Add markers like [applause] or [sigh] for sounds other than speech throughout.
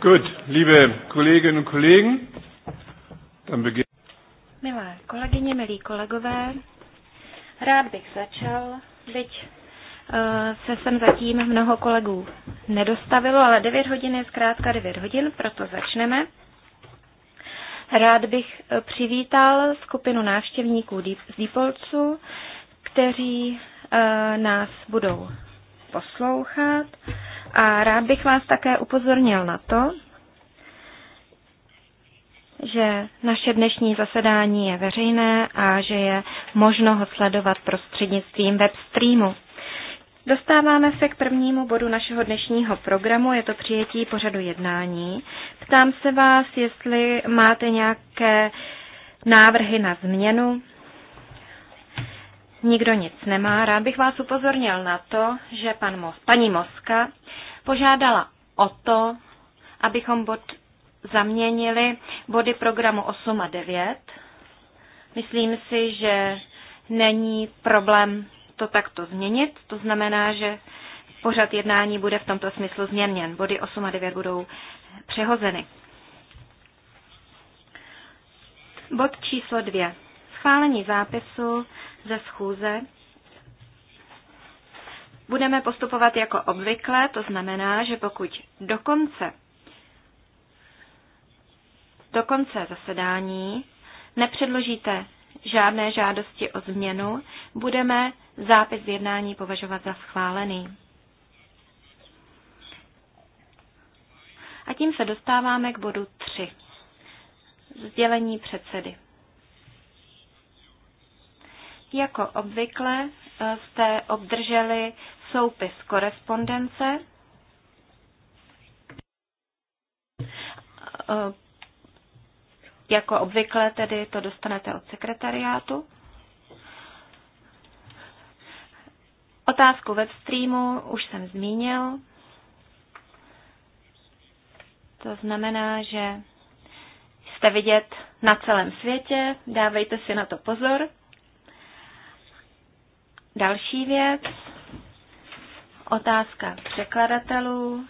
Gut, liebe Kolleginnen und Kollegen, dann beginnen. Milé kolegyně, milí kolegové, rád bych začal, byť eh, se sem zatím mnoho kolegů nedostavilo, ale 9 hodin je zkrátka 9 hodin, proto začneme. Rád bych eh, přivítal skupinu návštěvníků z Dípolcu, kteří eh, nás budou poslouchat. A rád bych vás také upozornil na to, že naše dnešní zasedání je veřejné a že je možno ho sledovat prostřednictvím webstreamu. Dostáváme se k prvnímu bodu našeho dnešního programu, je to přijetí pořadu jednání. Ptám se vás, jestli máte nějaké návrhy na změnu nikdo nic nemá, rád bych vás upozornil na to, že pan Mos, paní Moska požádala o to, abychom bod zaměnili body programu 8 a 9. Myslím si, že není problém to takto změnit, to znamená, že pořad jednání bude v tomto smyslu změněn. Body 8 a 9 budou přehozeny. Bod číslo 2. Schválení zápisu ze schůze. Budeme postupovat jako obvykle, to znamená, že pokud do konce, do konce zasedání nepředložíte žádné žádosti o změnu, budeme zápis jednání považovat za schválený. A tím se dostáváme k bodu 3. Sdělení předsedy. Jako obvykle e, jste obdrželi soupis korespondence. E, jako obvykle tedy to dostanete od sekretariátu. Otázku webstreamu už jsem zmínil. To znamená, že jste vidět na celém světě, dávejte si na to pozor. Další věc, otázka překladatelů.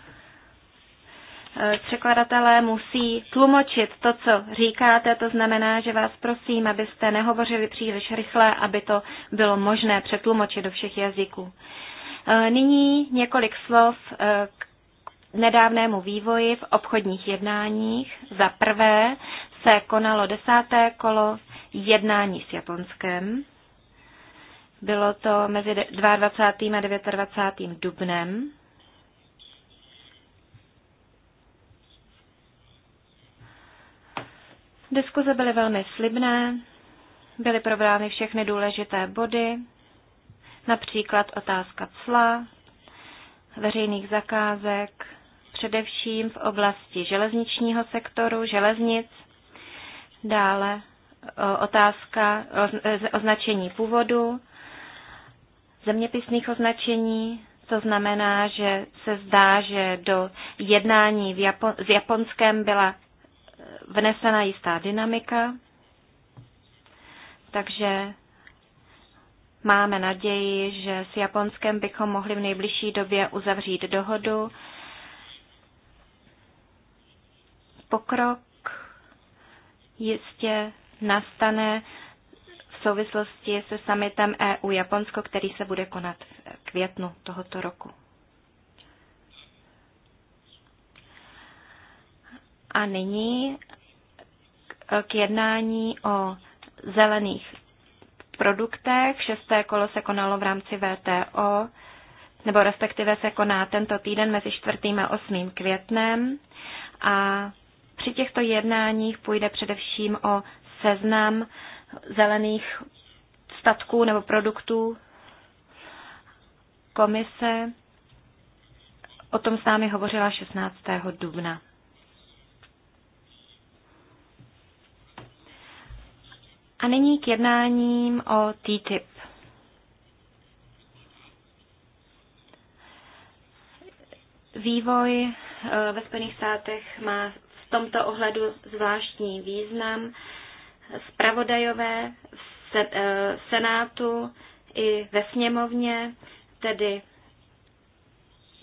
Eh, překladatelé musí tlumočit to, co říkáte, to znamená, že vás prosím, abyste nehovořili příliš rychle, aby to bylo možné přetlumočit do všech jazyků. Eh, nyní několik slov eh, k nedávnému vývoji v obchodních jednáních. Za prvé se konalo desáté kolo jednání s Japonskem. Bylo to mezi 22. a 29. dubnem. Diskuze byly velmi slibné, byly probrány všechny důležité body, například otázka cla, veřejných zakázek, především v oblasti železničního sektoru, železnic, dále otázka označení původu, zeměpisných označení, to znamená, že se zdá, že do jednání v Japo- s Japonskem byla eh, vnesena jistá dynamika, takže máme naději, že s Japonskem bychom mohli v nejbližší době uzavřít dohodu. Pokrok jistě nastane souvislosti se summitem EU-Japonsko, který se bude konat v květnu tohoto roku. A nyní k jednání o zelených produktech. Šesté kolo se konalo v rámci VTO, nebo respektive se koná tento týden mezi 4. a 8. květnem. A při těchto jednáních půjde především o seznam zelených statků nebo produktů. Komise o tom s námi hovořila 16. dubna. A nyní k jednáním o TTIP. Vývoj eh, ve Spojených státech má v tomto ohledu zvláštní význam zpravodajové eh, v Senátu i ve sněmovně, tedy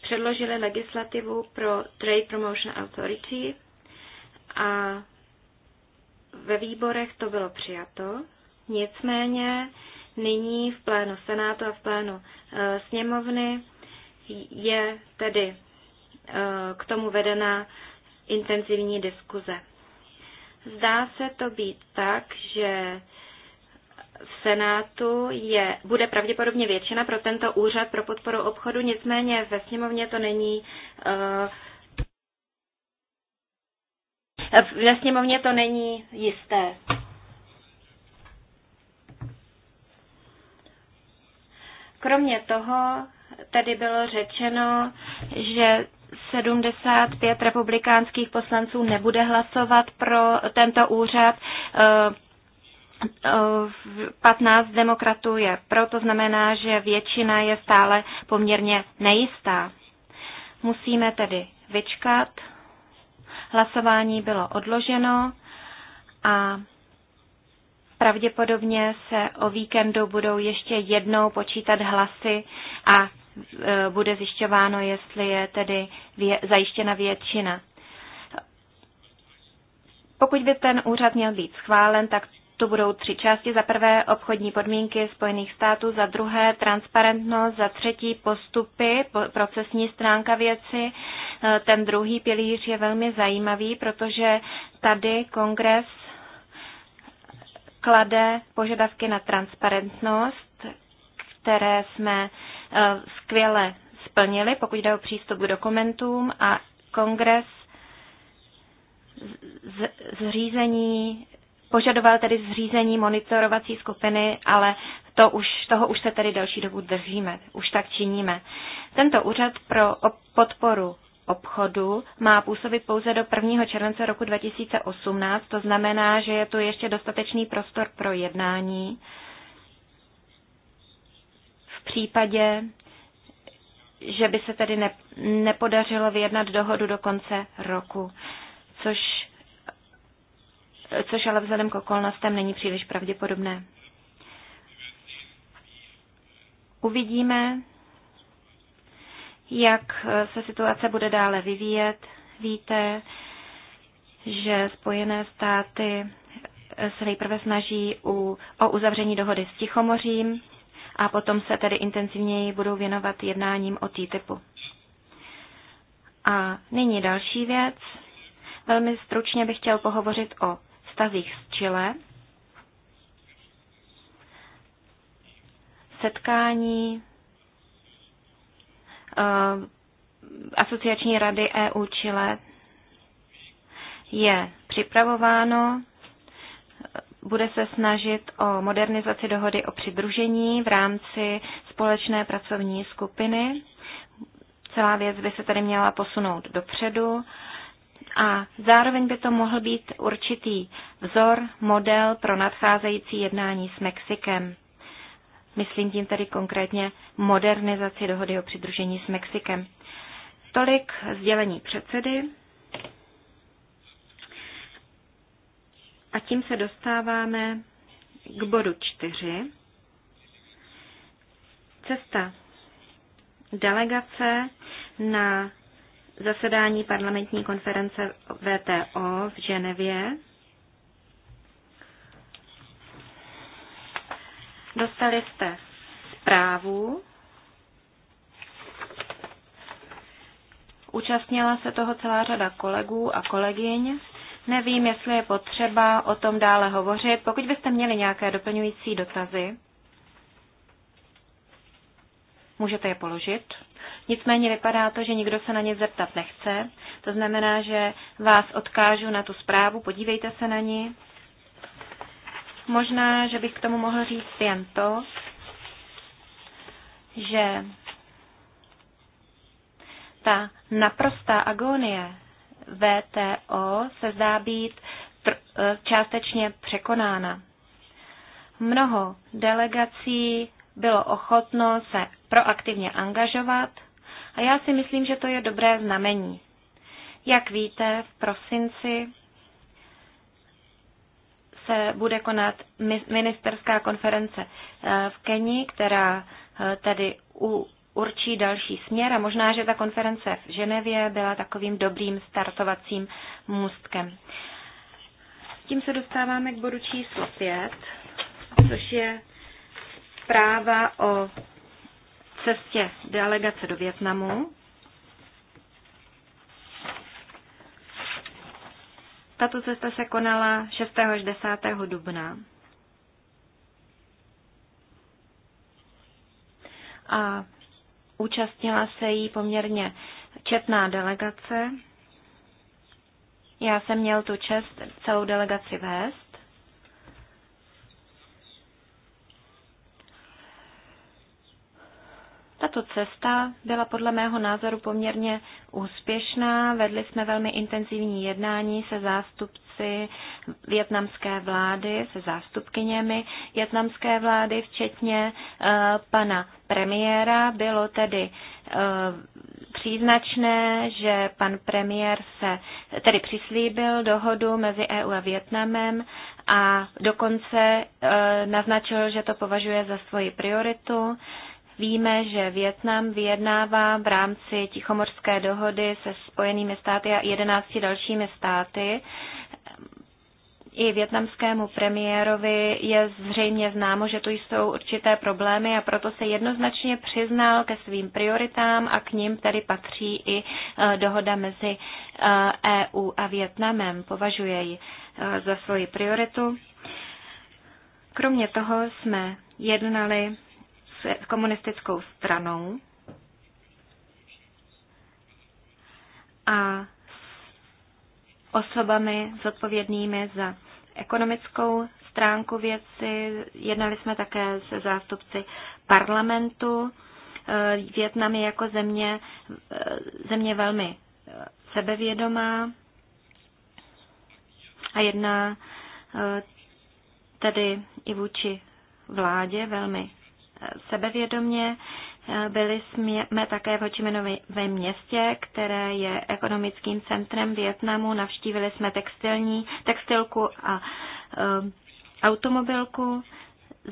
předložili legislativu pro Trade Promotion Authority a ve výborech to bylo přijato. Nicméně nyní v plénu Senátu a v plénu eh, sněmovny je tedy eh, k tomu vedena intenzivní diskuze. Zdá se to být tak, že v Senátu je, bude pravděpodobně většina pro tento úřad pro podporu obchodu, nicméně ve sněmovně to není. Uh, ve sněmovně to není jisté. Kromě toho tedy bylo řečeno, že 75 republikánských poslanců nebude hlasovat pro tento úřad. 15 eh, eh, demokratů je pro, to znamená, že většina je stále poměrně nejistá. Musíme tedy vyčkat. Hlasování bylo odloženo a pravděpodobně se o víkendu budou ještě jednou počítat hlasy a Eh, bude zjišťováno, jestli je tedy vě, zajištěna většina. Pokud by ten úřad měl být schválen, tak to budou tři části. Za prvé obchodní podmínky Spojených států, za druhé transparentnost, za třetí postupy, procesní stránka věci. Eh, ten druhý pilíř je velmi zajímavý, protože tady kongres klade požadavky na transparentnost, které jsme Eh, skvěle splnili, pokud jde o přístup k dokumentům a kongres zřízení, požadoval tedy zřízení monitorovací skupiny, ale to už, toho už se tedy další dobu držíme, už tak činíme. Tento úřad pro podporu obchodu má působit pouze do 1. července roku 2018, to znamená, že je tu ještě dostatečný prostor pro jednání případě, že by se tedy ne, nepodařilo vyjednat dohodu do konce roku, což, což ale vzhledem k okolnostem není příliš pravděpodobné. Uvidíme, jak se situace bude dále vyvíjet. Víte, že Spojené státy se nejprve snaží u, o uzavření dohody s Tichomořím a potom se tedy intenzivněji budou věnovat jednáním o TTIPu. A nyní další věc. Velmi stručně bych chtěl pohovořit o vztazích s Chile. Setkání uh, asociační rady EU Chile je připravováno bude se snažit o modernizaci dohody o přidružení v rámci společné pracovní skupiny. Celá věc by se tady měla posunout dopředu a zároveň by to mohl být určitý vzor, model pro nadcházející jednání s Mexikem. Myslím tím tedy konkrétně modernizaci dohody o přidružení s Mexikem. Tolik sdělení předsedy. A tím se dostáváme k bodu čtyři. Cesta delegace na zasedání parlamentní konference VTO v Ženevě. Dostali jste zprávu. Účastnila se toho celá řada kolegů a kolegyň. Nevím, jestli je potřeba o tom dále hovořit. Pokud byste měli nějaké doplňující dotazy, můžete je položit. Nicméně vypadá to, že nikdo se na ně zeptat nechce. To znamená, že vás odkážu na tu zprávu, podívejte se na ní. Možná, že bych k tomu mohl říct jen to, že ta naprostá agonie VTO se zdá být eh, částečně překonána. Mnoho delegací bylo ochotno se proaktivně angažovat a já si myslím, že to je dobré znamení. Jak víte, v prosinci se bude konat ministerská konference eh, v Keni, která eh, tedy u určí další směr a možná, že ta konference v Ženevě byla takovým dobrým startovacím můstkem. S tím se dostáváme k bodu číslo 5, což je zpráva o cestě delegace do Větnamu. Tato cesta se konala 6. až 10. dubna. A Účastnila se jí poměrně četná delegace. Já jsem měl tu čest celou delegaci vést. Tato cesta byla podle mého názoru poměrně úspěšná. Vedli jsme velmi intenzivní jednání se zástupci větnamské vlády, se zástupkyněmi větnamské vlády, včetně uh, pana premiéra. Bylo tedy uh, příznačné, že pan premiér se tedy přislíbil dohodu mezi EU a Větnamem a dokonce eh, naznačil, že to považuje za svoji prioritu. Víme, že Větnam vyjednává v rámci Tichomorské dohody se Spojenými státy a 11 dalšími státy. I větnamskému premiérovi je zřejmě známo, že tu jsou určité problémy a proto se jednoznačně přiznal ke svým prioritám a k ním tedy patří i e, dohoda mezi EU e a Větnamem. Považuje ji e, za svoji prioritu. Kromě toho jsme jednali s komunistickou stranou a s osobami zodpovědnými za ekonomickou stránku věci. Jednali jsme také se zástupci parlamentu. Eh, Větnam je jako země, eh, země velmi eh, sebevědomá a jedná tedy i vůči vládě velmi sebevědomě. Eh, byli jsme také v Hočimenovi ve městě, které je ekonomickým centrem Větnamu. Navštívili jsme textilní, textilku a e, automobilku.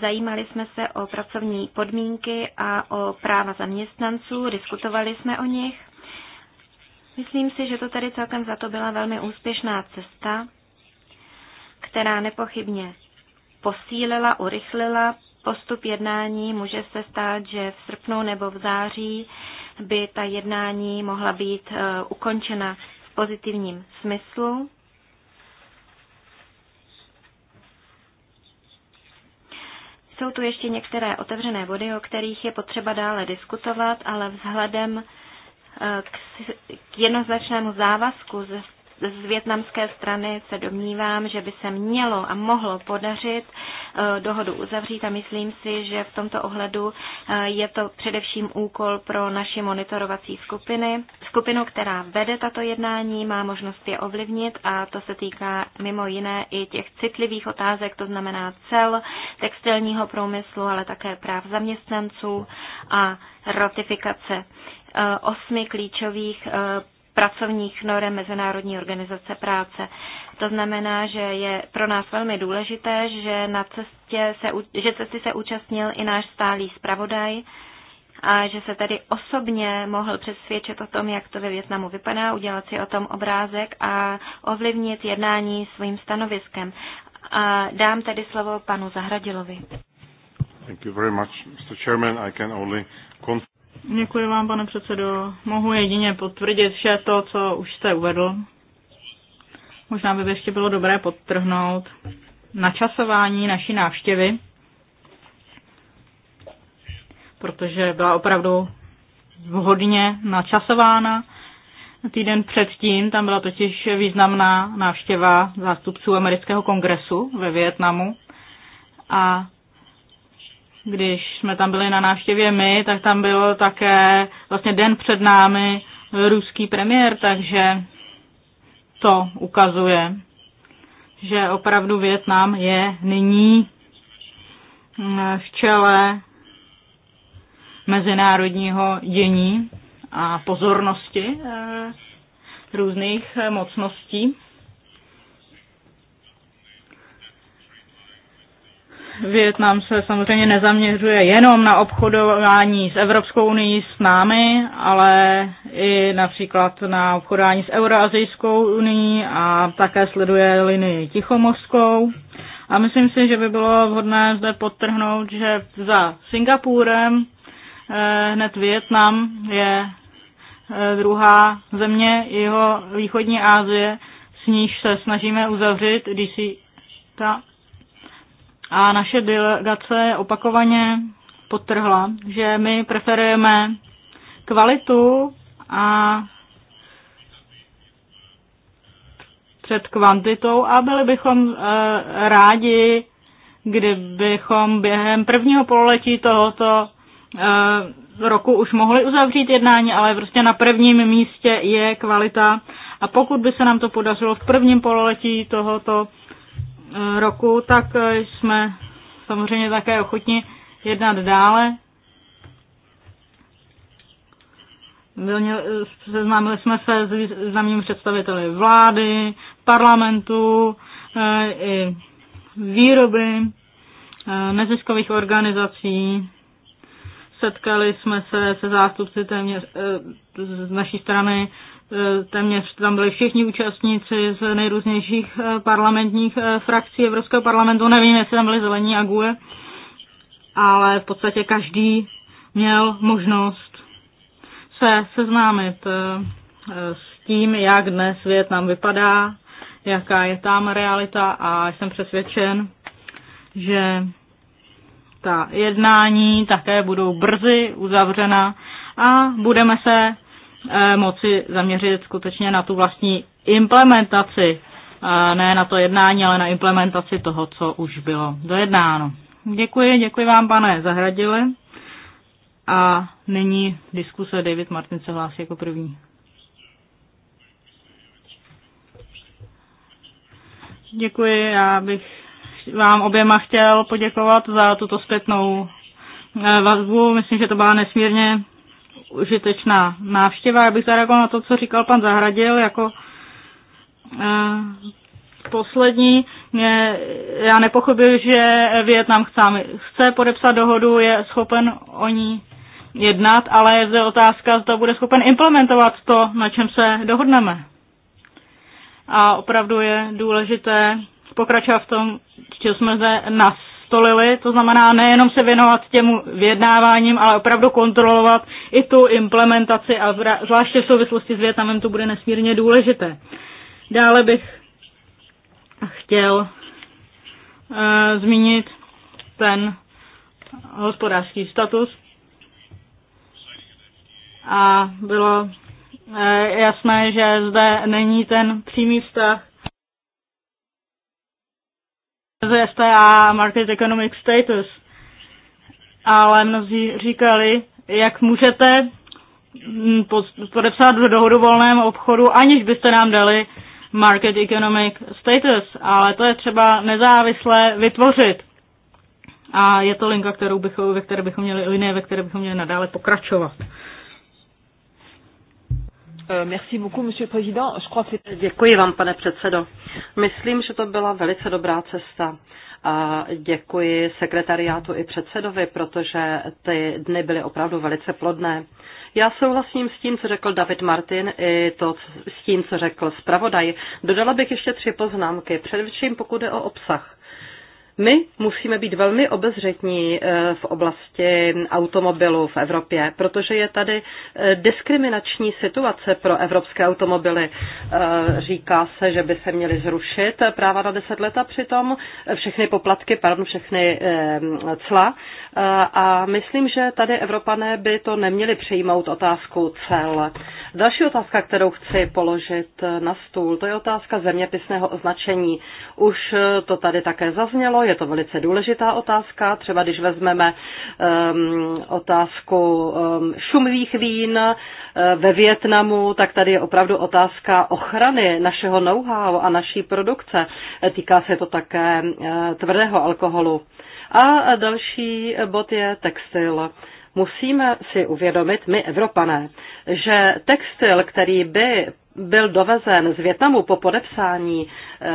Zajímali jsme se o pracovní podmínky a o práva zaměstnanců, diskutovali jsme o nich. Myslím si, že to tady celkem za to byla velmi úspěšná cesta, která nepochybně posílila, urychlila postup jednání. Může se stát, že v srpnu nebo v září by ta jednání mohla být eh, ukončena v pozitivním smyslu. Jsou tu ještě některé otevřené body, o kterých je potřeba dále diskutovat, ale vzhledem eh, k jednoznačnému závazku ze z větnamské strany se domnívám, že by se mělo a mohlo podařit eh, dohodu uzavřít a myslím si, že v tomto ohledu eh, je to především úkol pro naši monitorovací skupiny, skupinu, která vede tato jednání, má možnost je ovlivnit a to se týká mimo jiné i těch citlivých otázek, to znamená cel textilního průmyslu, ale také práv zaměstnanců a ratifikace eh, osmi klíčových pracovních norem Mezinárodní organizace práce. To znamená, že je pro nás velmi důležité, že, na cestě se, že cesty se účastnil i náš stálý zpravodaj a že se tady osobně mohl přesvědčit o tom, jak to ve Větnamu vypadá, udělat si o tom obrázek a ovlivnit jednání svým stanoviskem. A dám tedy slovo panu Zahradilovi. Thank you very much, Mr. Chairman. I can only Děkuji vám, pane předsedo. Mohu jedině potvrdit vše to, co už jste uvedl. Možná by, ještě bylo dobré podtrhnout načasování naší návštěvy, protože byla opravdu vhodně načasována. Týden předtím tam byla totiž významná návštěva zástupců amerického kongresu ve Vietnamu a když jsme tam byli na návštěvě my, tak tam byl také vlastně den před námi ruský premiér, takže to ukazuje, že opravdu Větnam je nyní v čele mezinárodního dění a pozornosti eh, různých mocností. Větnam se samozřejmě nezaměřuje jenom na obchodování s Evropskou unii s námi, ale i například na obchodování s Euroazijskou unii a také sleduje linii Tichomorskou. A myslím si, že by bylo vhodné zde podtrhnout, že za Singapurem eh, hned Větnam je eh, druhá země jeho východní Asie, s níž se snažíme uzavřít ta. A naše delegace opakovaně potrhla, že my preferujeme kvalitu a před kvantitou a byli bychom eh, rádi, kdybychom během prvního pololetí tohoto eh, roku už mohli uzavřít jednání, ale prostě na prvním místě je kvalita. A pokud by se nám to podařilo v prvním pololetí tohoto Eh, roku, tak eh, jsme samozřejmě také ochotni jednat dále. Eh, seznámili jsme se s významnými představiteli vlády, parlamentu, i výroby, neziskových organizací. Setkali jsme se se zástupci téměř z naší strany E, téměř tam byli všichni účastníci z nejrůznějších e, parlamentních e, frakcí Evropského parlamentu, nevím, jestli tam byli zelení a GUE, ale v podstatě každý měl možnost se seznámit s tím, jak dnes svět nám vypadá, jaká je tam realita a jsem přesvědčen, že ta jednání také budou brzy uzavřena a budeme se Eh, moci zaměřit skutečně na tu vlastní implementaci, ne na to jednání, ale na implementaci toho, co už bylo dojednáno. Děkuji, děkuji vám, pane Zahradile. A nyní diskuse David Martin se hlásí jako první. Děkuji, já bych vám oběma chtěl poděkovat za tuto zpětnou eh, vazbu. Myslím, že to byla nesmírně užitečná návštěva. Já bych zareagoval na to, co říkal pan Zahradil, jako eh, poslední. Mě, já nepochopil, že Větnam chce, chce podepsat dohodu, je schopen o ní jednat, ale je zde otázka, zda bude schopen implementovat to, na čem se dohodneme. A opravdu je důležité pokračovat v tom, co jsme zde nas, nastolili, to znamená nejenom se věnovat těm vyjednáváním, ale opravdu kontrolovat i tu implementaci a zvláště v souvislosti s Větnamem to bude nesmírně důležité. Dále bych chtěl e, zmínit ten hospodářský status a bylo eh, jasné, že zde není ten přímý vztah z STA Market Economic Status. Ale mnozí říkali, jak můžete mm, podepsat dohodu volném obchodu, aniž byste nám dali market economic status, ale to je třeba nezávisle vytvořit. A je to linka, kterou bychom, ve které bychom měli, linie, ve které bychom měli nadále pokračovat. Euh, merci beaucoup, monsieur président. Je crois que Děkuji vám, pane předsedo. Myslím, že to byla velice dobrá cesta. A děkuji sekretariátu i předsedovi, protože ty dny byly opravdu velice plodné. Já souhlasím s tím, co řekl David Martin, i to s tím, co řekl zpravodaj. Dodala bych ještě tři poznámky, především pokud je o obsah. My musíme být velmi obezřetní eh, v oblasti automobilů v Evropě, protože je tady eh, diskriminační situace pro evropské automobily. Eh, říká se, že by se měly zrušit práva na deset let a přitom všechny poplatky, pardon, všechny cla. A myslím, že tady Evropané by to neměli přijmout otázku cel. Další otázka, kterou chci položit na stůl, to je otázka zeměpisného označení. Už to tady také zaznělo, je to velice důležitá otázka. Třeba když vezmeme um, otázku um, ehm, šumivých vín uh, ve Větnamu, tak tady je opravdu otázka ochrany našeho know-how a naší produkce. Týká se to také uh, tvrdého alkoholu. A další bod je textil musíme si uvědomit, my Evropané, že textil, který by byl dovezen z Větnamu po podepsání eh,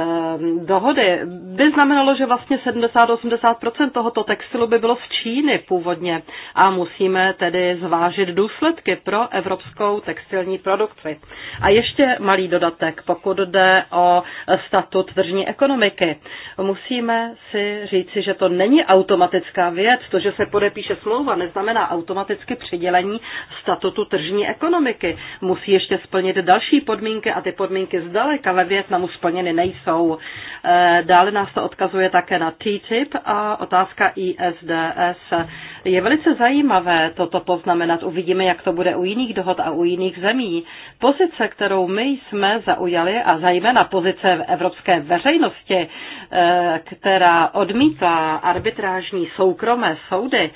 dohody, by znamenalo, že vlastně 70-80% tohoto textilu by bylo z Číny původně a musíme tedy zvážit důsledky pro evropskou textilní produkci. A ještě malý dodatek, pokud jde o statut tržní ekonomiky. Musíme si říci, že to není automatická věc. To, že se podepíše smlouva, neznamená automaticky přidělení statutu tržní ekonomiky. Musí ještě splnit další podmínky a ty podmínky zdaleka ve Větnamu splněny nejsou. Eh, dále nás to odkazuje také na TTIP a otázka ISDS. Je velice zajímavé toto poznamenat. Uvidíme, jak to bude u jiných dohod a u jiných zemí. Pozice, kterou my jsme zaujali a zejména pozice v evropské veřejnosti, eh, která odmítá arbitrážní soukromé soudy,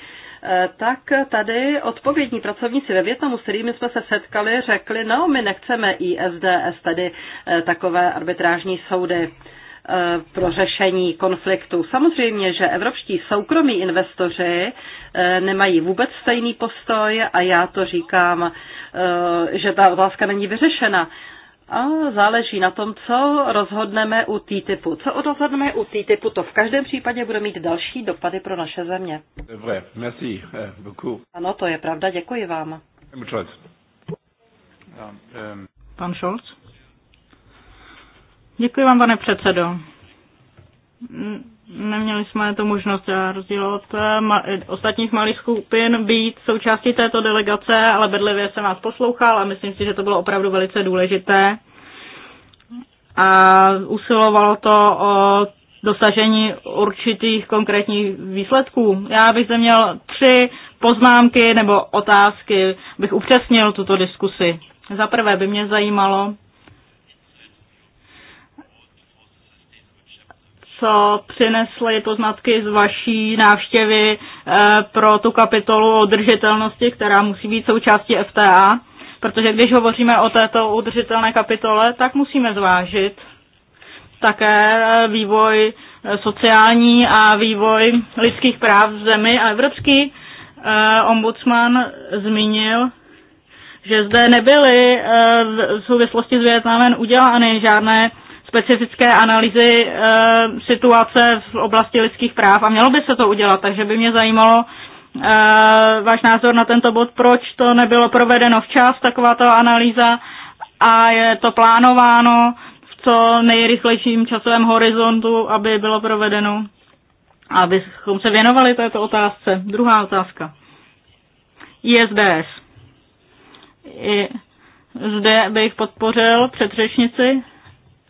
Eh, tak tady odpovědní pracovníci ve Větnamu, s kterými jsme se setkali, řekli, no, my nechceme ISDS, tedy eh, takové arbitrážní soudy eh, pro řešení konfliktu. Samozřejmě, že evropští soukromí investoři nemají vůbec stejný postoj a já to říkám, že ta otázka není vyřešena. A záleží na tom, co rozhodneme u TTIPu. Co rozhodneme u TTIPu, to v každém případě bude mít další dopady pro naše země. merci eh, beaucoup. Ano, to je pravda, děkuji vám. Pan Scholz? Ehm, děkuji vám, pane předsedo. Neměli jsme tu možnost eh, rozdíl od eh, eh, ostatních malých skupin být součástí této delegace, ale bedlivě jsem vás poslouchal a myslím si, že to bylo opravdu velice důležité. A usilovalo to o dosažení určitých konkrétních výsledků. Já bych zde měl tři poznámky nebo otázky, bych upřesnil tuto diskusi. Za prvé by mě zajímalo, co přinesly poznatky z vaší návštěvy eh, pro tu kapitolu o držitelnosti, která musí být součástí FTA. Protože když hovoříme o této udržitelné kapitole, tak musíme zvážit také eh, vývoj eh, sociální a vývoj lidských práv v zemi. A evropský ombudsman zmínil, že zde nebyly v souvislosti s Větnamem udělány žádné specifické analýzy eh, situace v oblasti lidských práv a mělo by se to udělat, takže by mě zajímalo eh, váš názor na tento bod, proč to nebylo provedeno včas, takováto analýza a je to plánováno v co nejrychlejším časovém horizontu, aby bylo provedeno, abychom se věnovali této otázce. Druhá otázka. ISDS. I zde bych podpořil předřečnici.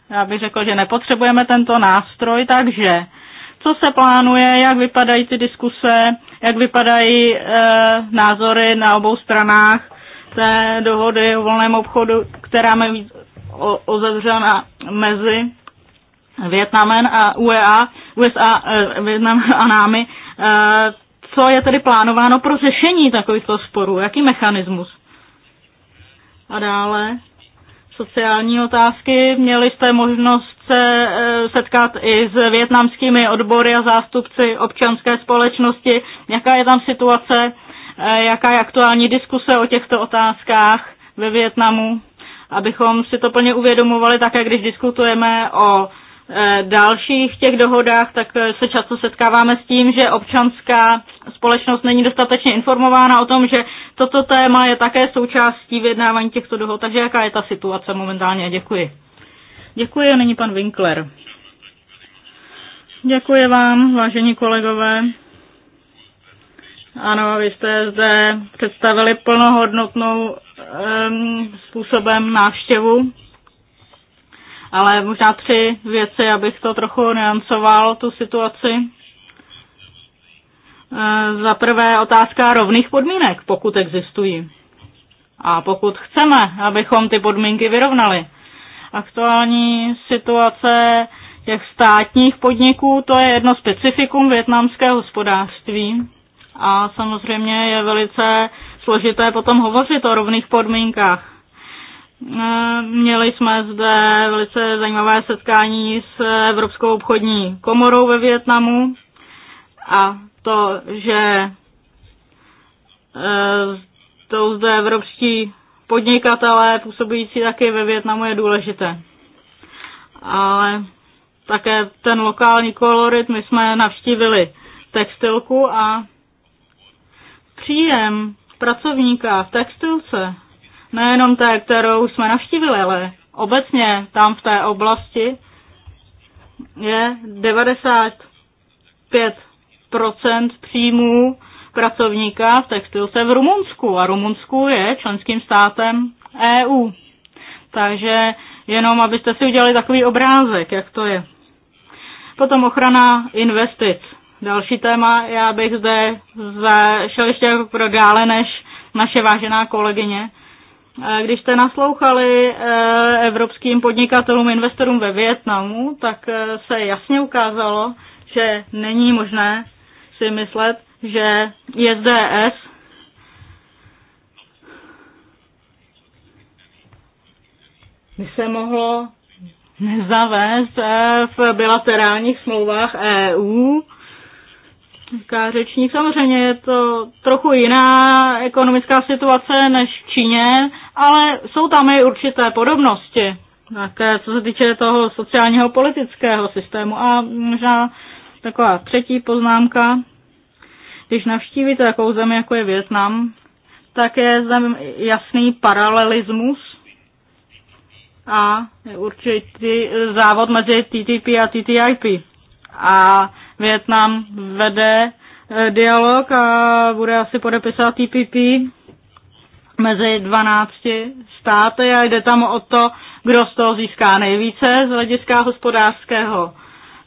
Já bych řekl, že nepotřebujeme tento nástroj, takže co se plánuje, jak vypadají ty diskuse, jak vypadají e, názory na obou stranách té dohody o volném obchodu, která je ozevřena mezi Větnamem a UEA, USA, e, e Větnam a námi. E, co je tedy plánováno pro řešení takovýchto sporů? Jaký mechanismus? A dále sociální otázky. Měli jste možnost se eh, setkat i s větnamskými odbory a zástupci občanské společnosti. Jaká je tam situace? Eh, jaká je aktuální diskuse o těchto otázkách ve Větnamu? Abychom si to plně uvědomovali také, když diskutujeme o Eh, dalších těch dohodách, tak eh, se často setkáváme s tím, že občanská společnost není dostatečně informována o tom, že toto téma je také součástí vyjednávání těchto dohod. Takže jaká je ta situace momentálně? Děkuji. Děkuji a není pan Winkler. Děkuji vám, vážení kolegové. Ano, vy jste zde představili plnohodnotnou um, způsobem návštěvu ale možná tři věci, abych to trochu neancoval, tu situaci. E, za prvé otázka rovných podmínek, pokud existují. A pokud chceme, abychom ty podmínky vyrovnali. Aktuální situace těch státních podniků, to je jedno specifikum větnamského hospodářství. A samozřejmě je velice složité potom hovořit o rovných podmínkách. Eh, měli jsme zde velice zajímavé setkání s Evropskou obchodní komorou ve Větnamu a to, že to eh, zde evropští podnikatelé působící taky ve Větnamu je důležité. Ale také ten lokální kolorit, my jsme navštívili textilku a příjem pracovníka v textilce nejenom té, kterou jsme navštívili, ale obecně tam v té oblasti je 95 příjmů pracovníka v textilce v Rumunsku a Rumunsku je členským státem EU. Takže jenom abyste si udělali takový obrázek, jak to je. Potom ochrana investic. Další téma, já bych zde zašel ještě jako pro dále než naše vážená kolegyně. Eh, když jste naslouchali eh, evropským podnikatelům, investorům ve Větnamu, tak eh, se jasně ukázalo, že není možné si myslet, že SDS by se mohlo nezavést v bilaterálních smlouvách EU říká řečník. Samozřejmě je to trochu jiná ekonomická situace než v Číně, ale jsou tam i určité podobnosti, také co se týče toho sociálního politického systému. A možná taková třetí poznámka, když navštívíte takovou zemi, jako je Větnam, tak je zde jasný paralelismus a určitý závod mezi TTP a TTIP. A Větnam vede eh, dialog a bude asi podepisovat TPP mezi 12 státy a jde tam o to, kdo z toho získá nejvíce z hlediska hospodářského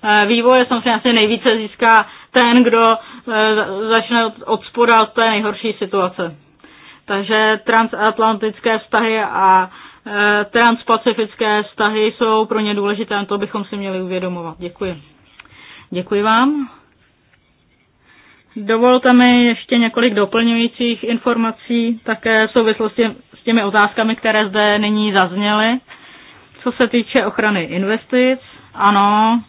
eh, vývoje. Samozřejmě asi nejvíce získá ten, kdo eh, začne od spoda od té nejhorší situace. Takže transatlantické vztahy a transpacifické vztahy jsou pro ně důležité, to bychom si měli uvědomovat. Děkuji. Děkuji vám. Dovolte mi ještě několik doplňujících informací také v souvislosti s těmi otázkami, které zde nyní zazněly. Co se týče ochrany investic, ano,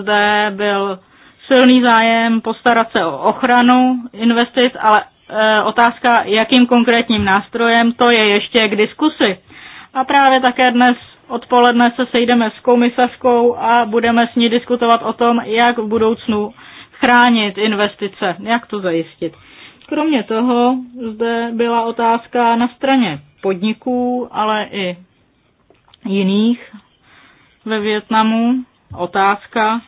zde byl silný zájem postarat se o ochranu investic, ale e, otázka, jakým konkrétním nástrojem, to je ještě k diskusi. A právě také dnes odpoledne se sejdeme s komisařkou a budeme s ní diskutovat o tom, jak v budoucnu chránit investice, jak to zajistit. Kromě toho zde byla otázka na straně podniků, ale i jiných ve Větnamu. Otázka,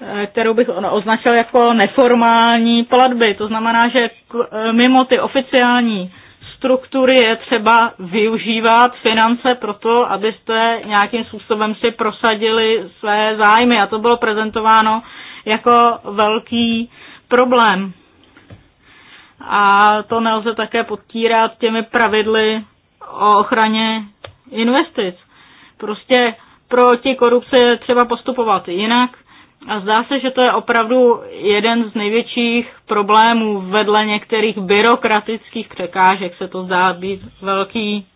eh, kterou bych označil jako neformální platby. To znamená, že eh, mimo ty oficiální struktury je třeba využívat finance pro to, abyste nějakým způsobem si prosadili své zájmy. A to bylo prezentováno jako velký problém. A to nelze také podtírat těmi pravidly o ochraně investic. Prostě proti korupci je třeba postupovat jinak a zdá se, že to je opravdu jeden z největších problémů vedle některých byrokratických překážek. Se to zdá být velký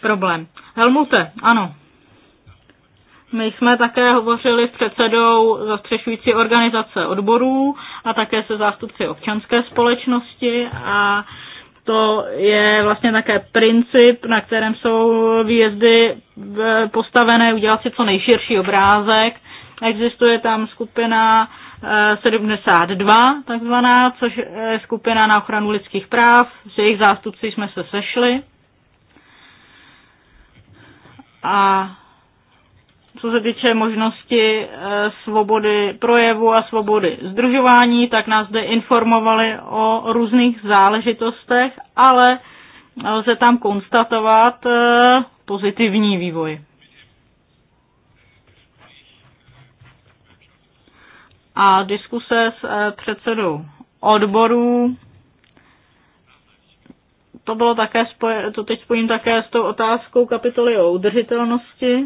problém. Helmute, ano. My jsme také hovořili s předsedou zastřešující organizace odborů a také se zástupci občanské společnosti a to je vlastně také princip, na kterém jsou výjezdy postavené, udělat si co nejširší obrázek Existuje tam skupina 72 eh, takzvaná, což je skupina na ochranu lidských práv. S jejich zástupci jsme se sešli. A co se týče možnosti eh, svobody projevu a svobody združování, tak nás zde informovali o různých záležitostech, ale lze tam konstatovat eh, pozitivní vývoj. a diskuse s eh, předsedou odborů. To bylo také, to teď spojím také s tou otázkou kapitoly o udržitelnosti.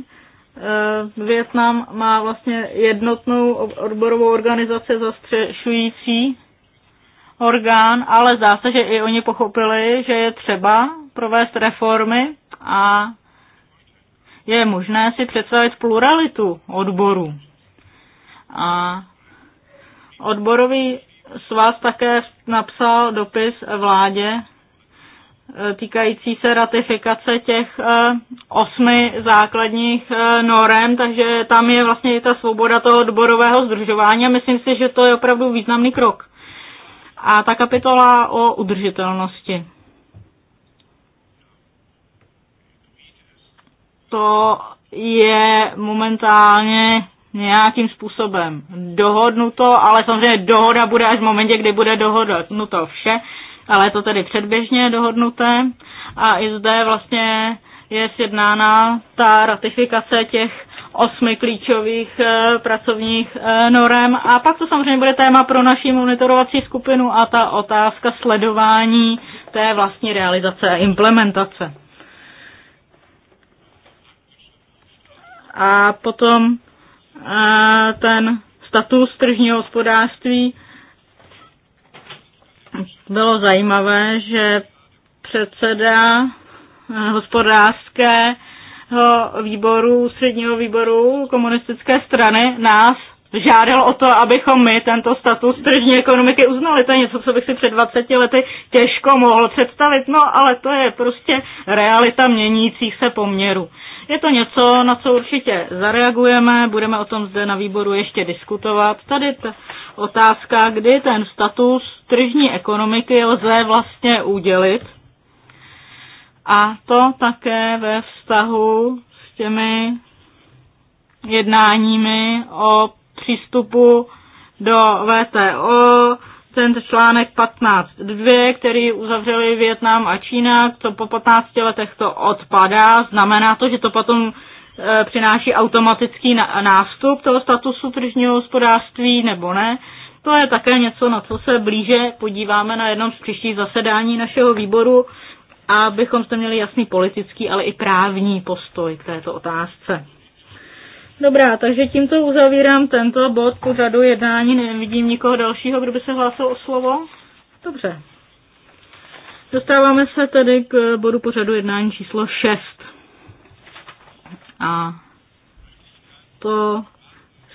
Eh, Větnam má vlastně jednotnou odborovou organizaci zastřešující orgán, ale zdá se, že i oni pochopili, že je třeba provést reformy a je možné si představit pluralitu odborů. A Odborový svaz také napsal dopis vládě e, týkající se ratifikace těch e, osmi základních e, norem, takže tam je vlastně i ta svoboda toho odborového združování a myslím si, že to je opravdu významný krok. A ta kapitola o udržitelnosti. To je momentálně nějakým způsobem dohodnuto, ale samozřejmě dohoda bude až v momentě, kdy bude dohodnuto vše, ale je to tedy předběžně dohodnuté a i zde vlastně je sjednána ta ratifikace těch osmi klíčových eh, pracovních eh, norem. A pak to samozřejmě bude téma pro naši monitorovací skupinu a ta otázka sledování té vlastní realizace a implementace. A potom ten status tržního hospodářství. Bylo zajímavé, že předseda eh, hospodářského výboru, středního výboru komunistické strany nás žádal o to, abychom my tento status tržní ekonomiky uznali. To je něco, co bych si před 20 lety těžko mohl představit, no ale to je prostě realita měnících se poměrů. Je to něco, na co určitě zareagujeme, budeme o tom zde na výboru ještě diskutovat. Tady ta otázka, kdy ten status tržní ekonomiky lze vlastně udělit. A to také ve vztahu s těmi jednáními o přístupu do VTO, ten článek 15.2, který uzavřeli Větnam a Čína, co po 15 letech to odpadá, znamená to, že to potom e, přináší automatický nástup toho statusu tržního hospodářství nebo ne. To je také něco, na co se blíže podíváme na jednom z příštích zasedání našeho výboru, abychom zde měli jasný politický, ale i právní postoj k této otázce. Dobrá, takže tímto uzavírám tento bod pořadu jednání. Nevidím nikoho dalšího, kdo by se hlásil o slovo. Dobře. Dostáváme se tedy k bodu pořadu jednání číslo 6. A to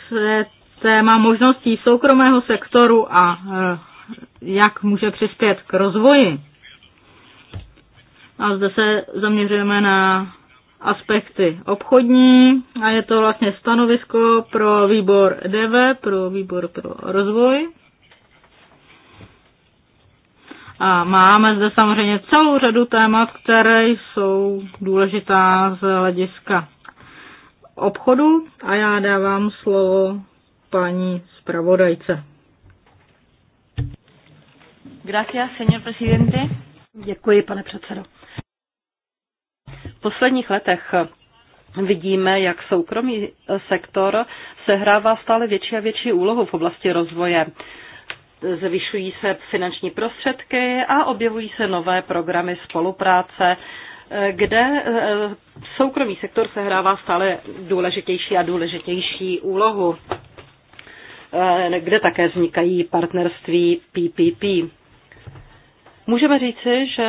se téma možností soukromého sektoru a e, jak může přispět k rozvoji. A zde se zaměřujeme na aspekty obchodní a je to vlastně stanovisko pro výbor DV, pro výbor pro rozvoj. A máme zde samozřejmě celou řadu témat, které jsou důležitá z hlediska obchodu a já dávám slovo paní zpravodajce. Gracias, señor presidente. Děkuji, pane předsedo posledních letech vidíme, jak soukromý sektor sehrává stále větší a větší úlohu v oblasti rozvoje. Zvyšují se finanční prostředky a objevují se nové programy spolupráce, kde eh, soukromý sektor sehrává stále důležitější a důležitější úlohu, eh, kde také vznikají partnerství PPP. Můžeme říci, že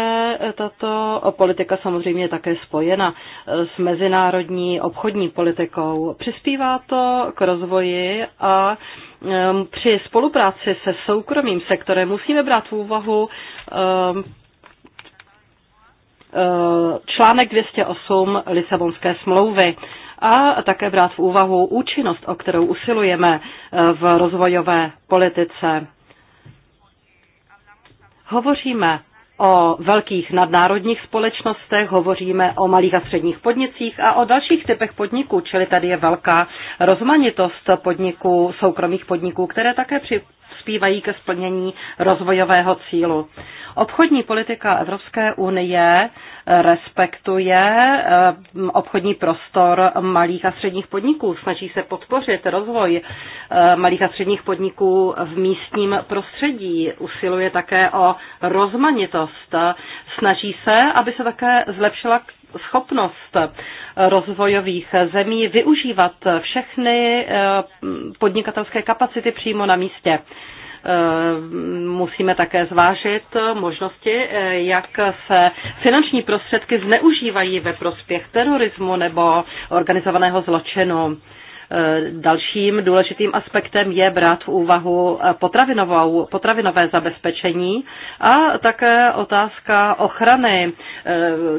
tato politika samozřejmě je také spojena s mezinárodní obchodní politikou. Přispívá to k rozvoji a při spolupráci se soukromým sektorem musíme brát v úvahu e, článek 208 Lisabonské smlouvy a také brát v úvahu účinnost, o kterou usilujeme e, v rozvojové politice. Hovoříme o velkých nadnárodních společnostech, hovoříme o malých a středních podnicích a o dalších typech podniků, čili tady je velká rozmanitost podniků, soukromých podniků, které také při, přispívají ke splnění rozvojového cílu. Obchodní politika Evropské unie eh, respektuje eh, obchodní prostor malých a středních podniků. Snaží se podpořit rozvoj eh, malých a středních podniků v místním prostředí. Usiluje také o rozmanitost. Snaží se, aby se také zlepšila schopnost rozvojových zemí využívat všechny podnikatelské kapacity přímo na místě. Eh, musíme také zvážit možnosti, eh, jak se finanční prostředky zneužívají ve prospěch terorismu nebo organizovaného zločinu. Eh, dalším důležitým aspektem je brát v úvahu potravinovou, potravinové zabezpečení a také otázka ochrany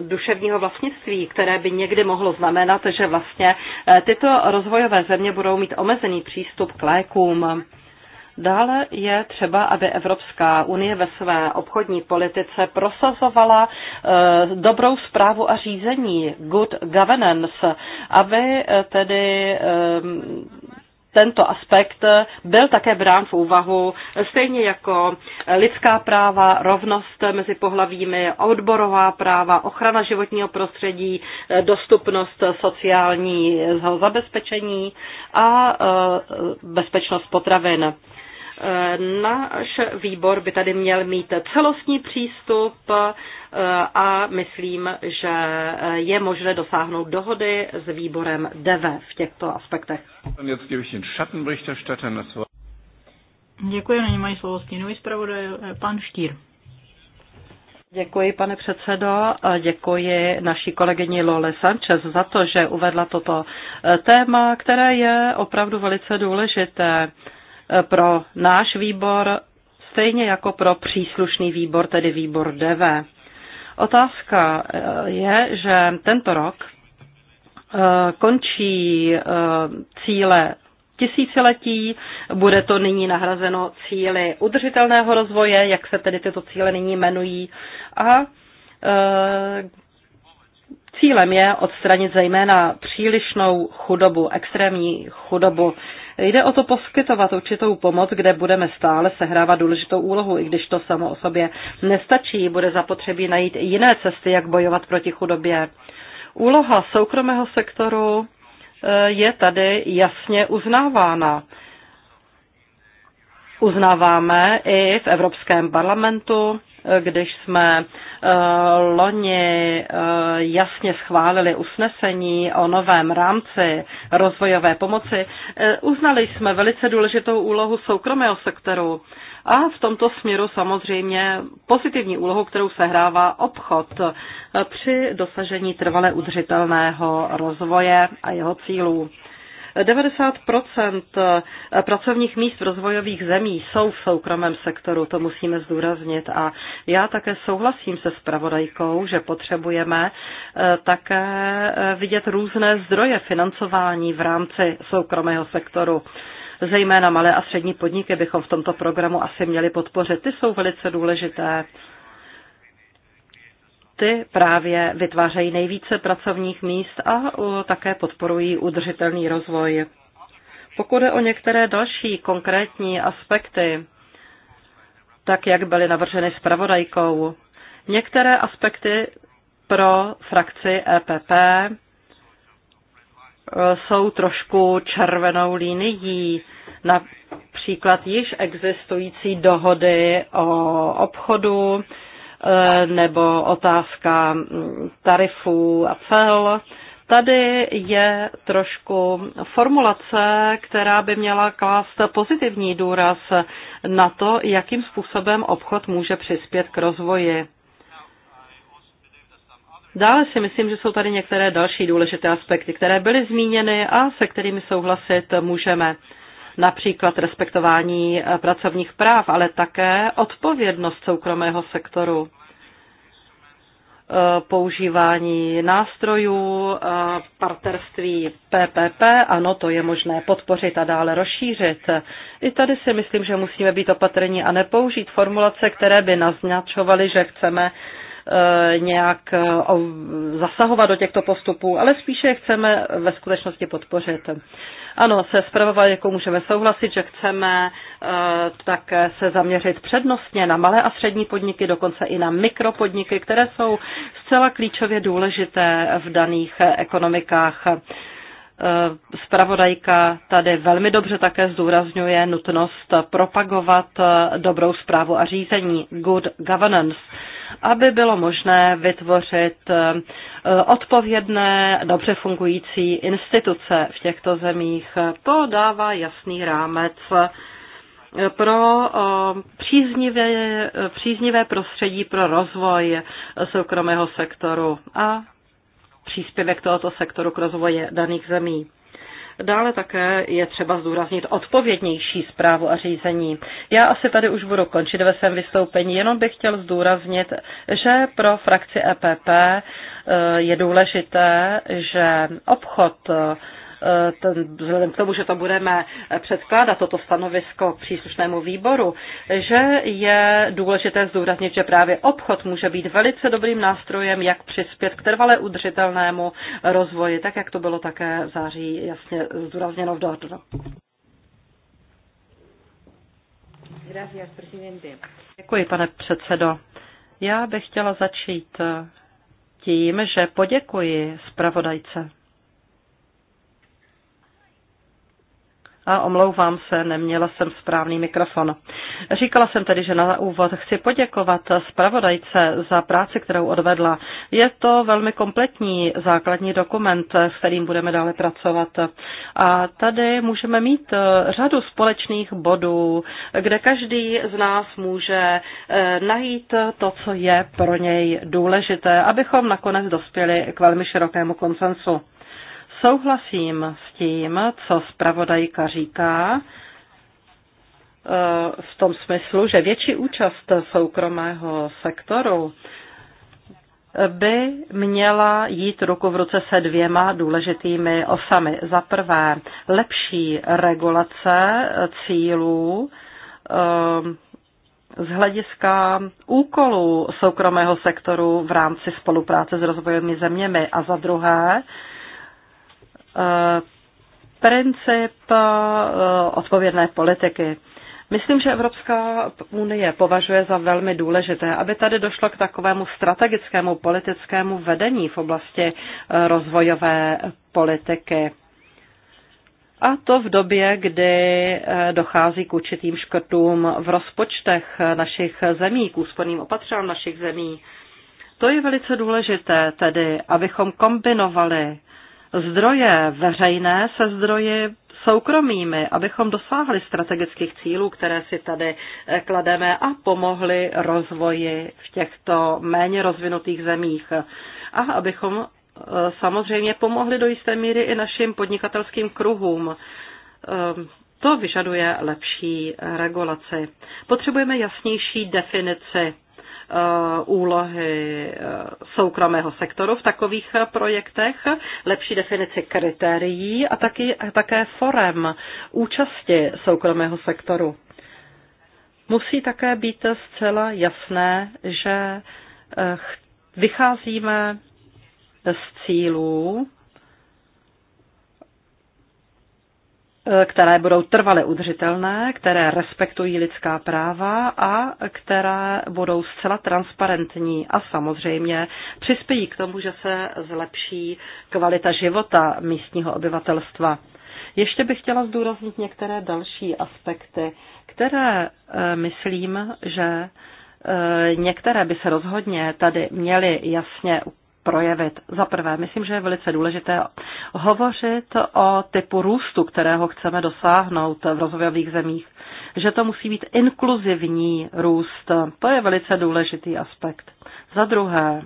duševního vlastnictví, které by někdy mohlo znamenat, že vlastně tyto rozvojové země budou mít omezený přístup k lékům. Dále je třeba, aby Evropská unie ve své obchodní politice prosazovala eh, dobrou zprávu a řízení, good governance, aby eh, tedy eh, tento aspekt byl také brán v úvahu, stejně jako lidská práva, rovnost mezi pohlavími, odborová práva, ochrana životního prostředí, dostupnost sociálního zabezpečení a bezpečnost potravin. Náš výbor by tady měl mít celostní přístup e, a myslím, že je možné dosáhnout dohody s výborem DEVE v těchto aspektech. Děkuji, nyní mají slovo stínový zpravodaj, e, pan Štír. Děkuji, pane předsedo. Děkuji naší kolegyni Lole Sanchez za to, že uvedla toto e, téma, které je opravdu velice důležité. Eh, pro náš výbor, stejně jako pro příslušný výbor, tedy výbor DV. Otázka eh, je, že tento rok eh, končí cíle tisíciletí, bude to nyní nahrazeno cíly udržitelného rozvoje, jak se tedy tyto cíle nyní jmenují a Cílem je odstranit zejména přílišnou chudobu, extrémní chudobu. Jde o to poskytovat určitou pomoc, kde budeme stále sehrávat důležitou úlohu, i když to samo o sobě nestačí, bude zapotřebí najít jiné cesty, jak bojovat proti chudobě. Úloha soukromého sektoru eh, je tady jasně uznávána. Uznáváme i v Evropském parlamentu když jsme eh, loni eh, jasně schválili usnesení o novém rámci rozvojové pomoci, eh, uznali jsme velice důležitou úlohu soukromého sektoru a v tomto směru samozřejmě pozitivní úlohu, kterou sehrává obchod při dosažení trvale udržitelného rozvoje a jeho cílů. 90 eh, pracovních míst v rozvojových zemích jsou v soukromém sektoru, to musíme zdůraznit. A já také souhlasím se spravodajkou, že potřebujeme eh, také eh, vidět různé zdroje financování v rámci soukromého sektoru zejména malé a střední podniky bychom v tomto programu asi měli podpořit. Ty jsou velice důležité ty právě vytvářejí nejvíce pracovních míst a uh, také podporují udržitelný rozvoj. Pokud je o některé další konkrétní aspekty, tak jak byly navrženy zpravodajkou, některé aspekty pro frakci EPP uh, jsou trošku červenou linií, například již existující dohody o obchodu, Eh, nebo otázka mm, tarifů a cel. Tady je trošku formulace, která by měla klást pozitivní důraz na to, jakým způsobem obchod může přispět k rozvoji. Dále si myslím, že jsou tady některé další důležité aspekty, které byly zmíněny a se kterými souhlasit můžeme například respektování eh, pracovních práv, ale také odpovědnost soukromého sektoru, eh, používání nástrojů, eh, partnerství PPP, ano, to je možné podpořit a dále rozšířit. I tady si myslím, že musíme být opatrní a nepoužít formulace, které by naznačovaly, že chceme nějak zasahovat do těchto postupů, ale spíše chceme ve skutečnosti podpořit. Ano, se zpravodajem jako můžeme souhlasit, že chceme eh, také se zaměřit přednostně na malé a střední podniky, dokonce i na mikropodniky, které jsou zcela klíčově důležité v daných eh, ekonomikách. Spravodajka eh, tady velmi dobře také zdůrazňuje nutnost propagovat dobrou zprávu a řízení, good governance aby bylo možné vytvořit eh, odpovědné, dobře fungující instituce v těchto zemích. To dává jasný rámec eh, pro eh, příznivé, příznivé prostředí pro rozvoj soukromého sektoru a příspěvek tohoto sektoru k rozvoji daných zemí. Dále také je třeba zdůraznit odpovědnější zprávu a řízení. Já asi tady už budu končit ve svém vystoupení, jenom bych chtěl zdůraznit, že pro frakci EPP eh, je důležité, že obchod eh, Eh, ten, vzhledem k tomu, že to budeme předkládat, toto stanovisko příslušnému výboru, že je důležité zdůraznit, že právě obchod může být velice dobrým nástrojem, jak přispět k trvale udržitelnému rozvoji, tak jak to bylo také v září jasně zdůrazněno v dohodu. Děkuji, pane předsedo. Já bych chtěla začít eh, tím, že poděkuji zpravodajce. A omlouvám se, neměla jsem správný mikrofon. Říkala jsem tedy, že na úvod chci poděkovat zpravodajce za práci, kterou odvedla. Je to velmi kompletní základní dokument, s kterým budeme dále pracovat. A tady můžeme mít eh, řadu společných bodů, kde každý z nás může eh, najít to, co je pro něj důležité, abychom nakonec dospěli k velmi širokému konsensu. Souhlasím s tím, co zpravodajka říká, e, v tom smyslu, že větší účast soukromého sektoru by měla jít ruku v ruce se dvěma důležitými osami. Za prvé, lepší regulace cílů e, z hlediska úkolů soukromého sektoru v rámci spolupráce s rozvojovými zeměmi a za druhé, Eh, princip eh, odpovědné politiky. Myslím, že Evropská unie považuje za velmi důležité, aby tady došlo k takovému strategickému politickému vedení v oblasti eh, rozvojové politiky. A to v době, kdy dochází k určitým škrtům v rozpočtech našich zemí, k úsporným opatřením našich zemí. To je velice důležité, tedy abychom kombinovali zdroje veřejné se zdroji soukromými, abychom dosáhli strategických cílů, které si tady eh, klademe a pomohli rozvoji v těchto méně rozvinutých zemích. A abychom eh, samozřejmě pomohli do jisté míry i našim podnikatelským kruhům. Ehm, to vyžaduje lepší regulaci. Potřebujeme jasnější definici Eh, úlohy eh, soukromého sektoru v takových eh, projektech, lepší definici kritérií a taky, také forem účasti soukromého sektoru. Musí také být zcela jasné, že vycházíme z cílů které budou trvale udržitelné, které respektují lidská práva a které budou zcela transparentní a samozřejmě přispějí k tomu, že se zlepší kvalita života místního obyvatelstva. Ještě bych chtěla zdůraznit některé další aspekty, které eh, myslím, že eh, některé by se rozhodně tady měly jasně projevit. Za prvé, myslím, že je velice důležité hovořit o typu růstu, kterého chceme dosáhnout v rozvojových zemích, že to musí být inkluzivní růst. To je velice důležitý aspekt. Za druhé,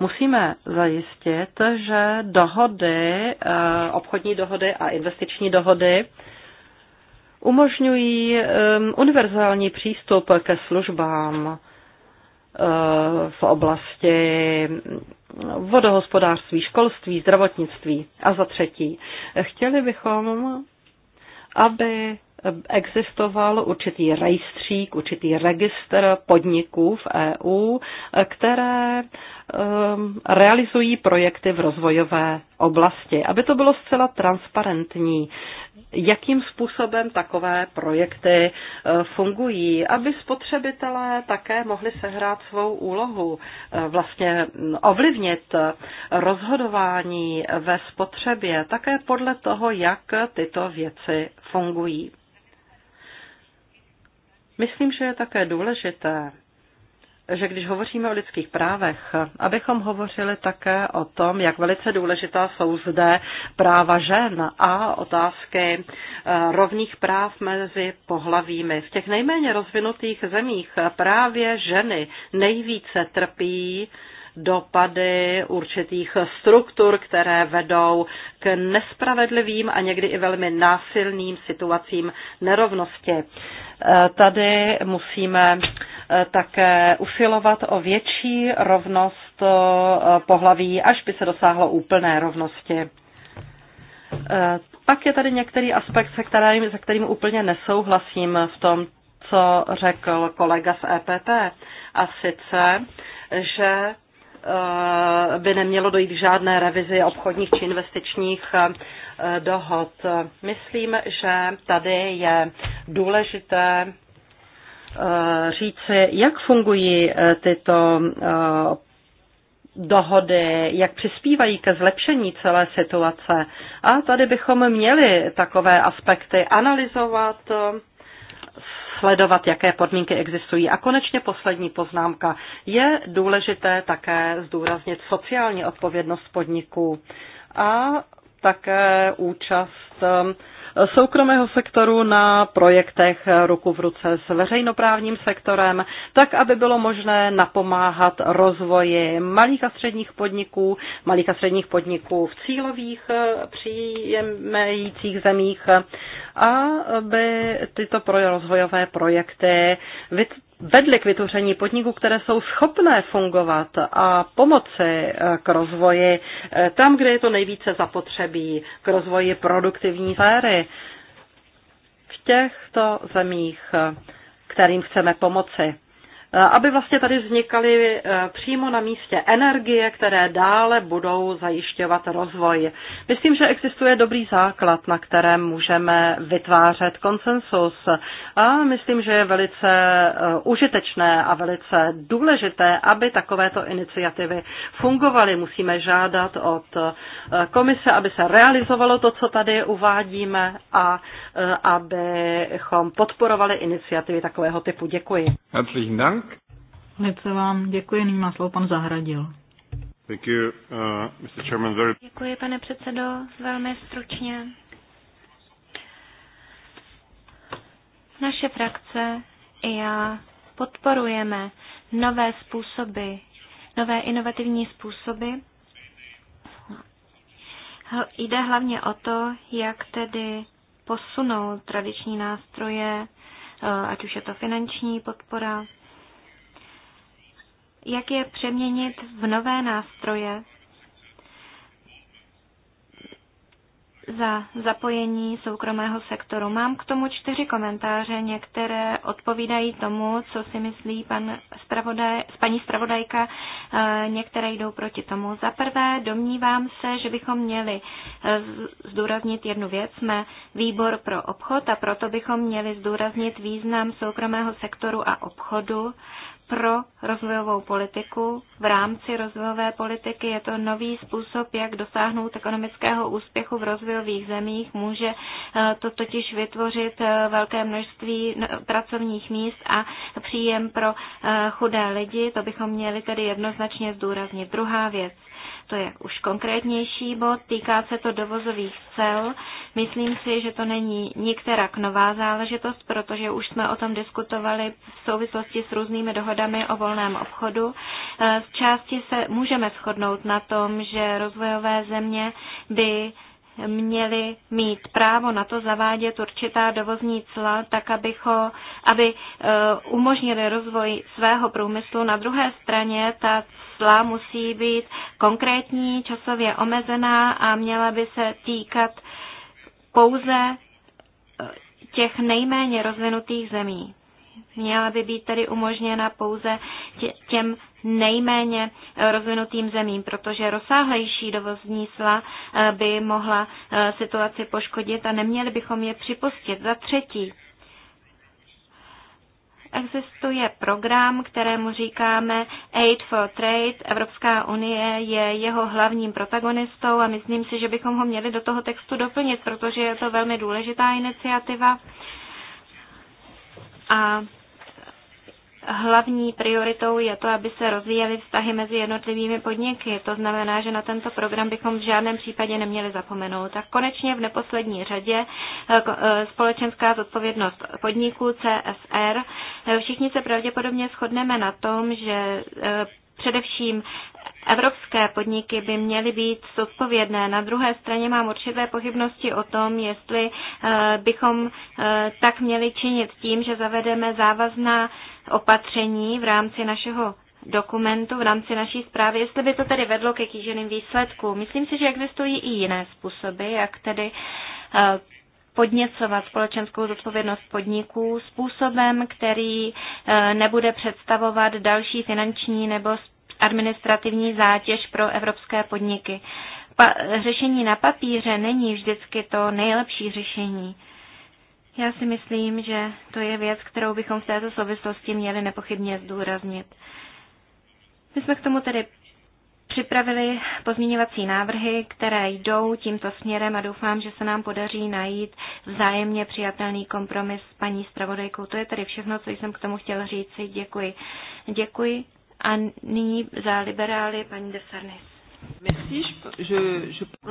musíme zajistit, že dohody, eh, obchodní dohody a investiční dohody umožňují eh, univerzální přístup ke službám eh, v oblasti vodohospodářství, školství, zdravotnictví. A za třetí, chtěli bychom, aby existoval určitý rejstřík, určitý registr podniků v EU, které Um, realizují projekty v rozvojové oblasti, aby to bylo zcela transparentní, jakým způsobem takové projekty uh, fungují, aby spotřebitelé také mohli sehrát svou úlohu, uh, vlastně ovlivnit rozhodování ve spotřebě také podle toho, jak tyto věci fungují. Myslím, že je také důležité že když hovoříme o lidských právech, abychom hovořili také o tom, jak velice důležitá jsou zde práva žen a otázky eh, rovných práv mezi pohlavími. V těch nejméně rozvinutých zemích právě ženy nejvíce trpí dopady určitých struktur, které vedou k nespravedlivým a někdy i velmi násilným situacím nerovnosti. Tady musíme eh, také usilovat o větší rovnost eh, pohlaví, až by se dosáhlo úplné rovnosti. Eh, pak je tady některý aspekt, se kterým, se kterým úplně nesouhlasím v tom, co řekl kolega z EPP. A sice, že Eh, by nemělo dojít k žádné revizi obchodních či investičních eh, dohod. Myslím, že tady je důležité eh, říci, jak fungují tyto dohody, jak přispívají ke zlepšení celé situace. A tady bychom měli takové aspekty analyzovat sledovat, jaké podmínky existují. A konečně poslední poznámka. Je důležité také zdůraznit sociální odpovědnost podniků a také účast um, soukromého sektoru na projektech ruku v ruce s veřejnoprávním sektorem, tak aby bylo možné napomáhat rozvoji malých a středních podniků, malých a středních podniků v cílových eh, přijímajících zemích, aby tyto rozvojové projekty vedly k vytvoření podniků, které jsou schopné fungovat a pomoci eh, k rozvoji eh, tam, kde je to nejvíce zapotřebí, k rozvoji produktivní sféry v těchto zemích, eh, kterým chceme pomoci. Eh, aby vlastně tady vznikaly eh, přímo na místě energie, které dále budou zajišťovat rozvoj. Myslím, že existuje dobrý základ, na kterém můžeme vytvářet konsensus a myslím, že je velice eh, užitečné a velice důležité, aby takovéto iniciativy fungovaly. Musíme žádat od komise, aby se realizovalo to, co tady uvádíme a abychom podporovali iniciativy takového typu. Děkuji. Herzlichen Dank. Velice vám děkuji. Nyní má slovo pan Zahradil. Thank you, uh, Mr. Chairman, very... Děkuji, pane předsedo, velmi stručně. Naše frakce i já podporujeme nové způsoby, nové inovativní způsoby. Jde hlavně o to, jak tedy posunout tradiční nástroje, eh, ať už je to finanční podpora jak je přeměnit v nové nástroje za zapojení soukromého sektoru. Mám k tomu čtyři komentáře, některé odpovídají tomu, co si myslí pan spravodaj, paní spravodajka, eh, některé jdou proti tomu. Za prvé, domnívám se, že bychom měli eh, zdůraznit jednu věc. Jsme výbor pro obchod a proto bychom měli zdůraznit význam soukromého sektoru a obchodu pro rozvojovou politiku. V rámci rozvojové politiky je to nový způsob, jak dosáhnout ekonomického úspěchu v rozvojových zemích. Může eh, to totiž vytvořit eh, velké množství pracovních míst a příjem pro eh, chudé lidi. To bychom měli tedy jednoznačně zdůraznit. Druhá věc to je už konkrétnější bod, týká se to dovozových cel. Myslím si, že to není nikterak nová záležitost, protože už jsme o tom diskutovali v souvislosti s různými dohodami o volném obchodu. Eh, z části se můžeme shodnout na tom, že rozvojové země by měli mít právo na to zavádět určitá dovozní cla, tak abycho, aby e, umožnili rozvoj svého průmyslu. Na druhé straně ta cla musí být konkrétní, časově omezená a měla by se týkat pouze e, těch nejméně rozvinutých zemí měla by být tedy umožněna pouze těm nejméně eh, rozvinutým zemím, protože rozsáhlejší dovozní sla eh, by mohla eh, situaci poškodit a neměli bychom je připustit. Za třetí, existuje program, kterému říkáme Aid for Trade. Evropská unie je jeho hlavním protagonistou a myslím si, že bychom ho měli do toho textu doplnit, protože je to velmi důležitá iniciativa a hlavní prioritou je to, aby se rozvíjely vztahy mezi jednotlivými podniky. To znamená, že na tento program bychom v žádném případě neměli zapomenout. Tak konečně v neposlední řadě e, e, společenská zodpovědnost podniků CSR. E, všichni se pravděpodobně shodneme na tom, že Především evropské podniky by měly být zodpovědné. Na druhé straně mám určité pochybnosti o tom, jestli eh, bychom eh, tak měli činit tím, že zavedeme závazná opatření v rámci našeho dokumentu v rámci naší zprávy, jestli by to tedy vedlo ke kýženým výsledkům. Myslím si, že existují i jiné způsoby, jak tedy eh, podněcovat společenskou zodpovědnost podniků způsobem, který eh, nebude představovat další finanční nebo administrativní zátěž pro evropské podniky. Pa, řešení na papíře není vždycky to nejlepší řešení. Já si myslím, že to je věc, kterou bychom v této souvislosti měli nepochybně zdůraznit. My jsme k tomu tedy připravili pozměňovací návrhy, které jdou tímto směrem a doufám, že se nám podaří najít vzájemně přijatelný kompromis s paní zpravodajkou. To je tedy všechno, co jsem k tomu chtěla říct. Děkuji. Děkuji. A nyní za liberály paní Desarnis.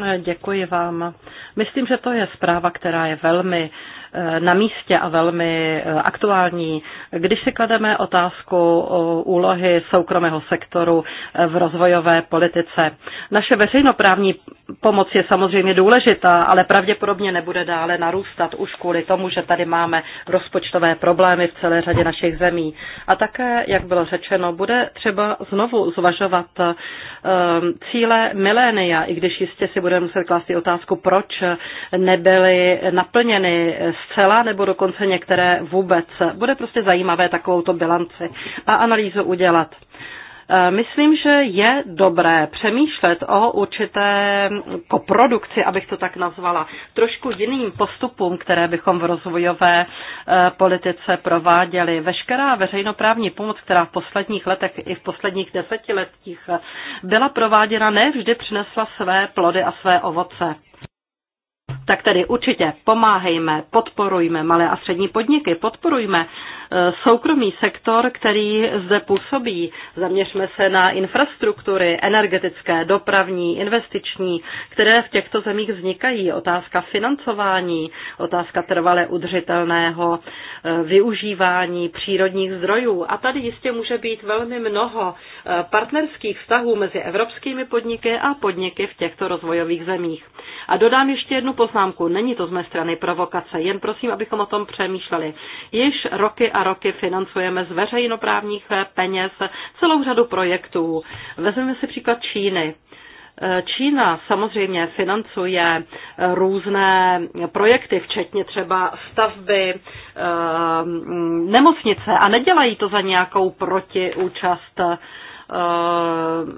Eh, děkuji vám. Myslím, že to je zpráva, která je velmi eh, na místě a velmi eh, aktuální. Když si klademe otázku o úlohy soukromého sektoru v rozvojové politice, naše veřejnoprávní pomoc je samozřejmě důležitá, ale pravděpodobně nebude dále narůstat už kvůli tomu, že tady máme rozpočtové problémy v celé řadě našich zemí. A také, jak bylo řečeno, bude třeba znovu zvažovat cíl cíle milénia, i když jistě si budeme muset klást i otázku, proč nebyly naplněny zcela nebo dokonce některé vůbec. Bude prostě zajímavé takovouto bilanci a analýzu udělat. Eh, myslím, že je dobré přemýšlet o určité koprodukci, abych to tak nazvala, trošku jiným postupům, které bychom v rozvojové eh, politice prováděli. Veškerá veřejnoprávní pomoc, která v posledních letech i v posledních desetiletích eh, byla prováděna, ne vždy přinesla své plody a své ovoce. Tak tedy určitě pomáhejme, podporujme malé a střední podniky, podporujme e, soukromý sektor, který zde působí. Zaměřme se na infrastruktury energetické, dopravní, investiční, které v těchto zemích vznikají. Otázka financování, otázka trvale udržitelného e, využívání přírodních zdrojů. A tady jistě může být velmi mnoho e, partnerských vztahů mezi evropskými podniky a podniky v těchto rozvojových zemích. A dodám ještě jednu poznámku. Není to z mé strany provokace, jen prosím, abychom o tom přemýšleli. Již roky a roky financujeme z veřejnoprávních peněz celou řadu projektů. Vezmeme si příklad Číny. Čína samozřejmě financuje různé projekty, včetně třeba stavby eh, nemocnice a nedělají to za nějakou protiúčast Eh,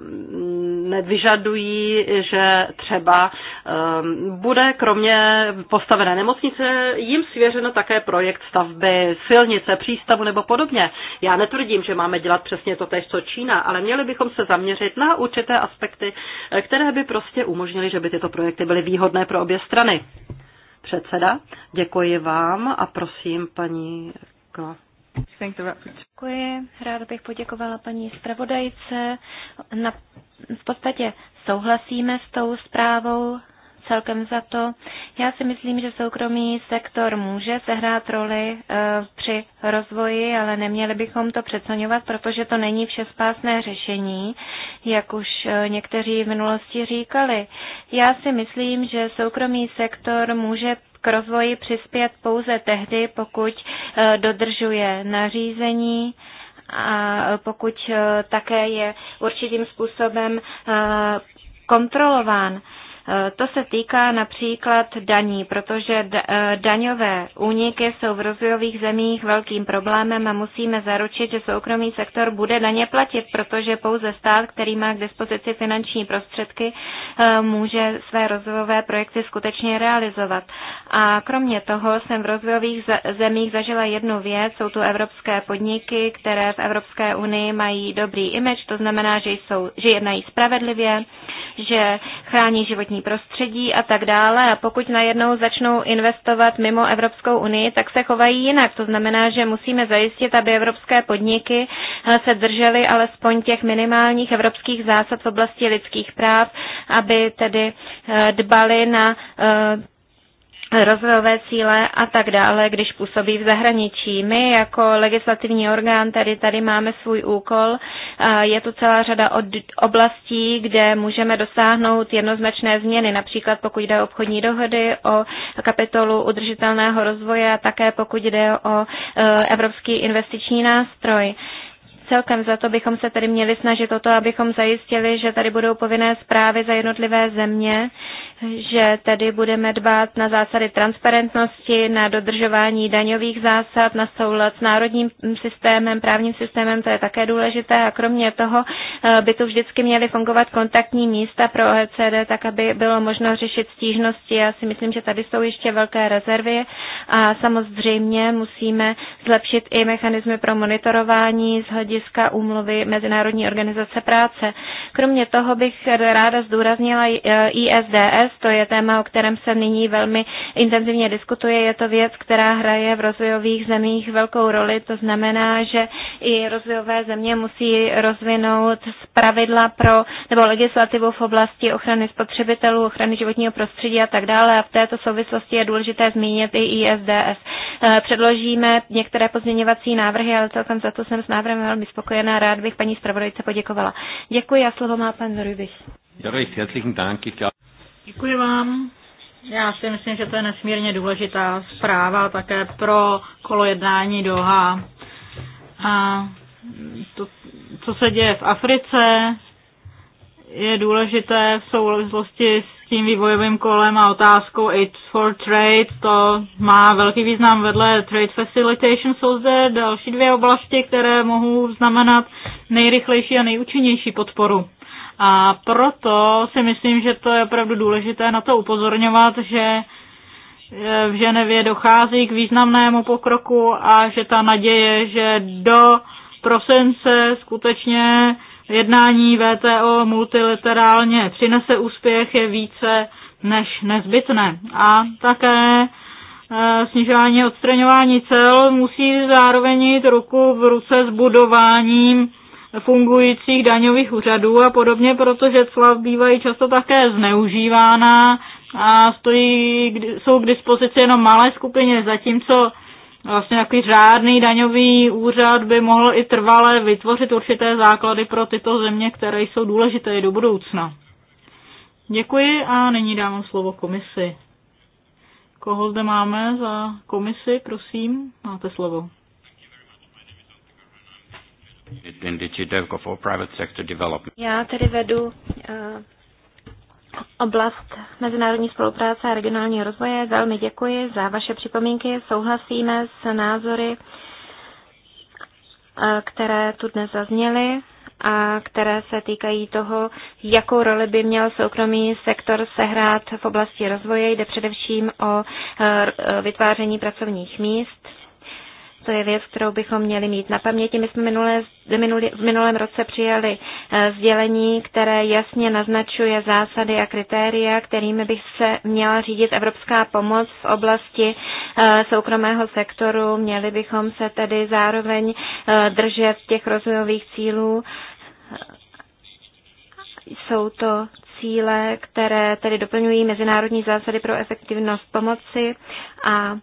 nevyžadují, že třeba eh, bude kromě postavené nemocnice jim svěřeno také projekt stavby silnice, přístavu nebo podobně. Já netvrdím, že máme dělat přesně to tež, co Čína, ale měli bychom se zaměřit na určité aspekty, eh, které by prostě umožnily, že by tyto projekty byly výhodné pro obě strany. Předseda, děkuji vám a prosím paní Děkuji. Ráda bych poděkovala paní zpravodajce. Na, v podstatě souhlasíme s tou zprávou celkem za to. Já si myslím, že soukromý sektor může sehrát roli eh, při rozvoji, ale neměli bychom to přeceňovat, protože to není všespásné řešení, jak už eh, někteří v minulosti říkali. Já si myslím, že soukromý sektor může k rozvoji přispět pouze tehdy, pokud eh, dodržuje nařízení, a pokud také je určitým způsobem kontrolován. To se týká například daní, protože eh, daňové úniky jsou v rozvojových zemích velkým problémem a musíme zaručit, že soukromý sektor bude daně platit, protože pouze stát, který má k dispozici finanční prostředky, eh, může své rozvojové projekty skutečně realizovat. A kromě toho jsem v rozvojových zemích zažila jednu věc, jsou tu evropské podniky, které v Evropské unii mají dobrý image, to znamená, že, jsou, že jednají spravedlivě, že chrání životní životní prostředí a tak dále. A pokud najednou začnou investovat mimo Evropskou unii, tak se chovají jinak. To znamená, že musíme zajistit, aby evropské podniky eh, se držely alespoň těch minimálních evropských zásad v oblasti lidských práv, aby tedy eh, dbali na eh, rozvojové cíle a tak dále, když působí v zahraničí. My jako legislativní orgán tady, tady máme svůj úkol. Je tu celá řada oblastí, kde můžeme dosáhnout jednoznačné změny, například pokud jde o obchodní dohody, o kapitolu udržitelného rozvoje a také pokud jde o e, Evropský investiční nástroj. Celkem za to bychom se tedy měli snažit o to, abychom zajistili, že tady budou povinné zprávy za jednotlivé země, že tedy budeme dbát na zásady transparentnosti, na dodržování daňových zásad, na soulad s národním systémem, právním systémem, to je také důležité. A kromě toho eh, by tu vždycky měly fungovat kontaktní místa pro OECD, tak aby bylo možno řešit stížnosti. Já si myslím, že tady jsou ještě velké rezervy a samozřejmě musíme zlepšit i mechanismy pro monitorování z hlediska úmluvy Mezinárodní organizace práce. Kromě toho bych ráda zdůraznila ISDS, eh, ETS, to je téma, o kterém se nyní velmi intenzivně diskutuje. Je to věc, která hraje v rozvojových zemích velkou roli. To znamená, že i rozvojové země musí rozvinout pravidla pro nebo legislativu v oblasti ochrany spotřebitelů, ochrany životního prostředí a tak dále. A v této souvislosti je důležité zmínit i ISDS. Eh, předložíme některé pozměňovací návrhy, ale celkem za to jsem s návrhem velmi spokojená. Rád bych paní zpravodajce poděkovala. Děkuji a slovo má pan Rubiš. Ja, bych herzlichen Dank. Ich glaube, Děkuji vám. Já si myslím, že to je nesmírně důležitá zpráva také pro kolo jednání Doha. A to, co se děje v Africe, je důležité v souvislosti s tím vývojovým kolem a otázkou Aid for Trade. To má velký význam vedle Trade Facilitation. Jsou zde další dvě oblasti, které mohou znamenat nejrychlejší a nejúčinnější podporu. A proto si myslím, že to je opravdu důležité na to upozorňovat, že e, v Ženevě dochází k významnému pokroku a že ta naděje, že do prosince skutečně jednání VTO multilaterálně přinese úspěch, je více než nezbytné. A také e, snižování odstraňování cel musí zároveň jít ruku v ruce s budováním fungujících daňových úřadů a podobně, protože cla bývají často také zneužívána a stojí, jsou k dispozici jenom malé skupině, zatímco vlastně takový řádný daňový úřad by mohl i trvale vytvořit určité základy pro tyto země, které jsou důležité i do budoucna. Děkuji a nyní dávám slovo komisi. Koho zde máme za komisi, prosím? Máte slovo. E Já tedy vedu uh, oblast mezinárodní spolupráce a regionálního rozvoje. Velmi děkuji za vaše připomínky. Souhlasíme s názory, uh, které tu dnes zazněly a které se týkají toho, jakou roli by měl soukromý sektor sehrát v oblasti rozvoje. Jde především o eh, vytváření pracovních míst to je věc, kterou bychom měli mít na paměti. My jsme minulé, minulý, v minulém roce přijali eh, sdělení, které jasně naznačuje zásady a kritéria, kterými by se měla řídit evropská pomoc v oblasti eh, soukromého sektoru. Měli bychom se tedy zároveň eh, držet těch rozvojových cílů. Jsou to cíle, které tedy doplňují mezinárodní zásady pro efektivnost pomoci a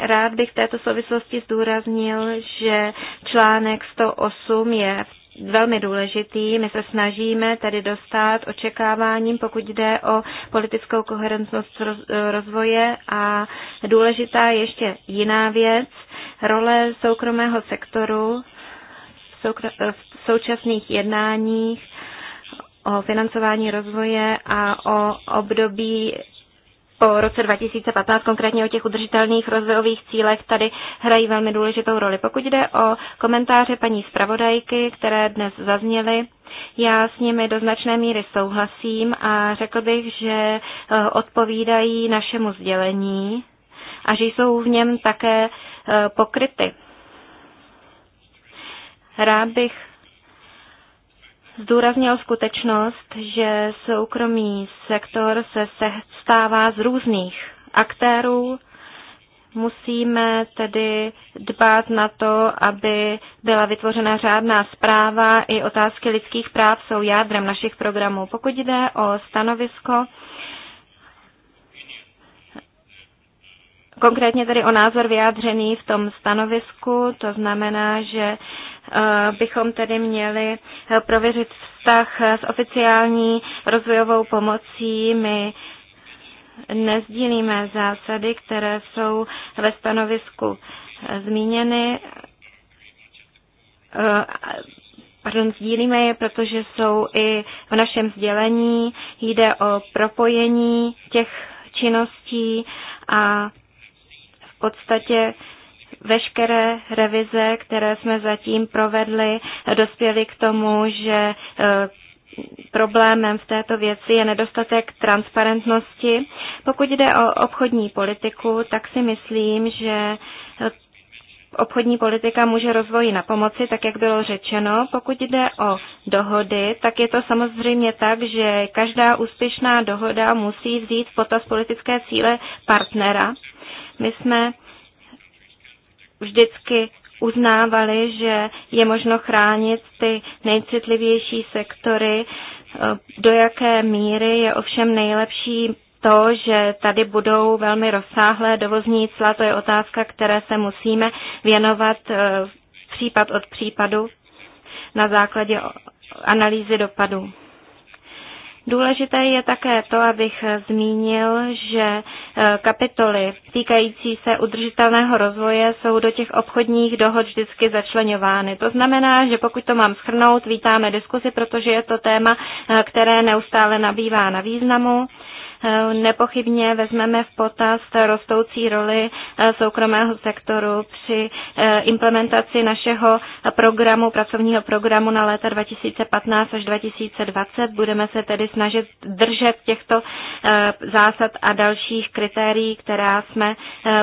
Rád bych v této souvislosti zdůraznil, že článek 108 je velmi důležitý. My se snažíme tedy dostat očekáváním, pokud jde o politickou koherentnost rozvoje a důležitá je ještě jiná věc, role soukromého sektoru v současných jednáních o financování rozvoje a o období po roce 2015, konkrétně o těch udržitelných rozvojových cílech, tady hrají velmi důležitou roli. Pokud jde o komentáře paní zpravodajky, které dnes zazněly, já s nimi do značné míry souhlasím a řekl bych, že eh, odpovídají našemu sdělení a že jsou v něm také eh, pokryty. Rád bych zdůraznil skutečnost, že soukromý sektor se stává z různých aktérů. Musíme tedy dbát na to, aby byla vytvořena řádná zpráva. I otázky lidských práv jsou jádrem našich programů. Pokud jde o stanovisko, konkrétně tedy o názor vyjádřený v tom stanovisku, to znamená, že Eh, bychom tedy měli eh, prověřit vztah eh, s oficiální rozvojovou pomocí. My nezdílíme zásady, které jsou ve stanovisku zmíněny. Pardon, sdílíme je, protože jsou i v našem sdělení. Jde o propojení těch činností a v podstatě veškeré revize, které jsme zatím provedli, dospěly k tomu, že e, problémem v této věci je nedostatek transparentnosti. Pokud jde o obchodní politiku, tak si myslím, že e, obchodní politika může rozvoji na pomoci, tak jak bylo řečeno. Pokud jde o dohody, tak je to samozřejmě tak, že každá úspěšná dohoda musí vzít v potaz politické cíle partnera. My jsme vždycky uznávali, že je možno chránit ty nejcitlivější sektory. Eh, do jaké míry je ovšem nejlepší to, že tady budou velmi rozsáhlé dovozní cla, to je otázka, které se musíme věnovat eh, případ od případu na základě analýzy dopadů. Důležité je také to, abych zmínil, že eh, kapitoly týkající se udržitelného rozvoje jsou do těch obchodních dohod vždycky začlenovány. To znamená, že pokud to mám schrnout, vítáme diskusi, protože je to téma, eh, které neustále nabývá na významu. Eh, nepochybně vezmeme v potaz rostoucí roli eh, soukromého sektoru při eh, implementaci našeho programu, pracovního programu na léta 2015 až 2020. Budeme se tedy snažit držet těchto zásad a dalších kritérií, která jsme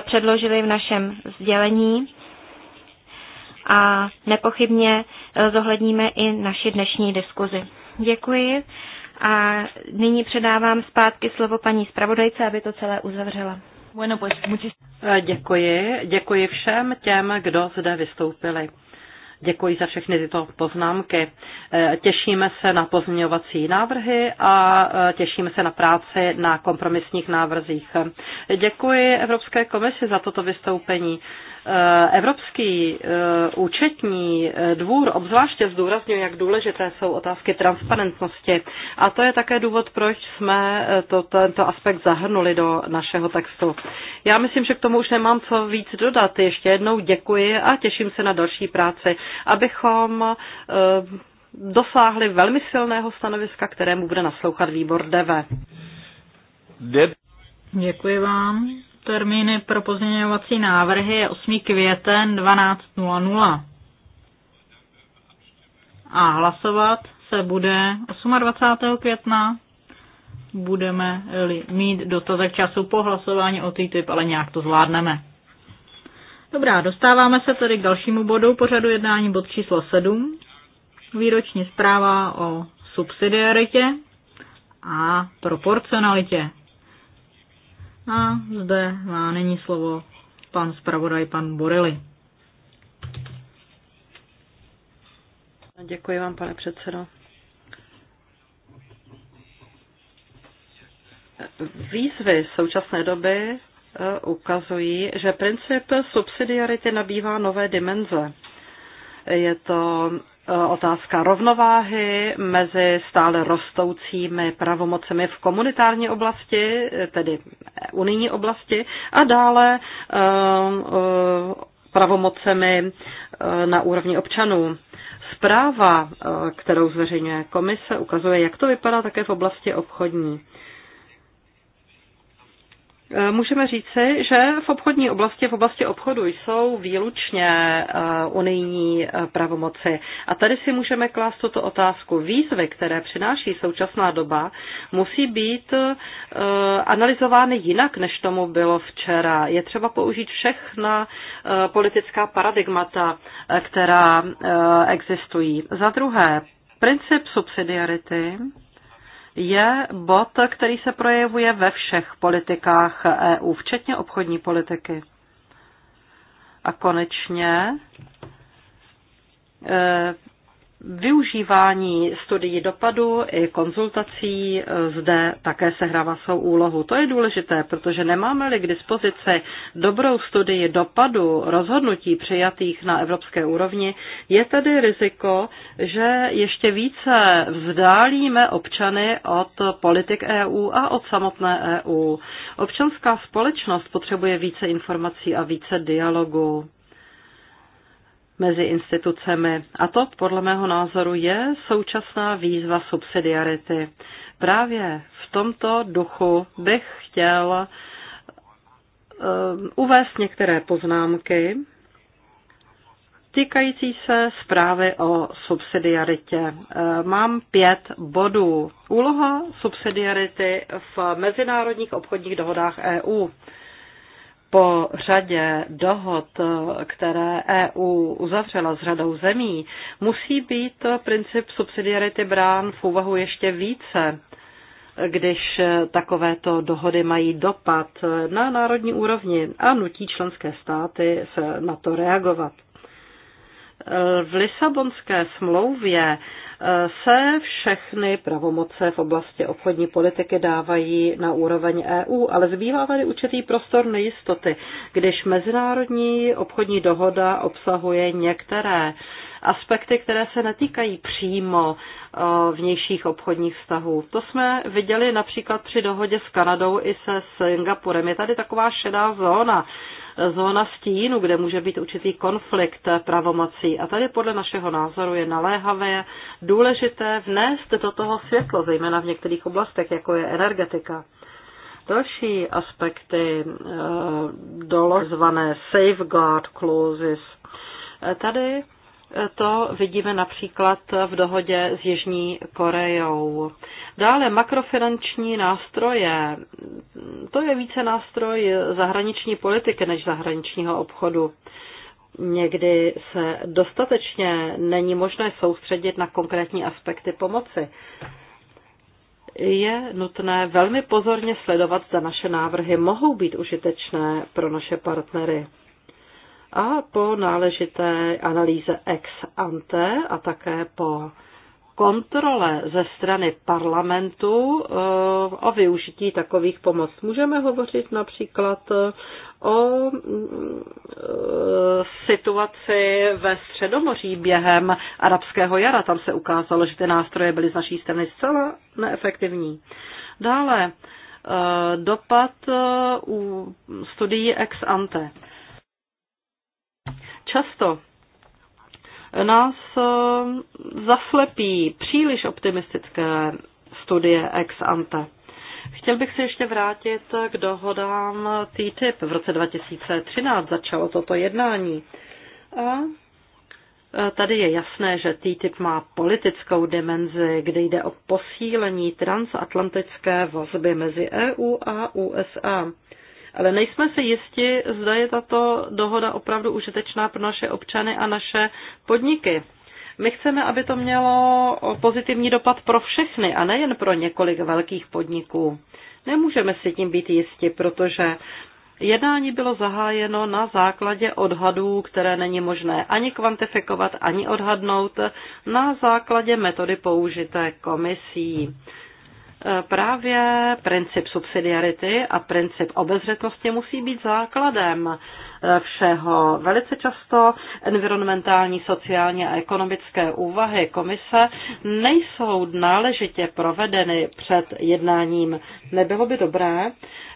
předložili v našem sdělení a nepochybně zohledníme i naši dnešní diskuzi. Děkuji. A nyní předávám zpátky slovo paní zpravodajce, aby to celé uzavřela. Bueno, pues, eh, děkuji, děkuji všem těm, kdo zde vystoupili. Děkuji za všechny tyto poznámky. Eh, těšíme se na pozměňovací návrhy a eh, těšíme se na práci na kompromisních návrzích. Děkuji Evropské komisi za toto vystoupení. Eh, Evropský eh, účetní eh, dvůr obzvláště zdůrazňuje, jak důležité jsou otázky transparentnosti. A to je také důvod, proč jsme to, tento aspekt zahrnuli do našeho textu. Já myslím, že k tomu už nemám co víc dodat. Ještě jednou děkuji a těším se na další práci, abychom dosáhli velmi silného stanoviska, kterému bude naslouchat výbor DEVE. Děkuji vám termíny pro pozměňovací návrhy je 8. květen 12.00. A hlasovat se bude 28. května. Budeme mít dostatek času po hlasování o TTIP, ale nějak to zvládneme. Dobrá, dostáváme se tedy k dalšímu bodu pořadu jednání bod číslo 7. Výroční zpráva o subsidiaritě a proporcionalitě. A zde má nyní slovo pan zpravodaj, pan Borely. Děkuji vám, pane předsedo. Výzvy současné doby eh, ukazují, že princip subsidiarity nabývá nové dimenze. Je to e, otázka rovnováhy mezi stále rostoucími pravomocemi v komunitární oblasti, e, tedy unijní oblasti, a dále e, pravomocemi na úrovni občanů. Zpráva, kterou zveřejňuje komise, ukazuje, jak to vypadá také v oblasti obchodní. Eh, můžeme říci, že v obchodní oblasti, v oblasti obchodu jsou výlučně eh, unijní eh, pravomoci. A tady si můžeme klást tuto otázku. Výzvy, které přináší současná doba, musí být analyzovány jinak, než tomu bylo včera. Je třeba použít všechna politická paradigmata, která existují. Za druhé, princip subsidiarity je bod, který se projevuje ve všech politikách EU, včetně obchodní politiky. A konečně eh, Využívání studií dopadu i konzultací e, zde také sehrává svou úlohu. To je důležité, protože nemáme-li k dispozici dobrou studii dopadu rozhodnutí přijatých na evropské úrovni, je tedy riziko, že ještě více vzdálíme občany od politik EU a od samotné EU. Občanská společnost potřebuje více informací a více dialogu mezi institucemi. A to, podle mého názoru, je současná výzva subsidiarity. Právě v tomto duchu bych chtěl eh, uvést některé poznámky týkající se zprávy o subsidiaritě. Eh, mám pět bodů. Úloha subsidiarity v mezinárodních obchodních dohodách EU po řadě dohod, které EU uzavřela s řadou zemí, musí být princip subsidiarity brán v úvahu ještě více, když takovéto dohody mají dopad na národní úrovni a nutí členské státy se na to reagovat. V Lisabonské smlouvě se všechny pravomoce v oblasti obchodní politiky dávají na úroveň EU, ale zbývá tady určitý prostor nejistoty, když mezinárodní obchodní dohoda obsahuje některé aspekty, které se netýkají přímo eh, vnějších obchodních vztahů. To jsme viděli například při dohodě s Kanadou i se Singapurem. Je tady taková šedá zóna zóna stínu, kde může být určitý konflikt pravomocí. A tady podle našeho názoru je naléhavé důležité vnést do toho světlo, zejména v některých oblastech, jako je energetika. Další aspekty eh, doložované safeguard clauses. Eh, tady to vidíme například v dohodě s Jižní Koreou. Dále makrofinanční nástroje. To je více nástroj zahraniční politiky než zahraničního obchodu. Někdy se dostatečně není možné soustředit na konkrétní aspekty pomoci. Je nutné velmi pozorně sledovat, zda naše návrhy mohou být užitečné pro naše partnery a po náležité analýze ex ante a také po kontrole ze strany parlamentu e, o využití takových pomoc. Můžeme hovořit například o e, situaci ve Středomoří během arabského jara. Tam se ukázalo, že ty nástroje byly z naší strany zcela neefektivní. Dále e, dopad u studií ex ante. Často nás eh, zaslepí příliš optimistické studie ex ante. Chtěl bych se ještě vrátit k dohodám TTIP. V roce 2013 začalo toto jednání. A eh, tady je jasné, že TTIP má politickou dimenzi, kde jde o posílení transatlantické vazby mezi EU a USA ale nejsme si jisti, zda je tato dohoda opravdu užitečná pro naše občany a naše podniky. My chceme, aby to mělo pozitivní dopad pro všechny a nejen pro několik velkých podniků. Nemůžeme si tím být jisti, protože jednání bylo zahájeno na základě odhadů, které není možné ani kvantifikovat, ani odhadnout, na základě metody použité komisí. E, právě princip subsidiarity a princip obezřetnosti musí být základem e, všeho. Velice často environmentální, sociální a ekonomické úvahy komise nejsou náležitě provedeny před jednáním. Nebylo by dobré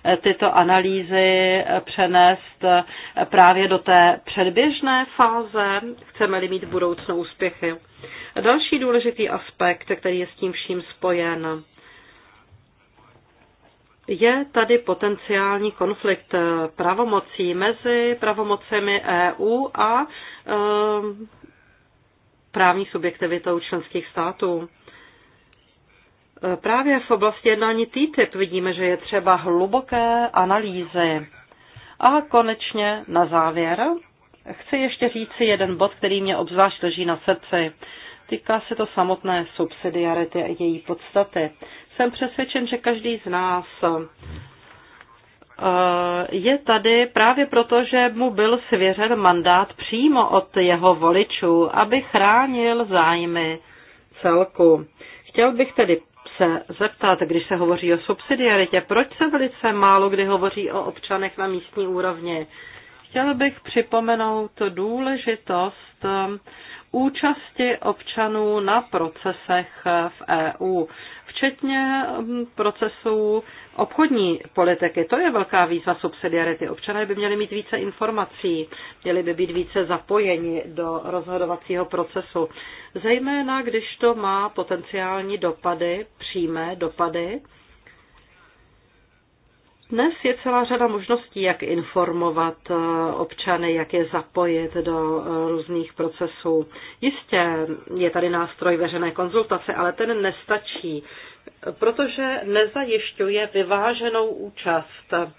e, tyto analýzy přenést právě do té předběžné fáze, chceme-li mít v úspěchy. Další důležitý aspekt, který je s tím vším spojen, je tady potenciální konflikt eh, pravomocí mezi pravomocemi EU a eh, právní subjektivitou členských států. Eh, právě v oblasti jednání TTIP vidíme, že je třeba hluboké analýzy. A konečně na závěr chci ještě říct jeden bod, který mě obzvlášť leží na srdci. Týká se to samotné subsidiarity a její podstaty. Jsem přesvědčen, že každý z nás eh, je tady právě proto, že mu byl svěřen mandát přímo od jeho voličů, aby chránil zájmy celku. Chtěl bych tedy se zeptat, když se hovoří o subsidiaritě, proč se velice málo kdy hovoří o občanech na místní úrovni. Chtěl bych připomenout důležitost eh, účasti občanů na procesech v EU včetně mm, procesů obchodní politiky. To je velká výzva subsidiarity. Občané by měli mít více informací, měli by být více zapojeni do rozhodovacího procesu, zejména když to má potenciální dopady, přímé dopady dnes je celá řada možností, jak informovat eh, občany, jak je zapojit do eh, různých procesů. Jistě je tady nástroj veřejné konzultace, ale ten nestačí, protože nezajišťuje vyváženou účast. Eh,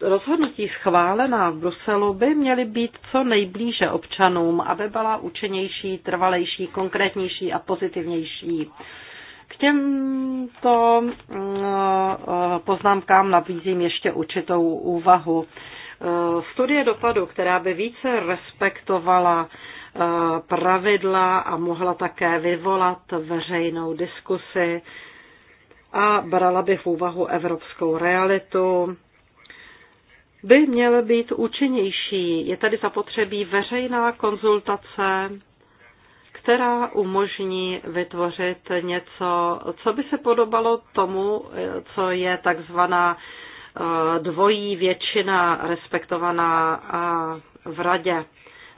rozhodnutí schválená v Bruselu by měly být co nejblíže občanům, aby byla účinnější, trvalejší, konkrétnější a pozitivnější. K těmto eh, eh, poznámkám nabízím ještě určitou úvahu. Eh, studie dopadu, která by více respektovala pravidla a mohla také vyvolat veřejnou diskusi a brala by v úvahu evropskou realitu, by měl být účinnější. Je tady zapotřebí veřejná konzultace která umožní vytvořit něco, co by se podobalo tomu, co je takzvaná eh, dvojí většina respektovaná eh, v radě.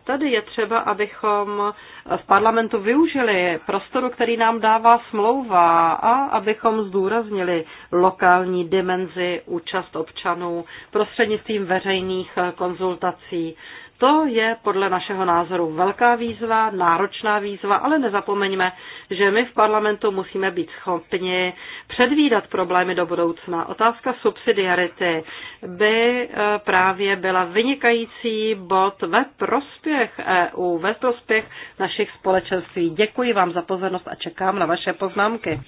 Tady je třeba, abychom v parlamentu využili prostoru, který nám dává smlouva a abychom zdůraznili lokální dimenzi účast občanů prostřednictvím veřejných eh, konzultací. To je podle našeho názoru velká výzva, náročná výzva, ale nezapomeňme, že my v parlamentu musíme být schopni předvídat problémy do budoucna. Otázka subsidiarity by e, právě byla vynikající bod ve prospěch EU, ve prospěch našich společenství. Děkuji vám za pozornost a čekám na vaše poznámky.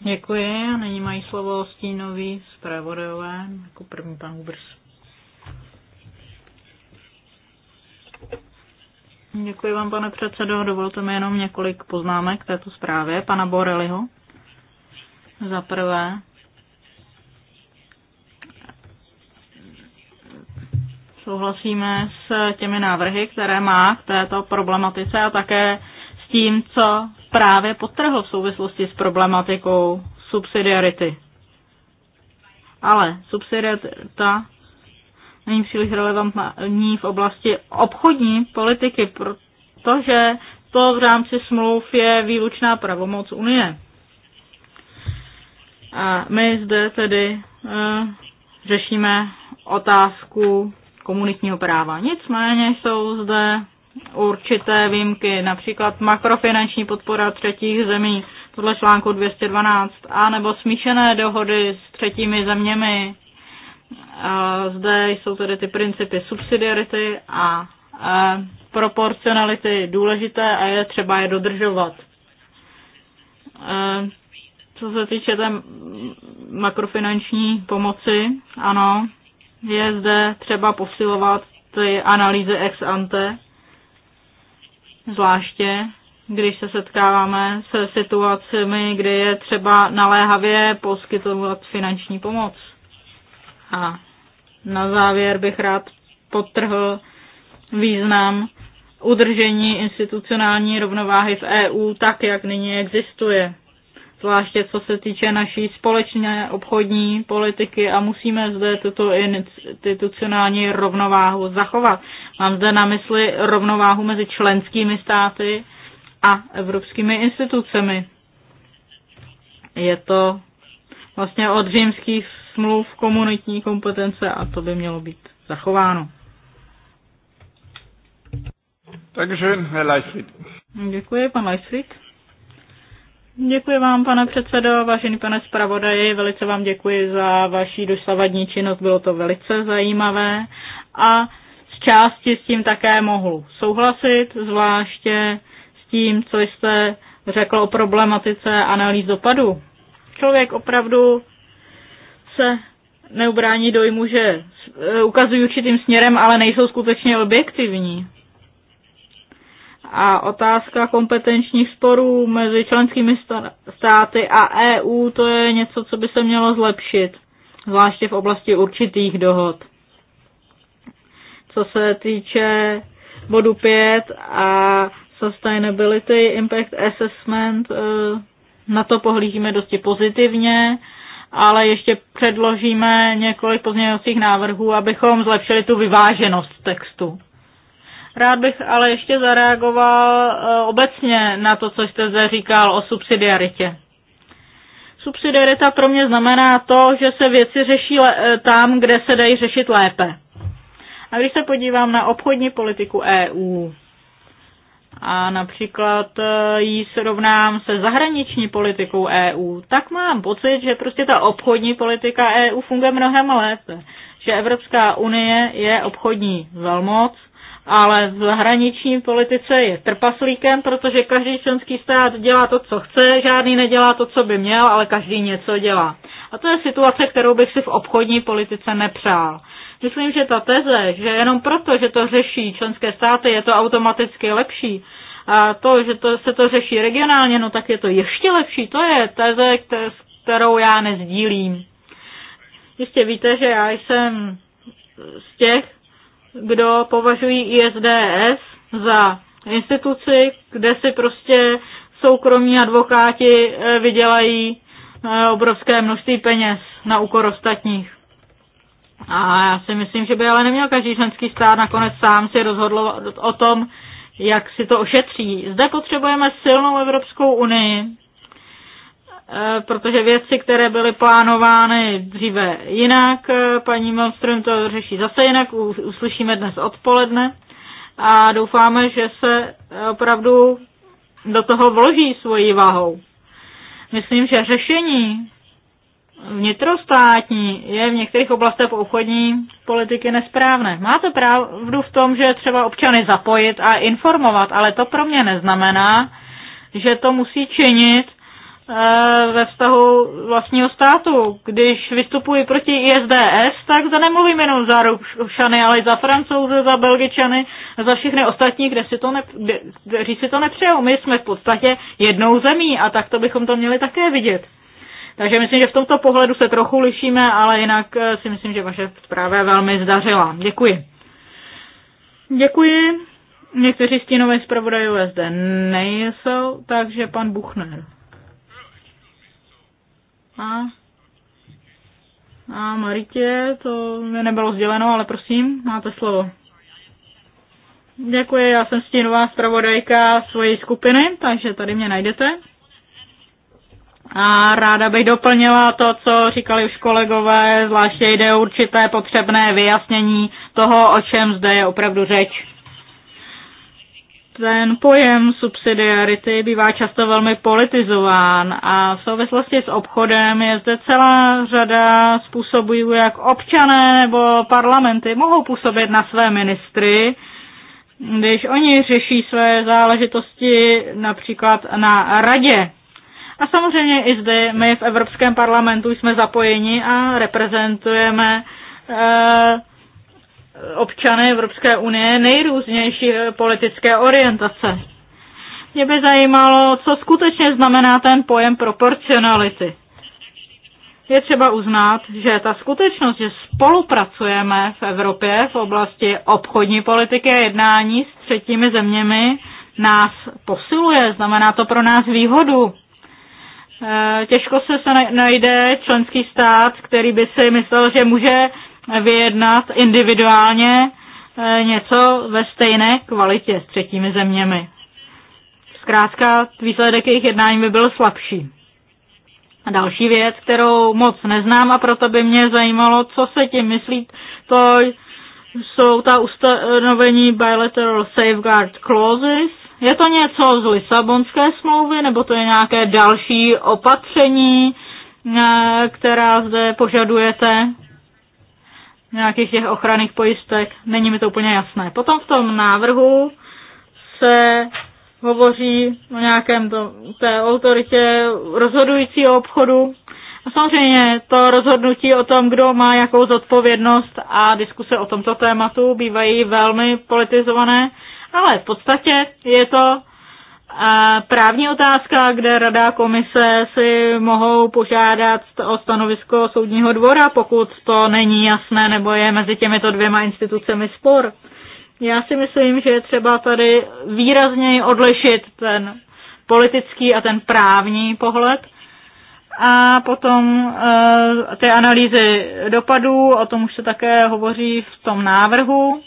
Děkuji a nyní mají slovo stínový zpravodajové jako první pan Ubrs. Děkuji vám, pane předsedo. Dovolte mi jenom několik poznámek k této zprávě pana Boreliho. Za prvé, souhlasíme s těmi návrhy, které má k této problematice a také s tím, co právě potrhl v souvislosti s problematikou subsidiarity. Ale subsidiarita není příliš relevantní v oblasti obchodní politiky, protože to v rámci smluv je výlučná pravomoc Unie. A my zde tedy e, řešíme otázku komunitního práva. Nicméně jsou zde určité výjimky, například makrofinanční podpora třetích zemí podle článku 212, a nebo smíšené dohody s třetími zeměmi, zde jsou tedy ty principy subsidiarity a proporcionality důležité a je třeba je dodržovat. Co se týče té makrofinanční pomoci, ano, je zde třeba posilovat ty analýzy ex ante, zvláště když se setkáváme se situacemi, kdy je třeba naléhavě poskytovat finanční pomoc. A na závěr bych rád podtrhl význam udržení institucionální rovnováhy v EU tak, jak nyní existuje. Zvláště co se týče naší společné obchodní politiky a musíme zde tuto institucionální rovnováhu zachovat. Mám zde na mysli rovnováhu mezi členskými státy a evropskými institucemi. Je to vlastně od římských smluv, komunitní kompetence a to by mělo být zachováno. Takže, Herr Děkuji, pan Leifried. Děkuji vám, pane předsedo, vážený pane zpravodaji, velice vám děkuji za vaši dosavadní činnost, bylo to velice zajímavé a z části s tím také mohu souhlasit, zvláště s tím, co jste řekl o problematice analýz dopadu. Člověk opravdu se neubrání dojmu, že e, ukazují určitým směrem, ale nejsou skutečně objektivní. A otázka kompetenčních sporů mezi členskými státy a EU, to je něco, co by se mělo zlepšit, zvláště v oblasti určitých dohod. Co se týče bodu 5 a Sustainability Impact Assessment, e, na to pohlížíme dosti pozitivně ale ještě předložíme několik pozměňovacích návrhů, abychom zlepšili tu vyváženost textu. Rád bych ale ještě zareagoval eh, obecně na to, co jste zde říkal o subsidiaritě. Subsidiarita pro mě znamená to, že se věci řeší eh, tam, kde se dají řešit lépe. A když se podívám na obchodní politiku EU, a například e, jí srovnám se zahraniční politikou EU, tak mám pocit, že prostě ta obchodní politika EU funguje mnohem lépe. Že Evropská unie je obchodní velmoc, ale v zahraniční politice je trpaslíkem, protože každý členský stát dělá to, co chce, žádný nedělá to, co by měl, ale každý něco dělá. A to je situace, kterou bych si v obchodní politice nepřál. Myslím, že ta teze, že jenom proto, že to řeší členské státy, je to automaticky lepší, a to, že to, se to řeší regionálně, no tak je to ještě lepší. To je teze, kterou já nezdílím. Jistě víte, že já jsem z těch, kdo považují ISDS za instituci, kde si prostě soukromí advokáti eh, vydělají eh, obrovské množství peněz na úkor ostatních. A já si myslím, že by ale neměl každý členský stát nakonec sám si rozhodl o tom, jak si to ošetří. Zde potřebujeme silnou Evropskou unii, e, protože věci, které byly plánovány dříve jinak, e, paní Malmström to řeší zase jinak, uslyšíme dnes odpoledne a doufáme, že se e, opravdu do toho vloží svojí váhou. Myslím, že řešení vnitrostátní je v některých oblastech obchodní politiky nesprávné. Máte pravdu v tom, že třeba občany zapojit a informovat, ale to pro mě neznamená, že to musí činit eh, ve vztahu vlastního státu. Když vystupuji proti ISDS, tak zde nemluvím jenom za Rušany, ale i za Francouze, za Belgičany, za všechny ostatní, kde si to ne, kde, kteří si to nepřejou. My jsme v podstatě jednou zemí a tak to bychom to měli také vidět. Takže myslím, že v tomto pohledu se trochu lišíme, ale jinak eh, si myslím, že vaše zpráva je velmi zdařila. Děkuji. Děkuji. Někteří stínové zpravodajové zde nejsou, takže pan Buchner. A, a Maritě, to mi nebylo sděleno, ale prosím, máte slovo. Děkuji, já jsem stínová zpravodajka svojí skupiny, takže tady mě najdete. A ráda bych doplnila to, co říkali už kolegové, zvláště jde určité potřebné vyjasnění toho, o čem zde je opravdu řeč. Ten pojem subsidiarity bývá často velmi politizován a v souvislosti s obchodem je zde celá řada způsobů, jak občané nebo parlamenty mohou působit na své ministry, když oni řeší své záležitosti například na radě a samozřejmě i zde my v Evropském parlamentu jsme zapojeni a reprezentujeme eh, občany Evropské unie nejrůznější eh, politické orientace. Mě by zajímalo, co skutečně znamená ten pojem proporcionality. Je třeba uznat, že ta skutečnost, že spolupracujeme v Evropě v oblasti obchodní politiky a jednání s třetími zeměmi, nás posiluje, znamená to pro nás výhodu. Eh, těžko se, se najde členský stát, který by si myslel, že může vyjednat individuálně eh, něco ve stejné kvalitě s třetími zeměmi. Zkrátka výsledek jejich jednání by byl slabší. A další věc, kterou moc neznám a proto by mě zajímalo, co se tím myslí, to jsou ta ustanovení Bilateral Safeguard Clauses, je to něco z Lisabonské smlouvy, nebo to je nějaké další opatření, eh, která zde požadujete? Nějakých těch ochranných pojistek? Není mi to úplně jasné. Potom v tom návrhu se hovoří o nějakém to, té autoritě rozhodující obchodu. A samozřejmě to rozhodnutí o tom, kdo má jakou zodpovědnost a diskuse o tomto tématu bývají velmi politizované ale v podstatě je to eh, právní otázka, kde rada komise si mohou požádat o stanovisko soudního dvora, pokud to není jasné nebo je mezi těmito dvěma institucemi spor. Já si myslím, že je třeba tady výrazněji odlišit ten politický a ten právní pohled. A potom uh, ty analýzy dopadů, o tom už se také hovoří v tom návrhu.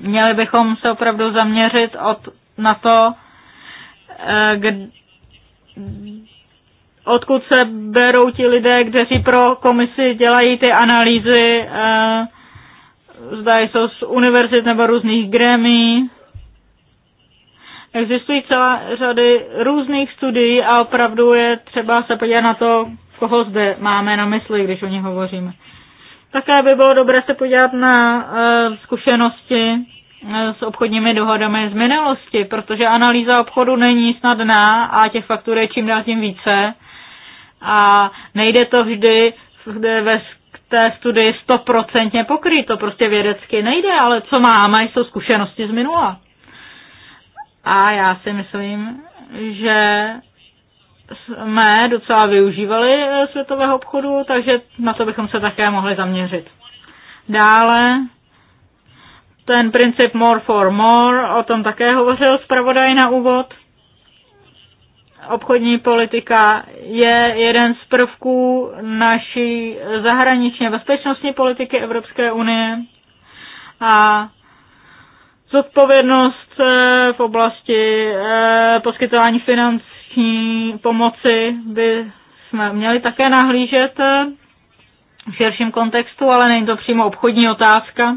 Měli bychom se opravdu zaměřit od, na to, eh, kde, odkud se berou ti lidé, kteří pro komisi dělají ty analýzy, eh, zda jsou z univerzit nebo různých gremí. Existují celá řady různých studií a opravdu je třeba se podívat na to, koho zde máme na mysli, když o nich hovoříme. Také by bylo dobré se podívat na eh, zkušenosti eh, s obchodními dohodami z minulosti, protože analýza obchodu není snadná a těch faktur je čím dál tím více. A nejde to vždy ve té studii stoprocentně pokryt, to prostě vědecky nejde, ale co máme, jsou zkušenosti z minula. A já si myslím, že jsme docela využívali eh, světového obchodu, takže na to bychom se také mohli zaměřit. Dále ten princip more for more, o tom také hovořil zpravodaj na úvod. Obchodní politika je jeden z prvků naší zahraničně bezpečnostní politiky Evropské unie a zodpovědnost eh, v oblasti eh, poskytování financí finanční pomoci by jsme měli také nahlížet eh, v širším kontextu, ale není to přímo obchodní otázka.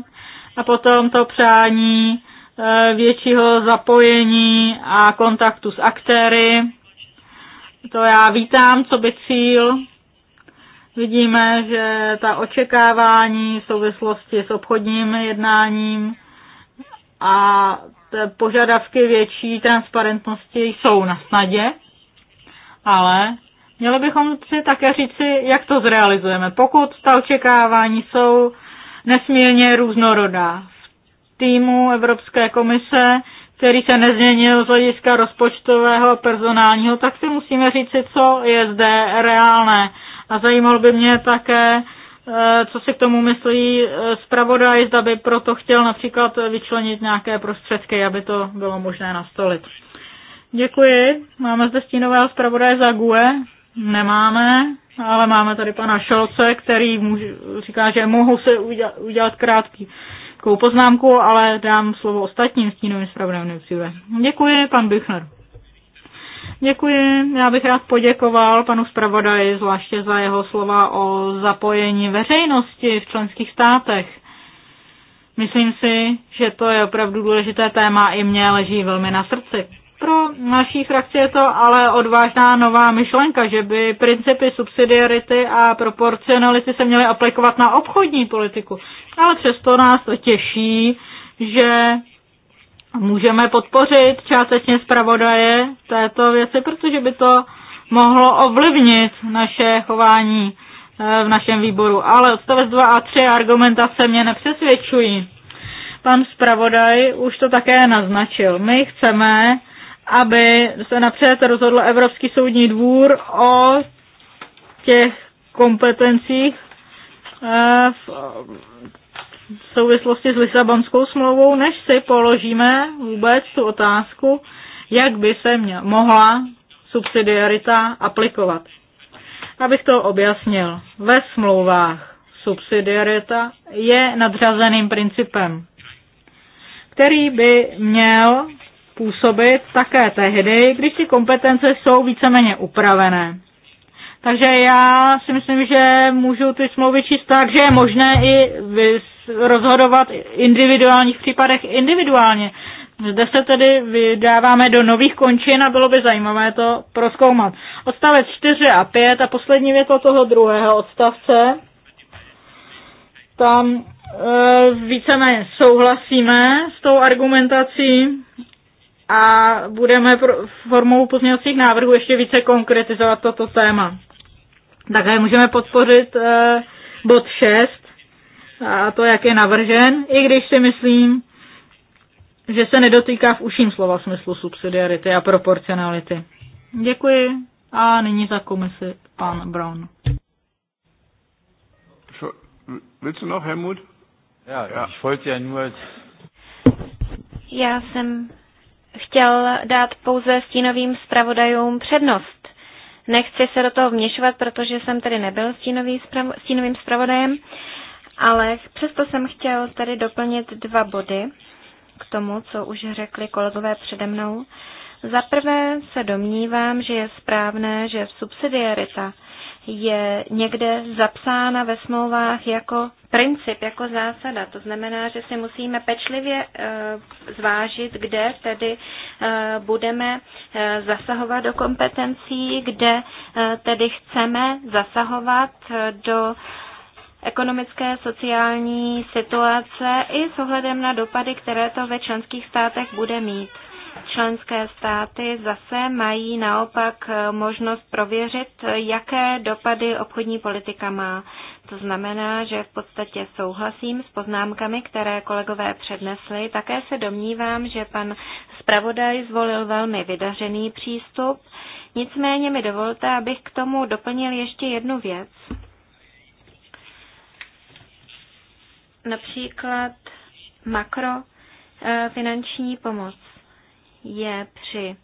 A potom to přání eh, většího zapojení a kontaktu s aktéry. To já vítám, co by cíl. Vidíme, že ta očekávání v souvislosti s obchodním jednáním a požadavky větší transparentnosti jsou na snadě ale měli bychom si také říci, jak to zrealizujeme. Pokud ta očekávání jsou nesmírně různorodá. V týmu Evropské komise, který se nezměnil z hlediska rozpočtového a personálního, tak si musíme říci, co je zde reálné. A zajímalo by mě také, eh, co si k tomu myslí eh, zpravodaj, zda by proto chtěl například vyčlenit nějaké prostředky, aby to bylo možné nastolit. Děkuji. Máme zde stínového zpravodaje za GUE. Nemáme, ale máme tady pana Šolce, který může, říká, že mohu se udělat, udělat krátký poznámku, ale dám slovo ostatním stínovým zpravodajům nejdříve. Děkuji, pan Büchner. Děkuji. Já bych rád poděkoval panu zpravodaji, zvláště za jeho slova o zapojení veřejnosti v členských státech. Myslím si, že to je opravdu důležité téma i mně leží velmi na srdci. Pro naší frakci je to ale odvážná nová myšlenka, že by principy subsidiarity a proporcionality se měly aplikovat na obchodní politiku. Ale přesto nás to těší, že můžeme podpořit částečně zpravodaje této věci, protože by to mohlo ovlivnit naše chování eh, v našem výboru. Ale odstavec 2 a 3 argumentace mě nepřesvědčují. Pan zpravodaj už to také naznačil. My chceme aby se napřed rozhodl Evropský soudní dvůr o těch kompetencích eh, v souvislosti s Lisabonskou smlouvou, než si položíme vůbec tu otázku, jak by se mě mohla subsidiarita aplikovat. Abych to objasnil, ve smlouvách subsidiarita je nadřazeným principem, který by měl působit také tehdy, když ty kompetence jsou víceméně upravené. Takže já si myslím, že můžu ty smlouvy číst tak, že je možné i rozhodovat individuálních případech individuálně. Zde se tedy vydáváme do nových končin a bylo by zajímavé to proskoumat. Odstavec 4 a 5 a poslední věta toho druhého odstavce. Tam e, víceméně souhlasíme s tou argumentací a budeme formou pozměňovacích návrhů ještě více konkretizovat toto téma. Také můžeme podpořit eh, bod 6 a to, jak je navržen, i když si myslím, že se nedotýká v uším slova smyslu subsidiarity a proporcionality. Děkuji a nyní za komisi pan Brown. Willst du noch, Helmut? Ja, ja. ich wollte ja nur... Já jsem chtěl dát pouze stínovým zpravodajům přednost. Nechci se do toho vměšovat, protože jsem tedy nebyl stínový spravo, stínovým zpravodajem, ale přesto jsem chtěl tady doplnit dva body k tomu, co už řekli kolegové přede mnou. Za prvé se domnívám, že je správné, že subsidiarita je někde zapsána ve smlouvách jako princip jako zásada. To znamená, že si musíme pečlivě eh, zvážit, kde tedy eh, budeme eh, zasahovat do kompetencí, kde tedy chceme zasahovat do ekonomické, sociální situace i s ohledem na dopady, které to ve členských státech bude mít členské státy zase mají naopak eh, možnost prověřit, jaké dopady obchodní politika má. To znamená, že v podstatě souhlasím s poznámkami, které kolegové přednesli. Také se domnívám, že pan zpravodaj zvolil velmi vydařený přístup. Nicméně mi dovolte, abych k tomu doplnil ještě jednu věc. Například makrofinanční pomoc je při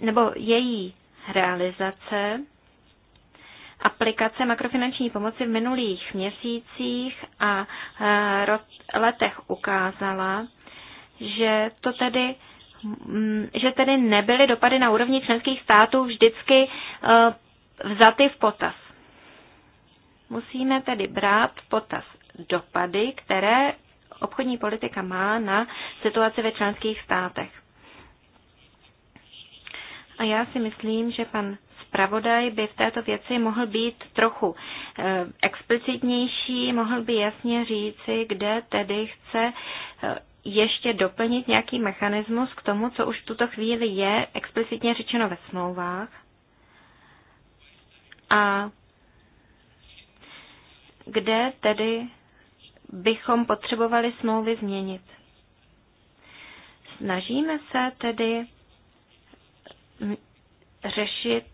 nebo její realizace aplikace makrofinanční pomoci v minulých měsících a e, letech ukázala, že to tedy mm, že tedy nebyly dopady na úrovni členských států vždycky e, vzaty v potaz. Musíme tedy brát v potaz dopady, které obchodní politika má na situaci ve členských státech. A já si myslím, že pan zpravodaj by v této věci mohl být trochu eh, explicitnější, mohl by jasně říci, kde tedy chce eh, ještě doplnit nějaký mechanismus k tomu, co už v tuto chvíli je explicitně řečeno ve smlouvách. A kde tedy bychom potřebovali smlouvy změnit. Snažíme se tedy mm, řešit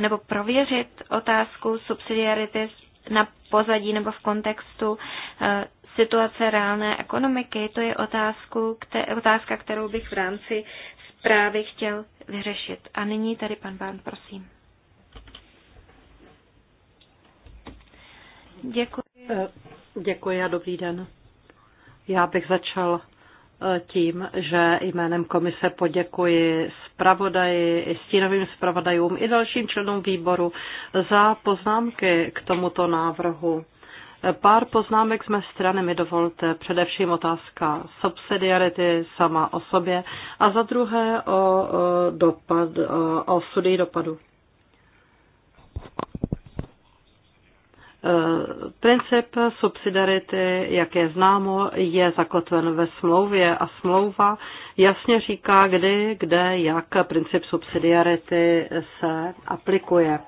nebo prověřit otázku subsidiarity na pozadí nebo v kontextu e, situace reálné ekonomiky. To je otázku, otázka, kterou bych v rámci zprávy chtěl vyřešit. A nyní tady pan Bán, prosím. Děkuji. Eh, děkuji a dobrý den. Já bych začal eh, tím, že jménem komise poděkuji zpravodaji, stínovým zpravodajům i dalším členům výboru za poznámky k tomuto návrhu. Eh, pár poznámek z mé strany mi dovolte. Především otázka subsidiarity sama o sobě a za druhé o, dopad, o studii dopadu. Princip subsidiarity, jak je známo, je zakotven ve smlouvě a smlouva jasně říká, kdy, kde, jak princip subsidiarity se aplikuje.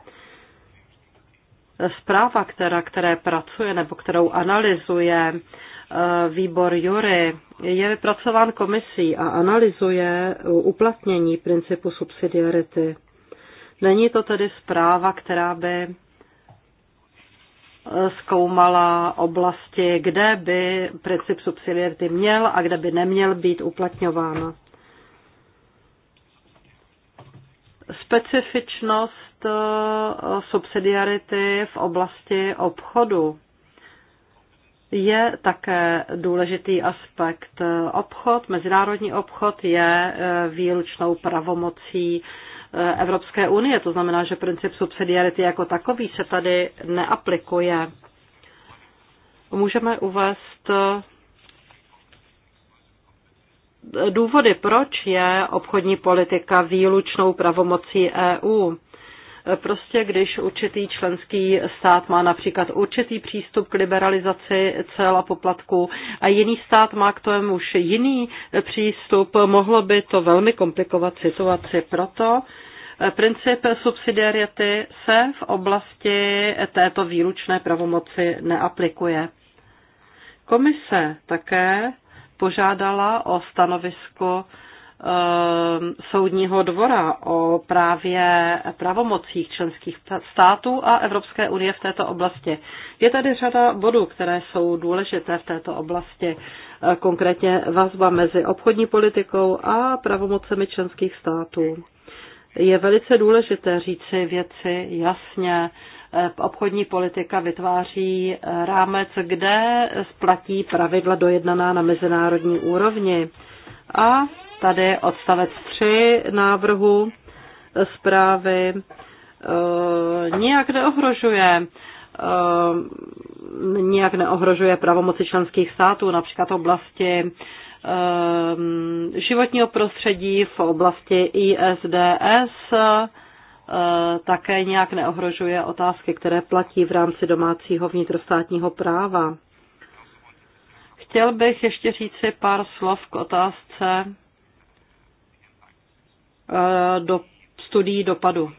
Zpráva, která, které pracuje nebo kterou analyzuje eh, výbor Jury, je vypracován komisí a analyzuje uplatnění principu subsidiarity. Není to tedy zpráva, která by zkoumala oblasti, kde by princip subsidiarity měl a kde by neměl být uplatňován. Specifičnost eh, subsidiarity v oblasti obchodu je také důležitý aspekt. Obchod, mezinárodní obchod je eh, výlučnou pravomocí Eh, Evropské unie. To znamená, že princip subsidiarity jako takový se tady neaplikuje. Můžeme uvést eh, důvody, proč je obchodní politika výlučnou pravomocí EU. Eh, prostě když určitý členský stát má například určitý přístup k liberalizaci cel a poplatků a jiný stát má k tomu už jiný přístup, mohlo by to velmi komplikovat situaci. Proto Eh, princip subsidiarity se v oblasti této výlučné pravomoci neaplikuje. Komise také požádala o stanovisko ehm, soudního dvora o právě pravomocích členských států a Evropské unie v této oblasti. Je tady řada bodů, které jsou důležité v této oblasti, eh, konkrétně vazba mezi obchodní politikou a pravomocemi členských států je velice důležité říci věci jasně. Obchodní politika vytváří rámec, kde splatí pravidla dojednaná na mezinárodní úrovni. A tady odstavec 3 návrhu zprávy eh, nijak neohrožuje eh, nijak neohrožuje pravomoci členských států, například oblasti Ehm, životního prostředí v oblasti ISDS eh, také nějak neohrožuje otázky, které platí v rámci domácího vnitrostátního práva. Chtěl bych ještě říci pár slov k otázce eh, do studií dopadu.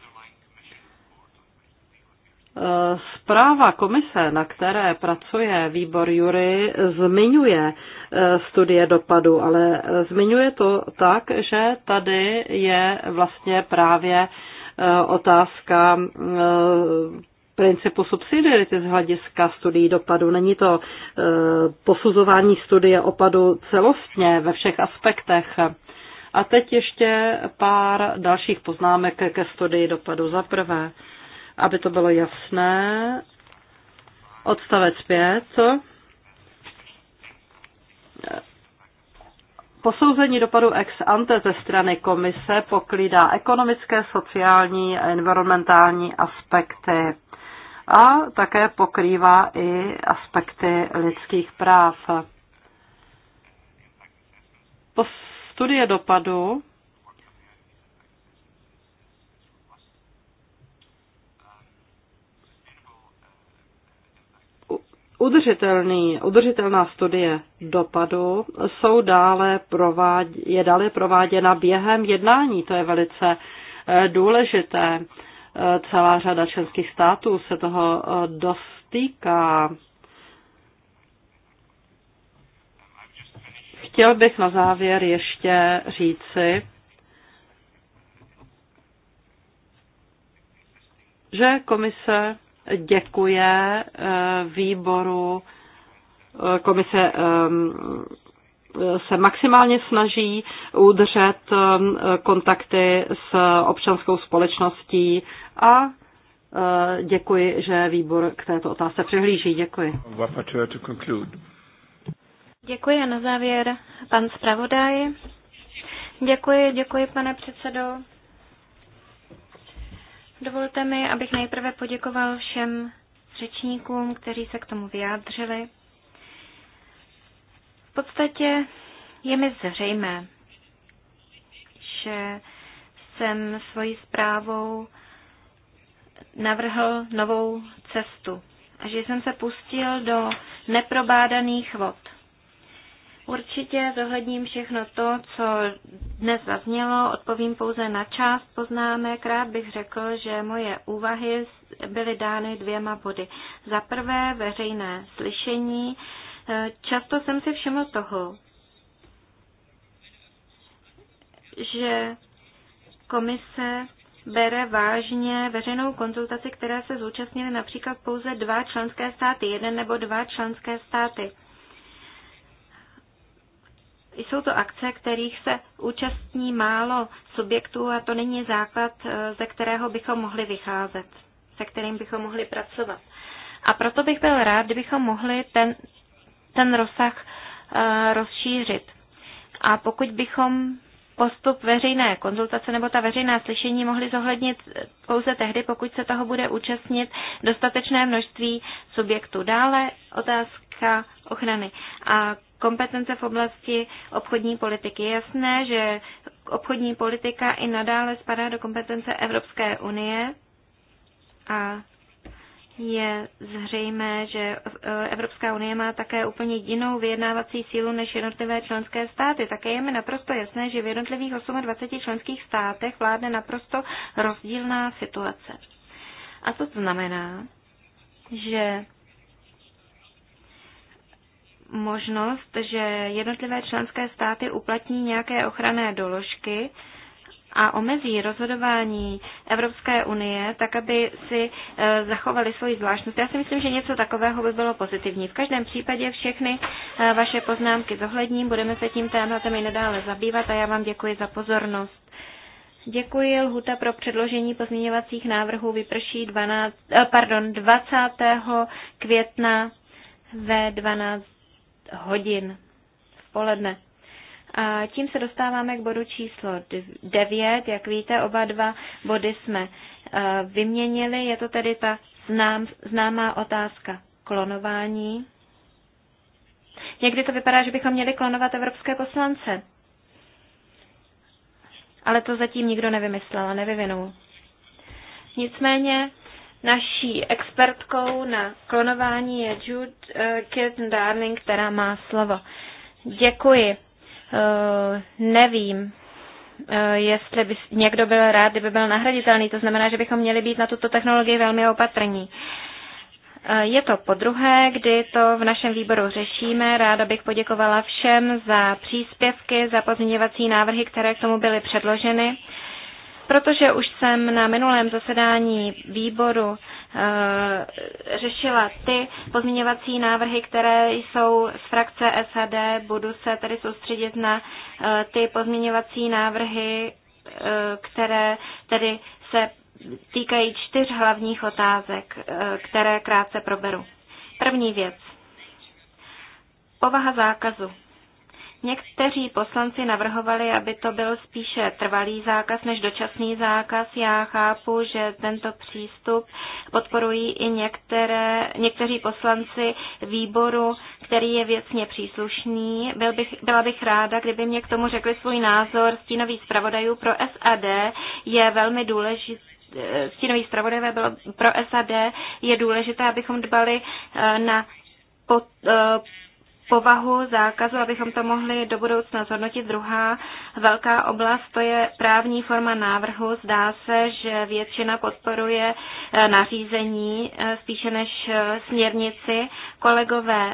Zpráva komise, na které pracuje výbor Jury, zmiňuje e, studie dopadu, ale zmiňuje to tak, že tady je vlastně právě e, otázka e, principu subsidiarity z hlediska studií dopadu. Není to posuzování studie opadu celostně ve všech aspektech. A teď ještě pár dalších poznámek ke studii dopadu. Za prvé, aby to bylo jasné. Odstavec 5. Posouzení dopadu ex ante ze strany komise poklídá ekonomické, sociální a environmentální aspekty a také pokrývá i aspekty lidských práv. Po studie dopadu Udržitelný, udržitelná studie dopadu jsou dále provádě, je dále prováděna během jednání. To je velice eh, důležité. Eh, celá řada členských států se toho eh, dostýká. Chtěl bych na závěr ještě říci, že komise děkuje eh, výboru eh, komise eh, se maximálně snaží udržet kontakty s občanskou společností a děkuji, že výbor k této otázce přihlíží. Děkuji. Děkuji a na závěr pan zpravodaj. Děkuji, děkuji pane předsedo. Dovolte mi, abych nejprve poděkoval všem řečníkům, kteří se k tomu vyjádřili. V podstatě je mi zřejmé, že jsem svojí zprávou navrhl novou cestu a že jsem se pustil do neprobádaných vod. Určitě zohledním všechno to, co dnes zaznělo, odpovím pouze na část poznámek. Rád bych řekl, že moje úvahy byly dány dvěma body. Za prvé veřejné slyšení. Často jsem si všiml toho, že komise bere vážně veřejnou konzultaci, které se zúčastnily například pouze dva členské státy, jeden nebo dva členské státy jsou to akce, kterých se účastní málo subjektů a to není základ, eh, ze kterého bychom mohli vycházet, se kterým bychom mohli pracovat. A proto bych byl rád, kdybychom mohli ten, ten rozsah eh, rozšířit. A pokud bychom postup veřejné konzultace nebo ta veřejná slyšení mohli zohlednit eh, pouze tehdy, pokud se toho bude účastnit dostatečné množství subjektů. Dále otázka ochrany. A kompetence v oblasti obchodní politiky. Je jasné, že obchodní politika i nadále spadá do kompetence Evropské unie a je zřejmé, že Evropská unie má také úplně jinou vyjednávací sílu než jednotlivé členské státy. Také je mi naprosto jasné, že v jednotlivých 28 členských státech vládne naprosto rozdílná situace. A to znamená, že možnost, že jednotlivé členské státy uplatní nějaké ochranné doložky a omezí rozhodování Evropské unie, tak aby si eh, zachovali svoji zvláštnost. Já si myslím, že něco takového by bylo pozitivní. V každém případě všechny eh, vaše poznámky zohledním, budeme se tím tématem i nadále zabývat a já vám děkuji za pozornost. Děkuji. Lhuta pro předložení pozměňovacích návrhů vyprší 12, eh, pardon, 20. května ve 12 hodin v poledne. A tím se dostáváme k bodu číslo 9. Jak víte, oba dva body jsme eh, vyměnili. Je to tedy ta znám, známá otázka klonování. Někdy to vypadá, že bychom měli klonovat evropské poslance. Ale to zatím nikdo nevymyslel a nevyvinul. Nicméně Naší expertkou na klonování je Jude eh, Kirton Darling, která má slovo. Děkuji. Eh, nevím, eh, jestli by někdo byl rád, kdyby byl nahraditelný. To znamená, že bychom měli být na tuto technologii velmi opatrní. Je to podruhé, kdy to v našem výboru řešíme. Ráda bych poděkovala všem za příspěvky, za pozměňovací návrhy, které k tomu byly předloženy. Protože už jsem na minulém zasedání výboru eh, řešila ty pozměňovací návrhy, které jsou z frakce SAD, budu se tedy soustředit na eh, ty pozměňovací návrhy, eh, které tedy se týkají čtyř hlavních otázek, které krátce proberu. První věc. Povaha zákazu. Někteří poslanci navrhovali, aby to byl spíše trvalý zákaz než dočasný zákaz. Já chápu, že tento přístup podporují i některé, někteří poslanci výboru, který je věcně příslušný. Byl bych, byla bych ráda, kdyby mě k tomu řekli svůj názor. Stínový zpravodajů pro SAD je velmi důležitý stínový zpravodaj pro SAD, je důležité, abychom dbali eh, na pod, eh, povahu zákazu, abychom to mohli do budoucna zhodnotit. Druhá velká oblast, to je právní forma návrhu. Zdá se, že většina podporuje eh, nařízení eh, spíše než eh, směrnici. Kolegové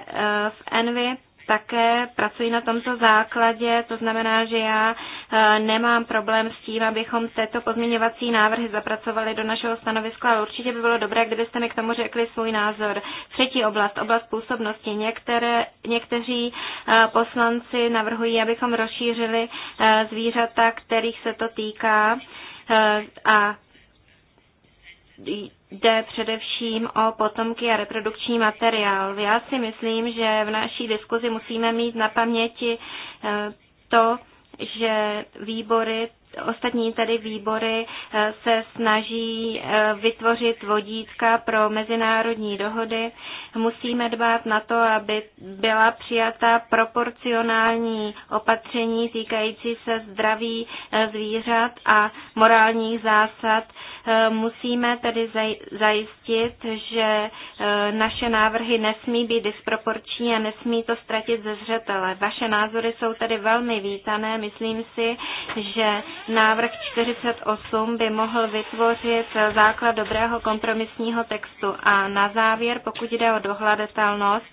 v Envy také pracuji na tomto základě, to znamená, že já eh, nemám problém s tím, abychom této pozměňovací návrhy zapracovali do našeho stanoviska, ale určitě by bylo dobré, kdybyste mi k tomu řekli svůj názor. Třetí oblast, oblast působnosti. Některé, někteří eh, poslanci navrhují, abychom rozšířili eh, zvířata, kterých se to týká a jde především o potomky a reprodukční materiál. Já si myslím, že v naší diskuzi musíme mít na paměti eh, to, že výbory, ostatní tedy výbory eh, se snaží eh, vytvořit vodítka pro mezinárodní dohody. Musíme dbát na to, aby byla přijata proporcionální opatření týkající se zdraví zvířat a morálních zásad Eh, musíme tedy zajistit, že eh, naše návrhy nesmí být disproporční a nesmí to ztratit ze zřetele. Vaše názory jsou tedy velmi vítané. Myslím si, že návrh 48 by mohl vytvořit základ dobrého kompromisního textu. A na závěr, pokud jde o dohledatelnost,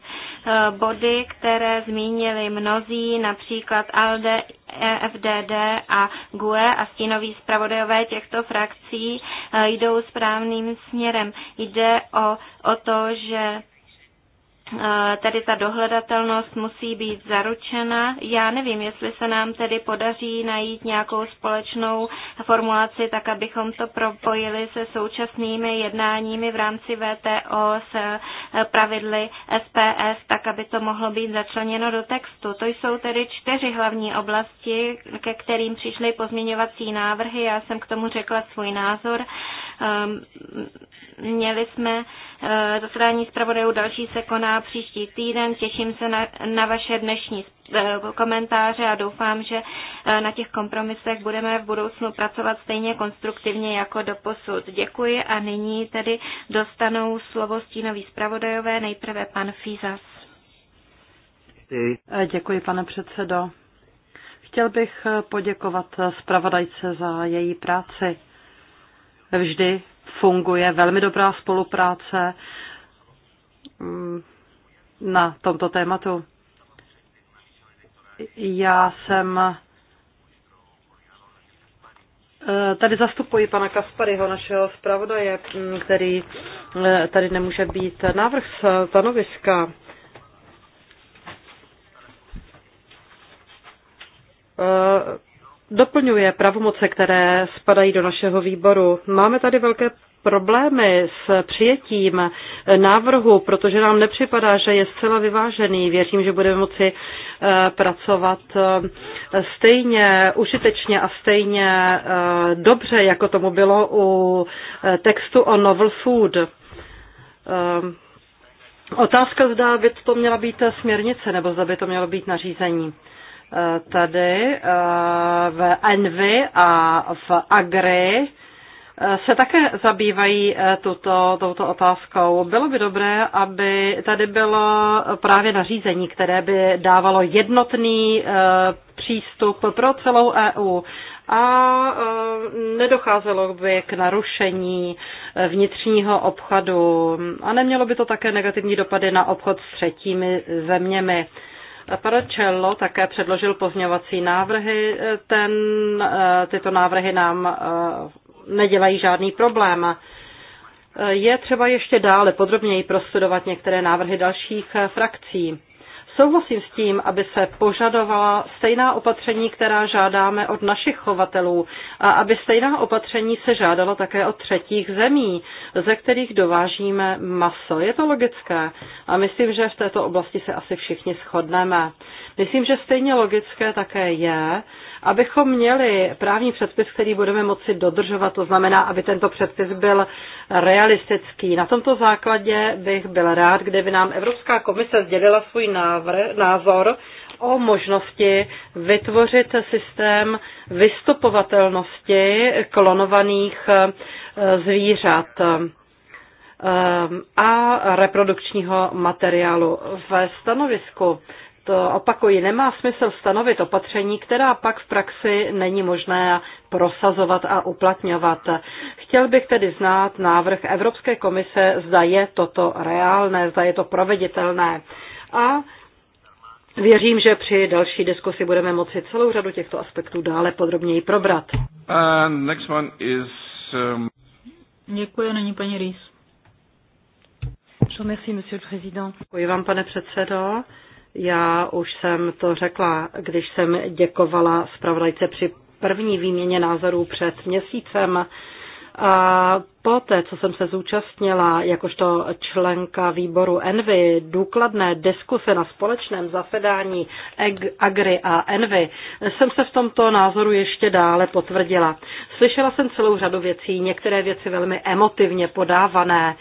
eh, body, které zmínili mnozí, například ALDE, EFDD a GUE a stínoví zpravodajové těchto frakcí eh, jdou správným směrem. Jde o, o to, že Eh, tady ta dohledatelnost musí být zaručena. Já nevím, jestli se nám tedy podaří najít nějakou společnou formulaci, tak abychom to propojili se současnými jednáními v rámci VTO s eh, pravidly SPS, tak aby to mohlo být začleněno do textu. To jsou tedy čtyři hlavní oblasti, ke kterým přišly pozměňovací návrhy. Já jsem k tomu řekla svůj názor. Ehm, měli jsme eh, zasedání zpravodajů, další se koná příští týden. Těším se na, na vaše dnešní eh, komentáře a doufám, že eh, na těch kompromisech budeme v budoucnu pracovat stejně konstruktivně jako do posud. Děkuji a nyní tedy dostanou slovo stínový zpravodajové, nejprve pan Fízas. Děkuji, pane předsedo. Chtěl bych poděkovat zpravodajce za její práci vždy funguje velmi dobrá spolupráce mm, na tomto tématu. Já jsem eh, Tady zastupuji pana Kasparyho, našeho zpravodaje, mm, který eh, tady nemůže být. Návrh stanoviska eh, doplňuje pravomoce, které spadají do našeho výboru. Máme tady velké problémy s přijetím návrhu, protože nám nepřipadá, že je zcela vyvážený. Věřím, že budeme moci eh, pracovat eh, stejně užitečně a stejně eh, dobře, jako tomu bylo u textu o Novel Food. Otázka, zda by to měla být směrnice, nebo zda by to mělo být nařízení tady eh, v Envy a v Agri eh, se také zabývají eh, tuto, touto otázkou. Bylo by dobré, aby tady bylo právě nařízení, které by dávalo jednotný přístup pro celou EU a nedocházelo by k narušení vnitřního obchodu a nemělo by to také negativní dopady na obchod s třetími zeměmi. Paracello také předložil pozměňovací návrhy. Ten, eh, tyto návrhy nám eh, nedělají žádný problém. Eh, je třeba ještě dále podrobněji prostudovat některé návrhy dalších frakcí. Souhlasím s tím, aby se požadovala stejná opatření, která žádáme od našich chovatelů a aby stejná opatření se žádala také od třetích zemí, ze kterých dovážíme maso. Je to logické a myslím, že v této oblasti se asi všichni shodneme. Myslím, že stejně logické také je, abychom měli právní předpis, který budeme moci dodržovat, to znamená, aby tento předpis byl realistický. Na tomto základě bych byl rád, kdyby nám Evropská komise sdělila svůj návr, názor o možnosti vytvořit systém vystupovatelnosti klonovaných eh, zvířat eh, a reprodukčního materiálu. Ve stanovisku to opakuji, nemá smysl stanovit opatření, která pak v praxi není možné prosazovat a uplatňovat. Chtěl bych tedy znát návrh Evropské komise, zda je toto reálné, zda je to proveditelné. A věřím, že při další diskusi budeme moci celou řadu těchto aspektů dále podrobněji probrat. Uh, next one is, um... Děkuji, není paní Rýs. Děkuji vám, pane předsedo. Já už jsem to řekla, když jsem děkovala zpravodajce při první výměně názorů před měsícem. A poté, co jsem se zúčastnila jakožto členka výboru Envy, důkladné diskuse na společném zasedání Agri a Envy, jsem se v tomto názoru ještě dále potvrdila. Slyšela jsem celou řadu věcí, některé věci velmi emotivně podávané,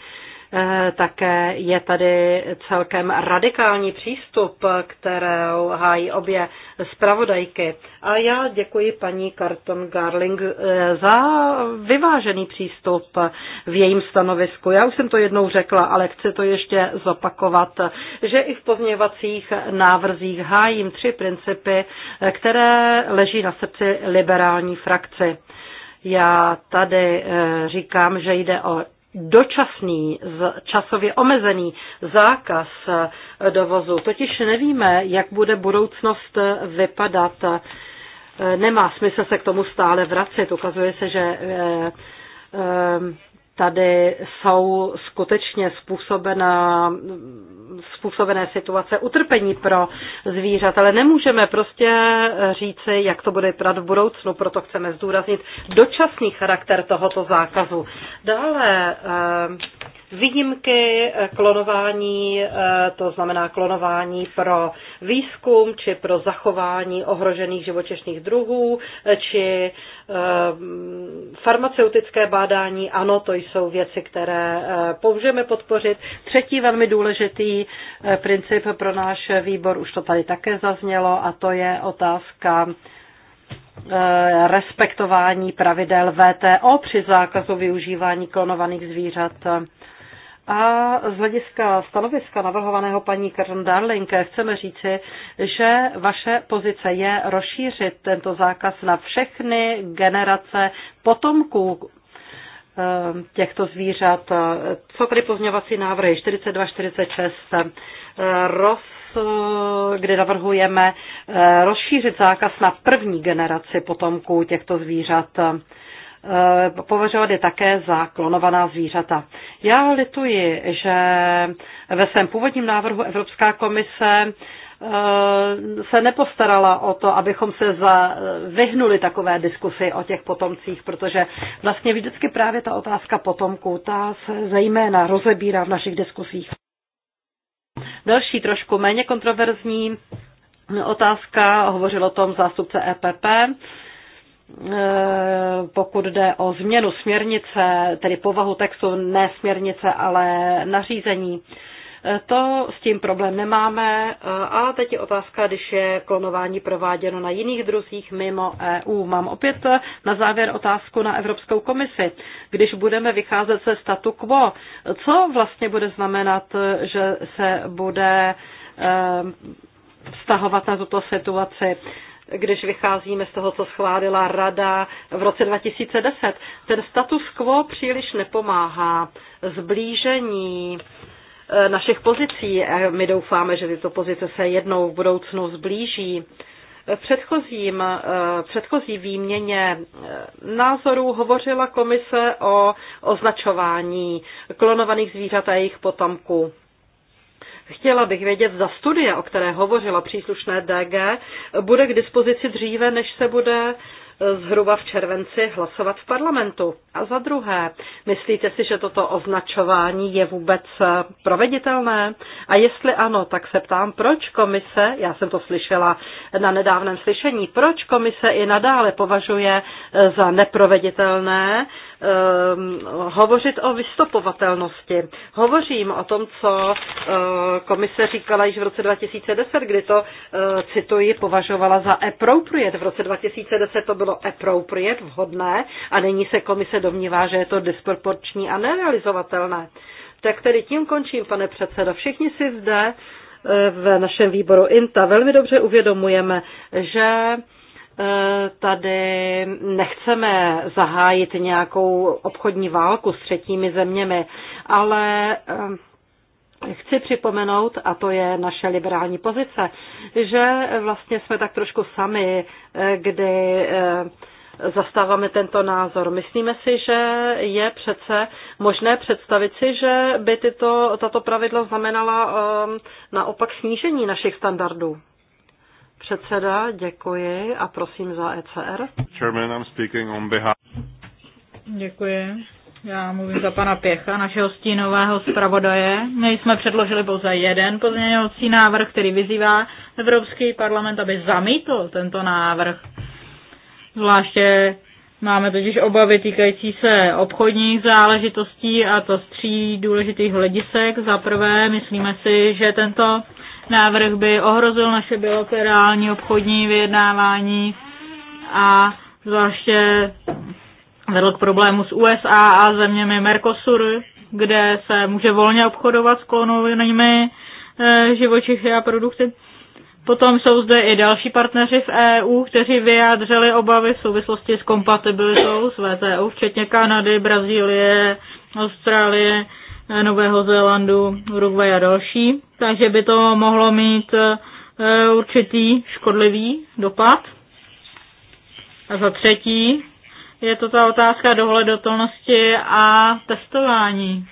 Eh, také je tady celkem radikální přístup, kterou hájí obě zpravodajky. A já děkuji paní Carton Garling eh, za vyvážený přístup v jejím stanovisku. Já už jsem to jednou řekla, ale chci to ještě zopakovat, že i v pozměvacích návrzích hájím tři principy, eh, které leží na srdci liberální frakci. Já tady říkám, že jde o dočasný, časově omezený zákaz eh, dovozu. Totiž nevíme, jak bude budoucnost eh, vypadat. Eh, nemá smysl se k tomu stále vracet. Ukazuje se, že tady jsou skutečně způsobená způsobené situace utrpení pro zvířat, ale nemůžeme prostě říci, jak to bude vypadat v budoucnu, proto chceme zdůraznit dočasný charakter tohoto zákazu. Dále eh, výjimky eh, klonování, eh, to znamená klonování pro výzkum či pro zachování ohrožených živočišných druhů, eh, či farmaceutické bádání, ano, to jsou věci, které použijeme podpořit. Třetí velmi důležitý princip pro náš výbor, už to tady také zaznělo, a to je otázka respektování pravidel VTO při zákazu využívání klonovaných zvířat. A z hlediska stanoviska navrhovaného paní Karen Darling chceme říci, že vaše pozice je rozšířit tento zákaz na všechny generace potomků eh, těchto zvířat. Co tady pozměňovací návrhy 42, 46, roz, kdy navrhujeme eh, rozšířit zákaz na první generaci potomků těchto zvířat. Eh, považovat je také za klonovaná zvířata. Já lituji, že ve svém původním návrhu Evropská komise eh, se nepostarala o to, abychom se za, vyhnuli takové diskusy o těch potomcích, protože vlastně vždycky právě ta otázka potomků, ta se zejména rozebírá v našich diskusích. Další trošku méně kontroverzní otázka, hovořil o tom zástupce EPP, Eh, pokud jde o změnu směrnice, tedy povahu textu, ne směrnice, ale nařízení, eh, to s tím problém nemáme eh, a teď je otázka, když je klonování prováděno na jiných druzích mimo EU. Mám opět na závěr otázku na Evropskou komisi. Když budeme vycházet ze statu quo, co vlastně bude znamenat, že se bude vztahovat na tuto situaci když vycházíme z toho, co schválila Rada v roce 2010. Ten status quo příliš nepomáhá zblížení eh, našich pozicí. My doufáme, že tyto pozice se jednou v budoucnu zblíží. V předchozím, eh, předchozí výměně eh, názorů hovořila komise o označování klonovaných zvířat a jejich potomků. Chtěla bych vědět, za studie, o které hovořila příslušné DG, bude k dispozici dříve, než se bude e, zhruba v červenci hlasovat v parlamentu. A za druhé, myslíte si, že toto označování je vůbec e, proveditelné? A jestli ano, tak se ptám, proč komise, já jsem to slyšela na nedávném slyšení, proč komise i nadále považuje e, za neproveditelné Ehm, hovořit o vystopovatelnosti. Hovořím o tom, co eh, komise říkala již v roce 2010, kdy to, eh, cituji, považovala za appropriate. V roce 2010 to bylo appropriate, vhodné, a nyní se komise domnívá, že je to disproporční a nerealizovatelné. Tak tedy tím končím, pane předsedo. Všichni si zde eh, v našem výboru INTA velmi dobře uvědomujeme, že Eh, tady nechceme zahájit nějakou obchodní válku s třetími zeměmi, ale eh, chci připomenout, a to je naše liberální pozice, že vlastně jsme tak trošku sami, eh, kdy zastáváme tento názor. Myslíme si, že je přece možné představit si, že by tyto, tato pravidla znamenala naopak snížení našich standardů. Předseda, děkuji a prosím za ECR. Chairman, I'm speaking on behalf... Děkuji. Já mluvím za pana Pěcha, našeho stínového zpravodaje. My jsme předložili pouze jeden pozměňovací návrh, který vyzývá Evropský parlament, aby zamítl tento návrh. Zvláště máme totiž obavy týkající se obchodních záležitostí a to z tří důležitých hledisek. Za prvé, myslíme si, že tento návrh by ohrozil naše bilaterální obchodní vyjednávání a zvláště vedl k problému s USA a zeměmi Mercosur, kde se může volně obchodovat s klonovinými eh, živočichy a produkty. Potom jsou zde i další partneři v EU, kteří vyjádřili obavy v souvislosti s kompatibilitou s VTO, včetně Kanady, Brazílie, Austrálie, Nového Zélandu, Uruguay a další, takže by to mohlo mít eh, určitý škodlivý dopad. A za třetí je to ta otázka dohledatelnosti a testování.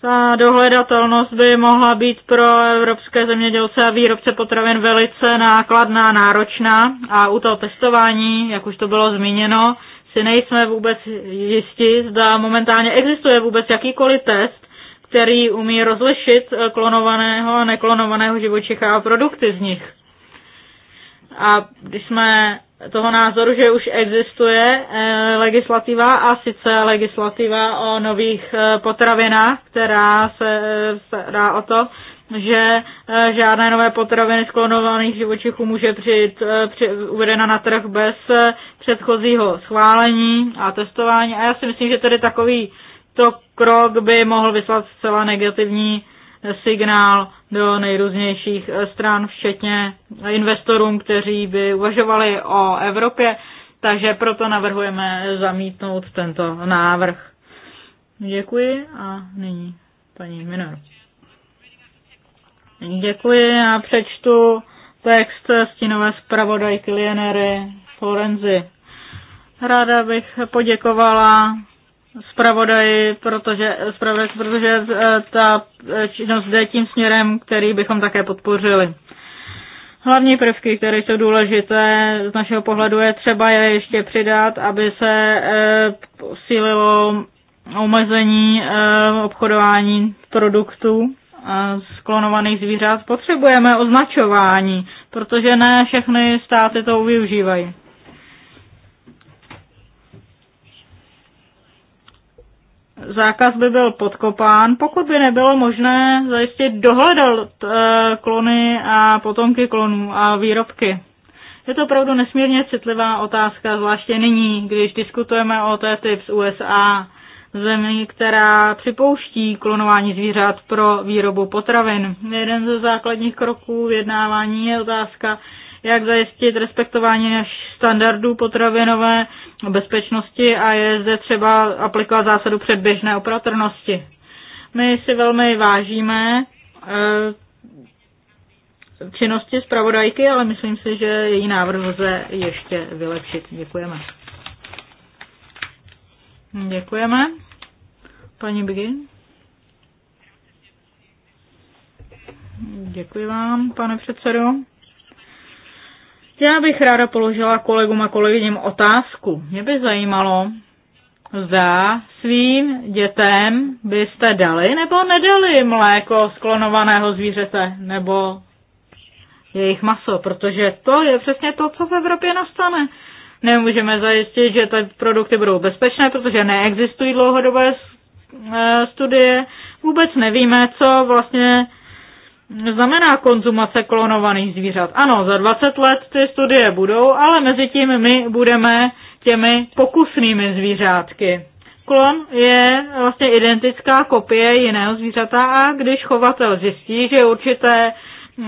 Ta dohledatelnost by mohla být pro evropské zemědělce a výrobce potravin velice nákladná, náročná a u toho testování, jak už to bylo zmíněno, si nejsme vůbec jisti, zda momentálně existuje vůbec jakýkoliv test, který umí rozlišit eh, klonovaného a neklonovaného živočicha a produkty z nich. A když jsme toho názoru, že už existuje eh, legislativa a sice legislativa o nových eh, potravinách, která se dá o to, že žádné nové potraviny z klonovaných živočichů může přijít přijít uvedena na trh bez předchozího schválení a testování. A já si myslím, že tedy takový to krok by mohl vyslat zcela negativní signál do nejrůznějších stran, včetně investorům, kteří by uvažovali o Evropě, takže proto navrhujeme zamítnout tento návrh. Děkuji a nyní paní Minor. Děkuji a přečtu text stínové zpravodajky Lienery Forenzy. Ráda bych poděkovala zpravodaji, protože, zpravodaj, protože eh, ta činnost jde tím směrem, který bychom také podpořili. Hlavní prvky, které jsou důležité z našeho pohledu, je třeba je ještě přidat, aby se eh, posílilo omezení eh, obchodování produktů z klonovaných zvířat. Potřebujeme označování, protože ne všechny státy to využívají. zákaz by byl podkopán, pokud by nebylo možné zajistit dohledat eh, klony a potomky klonů a výrobky. Je to opravdu nesmírně citlivá otázka, zvláště nyní, když diskutujeme o té typ z USA, zemi, která připouští klonování zvířat pro výrobu potravin. Jeden ze základních kroků vyjednávání je otázka, jak zajistit respektování standardů potravinové bezpečnosti a je zde třeba aplikovat zásadu předběžné opatrnosti. My si velmi vážíme eh, činnosti zpravodajky, ale myslím si, že její návrh lze ještě vylepšit. Děkujeme. Děkujeme. Paní Begin. Děkuji vám, pane předsedo. Já bych ráda položila kolegům a kolegyním otázku. Mě by zajímalo, zda svým dětem byste dali nebo nedali mléko sklonovaného zvířete nebo jejich maso, protože to je přesně to, co v Evropě nastane. Nemůžeme zajistit, že ty produkty budou bezpečné, protože neexistují dlouhodobé eh, studie. Vůbec nevíme, co vlastně znamená konzumace klonovaných zvířat. Ano, za 20 let ty studie budou, ale mezi tím my budeme těmi pokusnými zvířátky. Klon je vlastně identická kopie jiného zvířata a když chovatel zjistí, že určité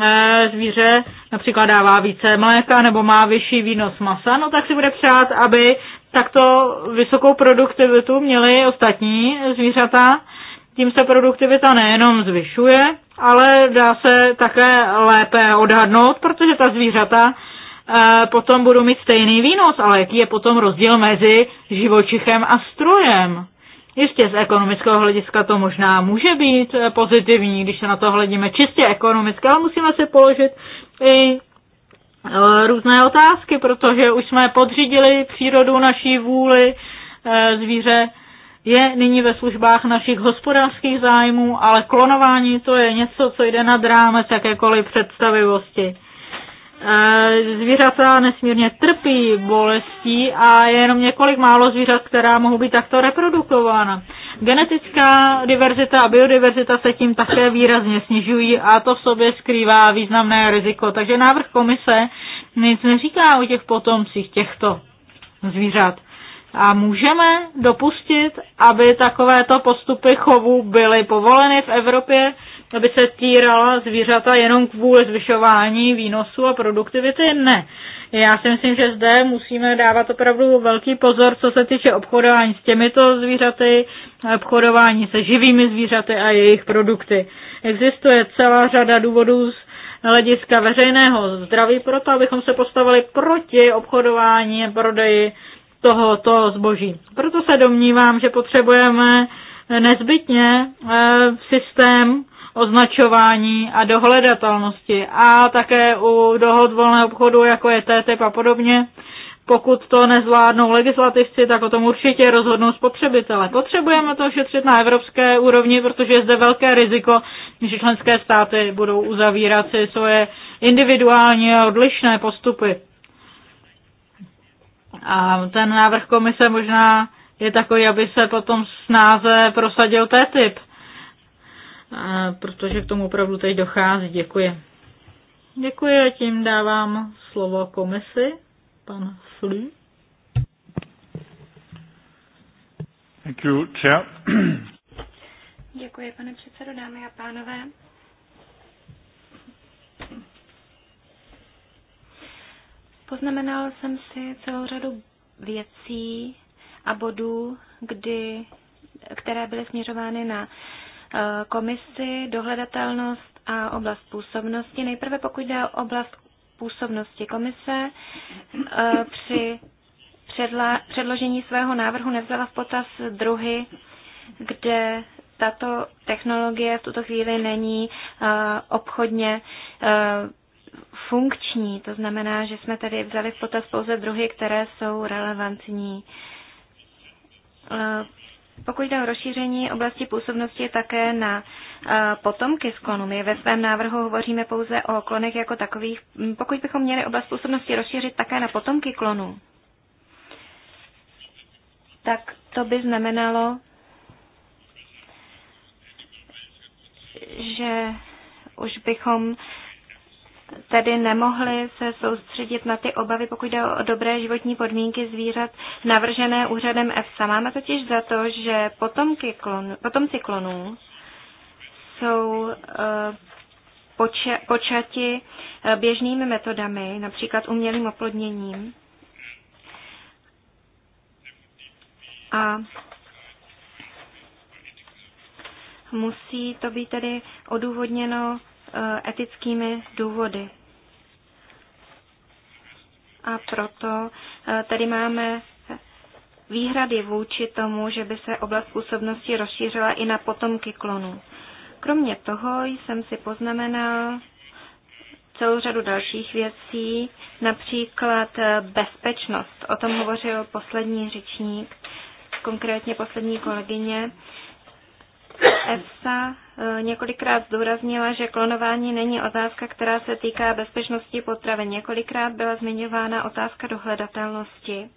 e, zvíře například dává více mléka nebo má vyšší výnos masa, no tak si bude přát, aby takto vysokou produktivitu měly ostatní zvířata tím se produktivita nejenom zvyšuje, ale dá se také lépe odhadnout, protože ta zvířata eh, potom budou mít stejný výnos, ale jaký je potom rozdíl mezi živočichem a strojem? Jistě z ekonomického hlediska to možná může být eh, pozitivní, když se na to hledíme čistě ekonomicky, ale musíme si položit i eh, různé otázky, protože už jsme podřídili přírodu naší vůli zvíře je nyní ve službách našich hospodářských zájmů, ale klonování to je něco, co jde nad rámec jakékoliv představivosti. E, zvířata nesmírně trpí bolestí a je jenom několik málo zvířat, která mohou být takto reprodukována. Genetická diverzita a biodiverzita se tím také výrazně snižují a to v sobě skrývá významné riziko. Takže návrh komise nic neříká o těch potomcích těchto zvířat. A můžeme dopustit, aby takovéto postupy chovu byly povoleny v Evropě, aby se týrala zvířata jenom kvůli zvyšování výnosu a produktivity? Ne. Já si myslím, že zde musíme dávat opravdu velký pozor, co se týče obchodování s těmito zvířaty, obchodování se živými zvířaty a jejich produkty. Existuje celá řada důvodů z hlediska veřejného zdraví proto, abychom se postavili proti obchodování a prodeji tohoto zboží. Proto se domnívám, že potřebujeme nezbytně eh, systém označování a dohledatelnosti a také u dohod volného obchodu, jako je TTIP a podobně, pokud to nezvládnou legislativci, tak o tom určitě rozhodnou spotřebitele. Potřebujeme to šetřit na evropské úrovni, protože je zde velké riziko, že členské státy budou uzavírat si svoje individuální a odlišné postupy. A ten návrh komise možná je takový, aby se potom snáze prosadil TTIP, protože k tomu opravdu teď dochází. Děkuji. Děkuji a tím dávám slovo komisi, pan Flü. Thank you, Děkuji, pane předsedo, dámy a pánové. Poznamenal jsem si celou řadu věcí a bodů, kdy, které byly směřovány na eh, komisi, dohledatelnost a oblast působnosti. Nejprve pokud jde o oblast působnosti komise, eh, při předložení svého návrhu nevzala v potaz druhy, kde tato technologie v tuto chvíli není eh, obchodně funkční. To znamená, že jsme tady vzali v potaz pouze druhy, které jsou relevantní. Eh, pokud jde o rozšíření oblasti působnosti také na eh, potomky z klonů, my ve svém návrhu hovoříme pouze o klonech jako takových. Mm, pokud bychom měli oblast působnosti rozšířit také na potomky klonů, tak to by znamenalo, že už bychom tedy nemohli se soustředit na ty obavy, pokud jde o dobré životní podmínky zvířat navržené úřadem EFSA. Máme totiž za to, že potomky klon, potomci klonů jsou eh, poča, počati eh, běžnými metodami, například umělým oplodněním. A musí to být tedy odůvodněno Eh, etickými důvody. A proto eh, tady máme výhrady vůči tomu, že by se oblast působnosti rozšířila i na potomky klonů. Kromě toho jsem si poznamenal celou řadu dalších věcí, například eh, bezpečnost. O tom hovořil poslední řečník, konkrétně poslední kolegyně. EFSA eh, několikrát zdůraznila, že klonování není otázka, která se týká bezpečnosti potravy. Několikrát byla zmiňována otázka dohledatelnosti.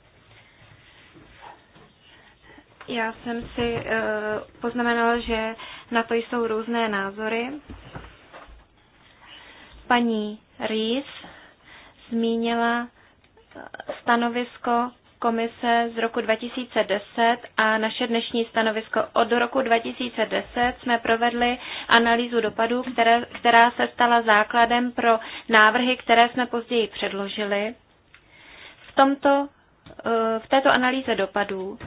Já jsem si eh, poznamenala, že na to jsou různé názory. Paní Rees zmínila stanovisko komise z roku 2010 a naše dnešní stanovisko. Od roku 2010 jsme provedli analýzu dopadů, které, která se stala základem pro návrhy, které jsme později předložili. V, tomto, eh, v této analýze dopadů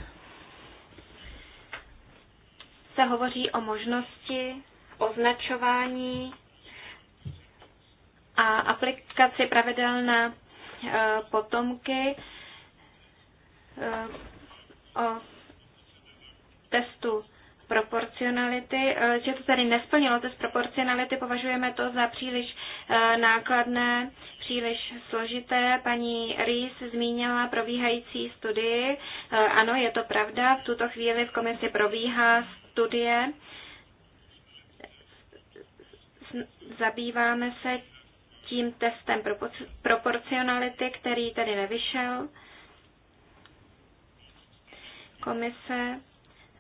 se hovoří o možnosti označování a aplikaci pravidel na eh, potomky Eh, o testu proporcionality, eh, že to tady nesplnilo test proporcionality, považujeme to za příliš eh, nákladné, příliš složité. Paní Rees zmínila probíhající studii. Ano, je to pravda, v tuto chvíli v komisi probíhá studie. Zabýváme se tím testem proporcionality, který tedy nevyšel. Komise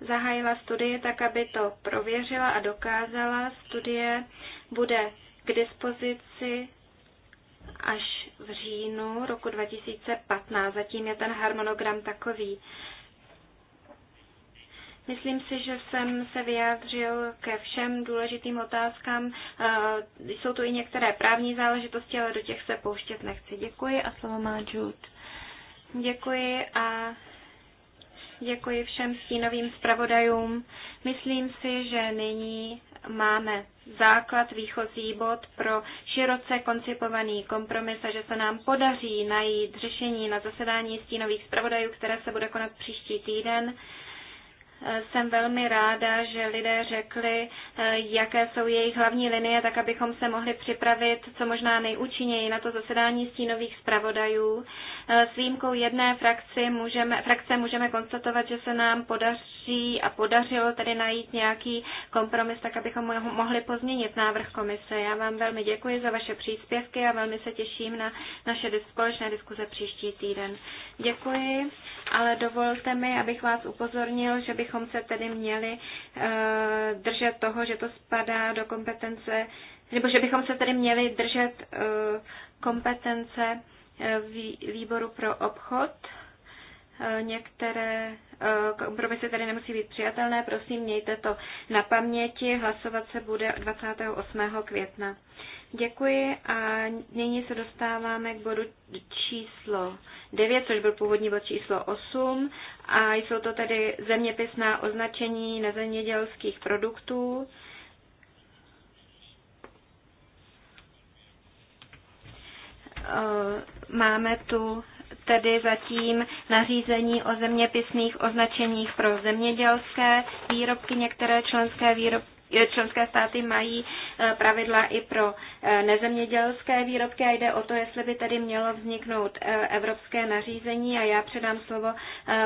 zahájila studie, tak, aby to prověřila a dokázala. Studie bude k dispozici až v říjnu roku 2015. Zatím je ten harmonogram takový. Myslím si, že jsem se vyjádřil ke všem důležitým otázkám. Eh, jsou tu i některé právní záležitosti, ale do těch se pouštět nechci. Děkuji a slovo má Jude. Děkuji a děkuji všem stínovým zpravodajům. Myslím si, že nyní máme základ, výchozí bod pro široce koncipovaný kompromis a že se nám podaří najít řešení na zasedání stínových zpravodajů, které se bude konat příští týden jsem velmi ráda, že lidé řekli, eh, jaké jsou jejich hlavní linie, tak abychom se mohli připravit co možná nejúčinněji na to zasedání stínových zpravodajů. Eh, s výjimkou jedné frakci můžeme, frakce můžeme konstatovat, že se nám podaří a podařilo tedy najít nějaký kompromis, tak abychom mohli pozměnit návrh komise. Já vám velmi děkuji za vaše příspěvky a velmi se těším na naše společné diskuze příští týden. Děkuji, ale dovolte mi, abych vás upozornil, že bych bychom se tedy měli eh, držet toho, že to spadá do kompetence, nebo že bychom se tedy měli držet eh, kompetence eh, výboru pro obchod Některé eh, kompromisy tady nemusí být přijatelné, prosím, mějte to na paměti. Hlasovat se bude 28. května. Děkuji a nyní se dostáváme k bodu číslo 9, což byl původní bod číslo 8 a jsou to tedy zeměpisná označení nezemědělských produktů. Eh, máme tu tedy zatím nařízení o zeměpisných označeních pro zemědělské výrobky. Některé členské, výrob, eh, členské státy mají eh, pravidla i pro eh, nezemědělské výrobky a jde o to, jestli by tedy mělo vzniknout evropské nařízení a já předám slovo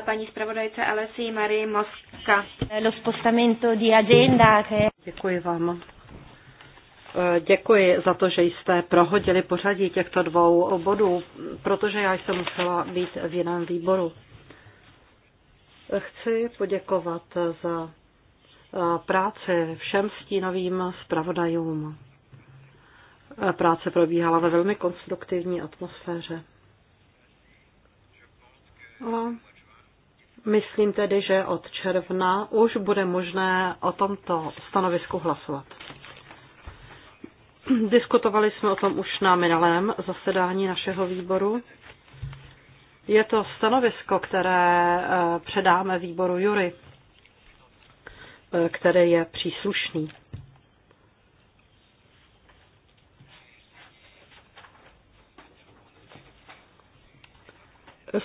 paní zpravodajce Alessi Marie Moska. Děkuji vám. Děkuji za to, že jste prohodili pořadí těchto dvou bodů, protože já jsem musela být v jiném výboru. Chci poděkovat za eh, práci všem stínovým zpravodajům. Eh, práce probíhala ve velmi konstruktivní atmosféře. A myslím tedy, že od června už bude možné o tomto stanovisku hlasovat. Diskutovali jsme o tom už na minulém zasedání našeho výboru. Je to stanovisko, které eh, předáme výboru Jury, eh, který je příslušný.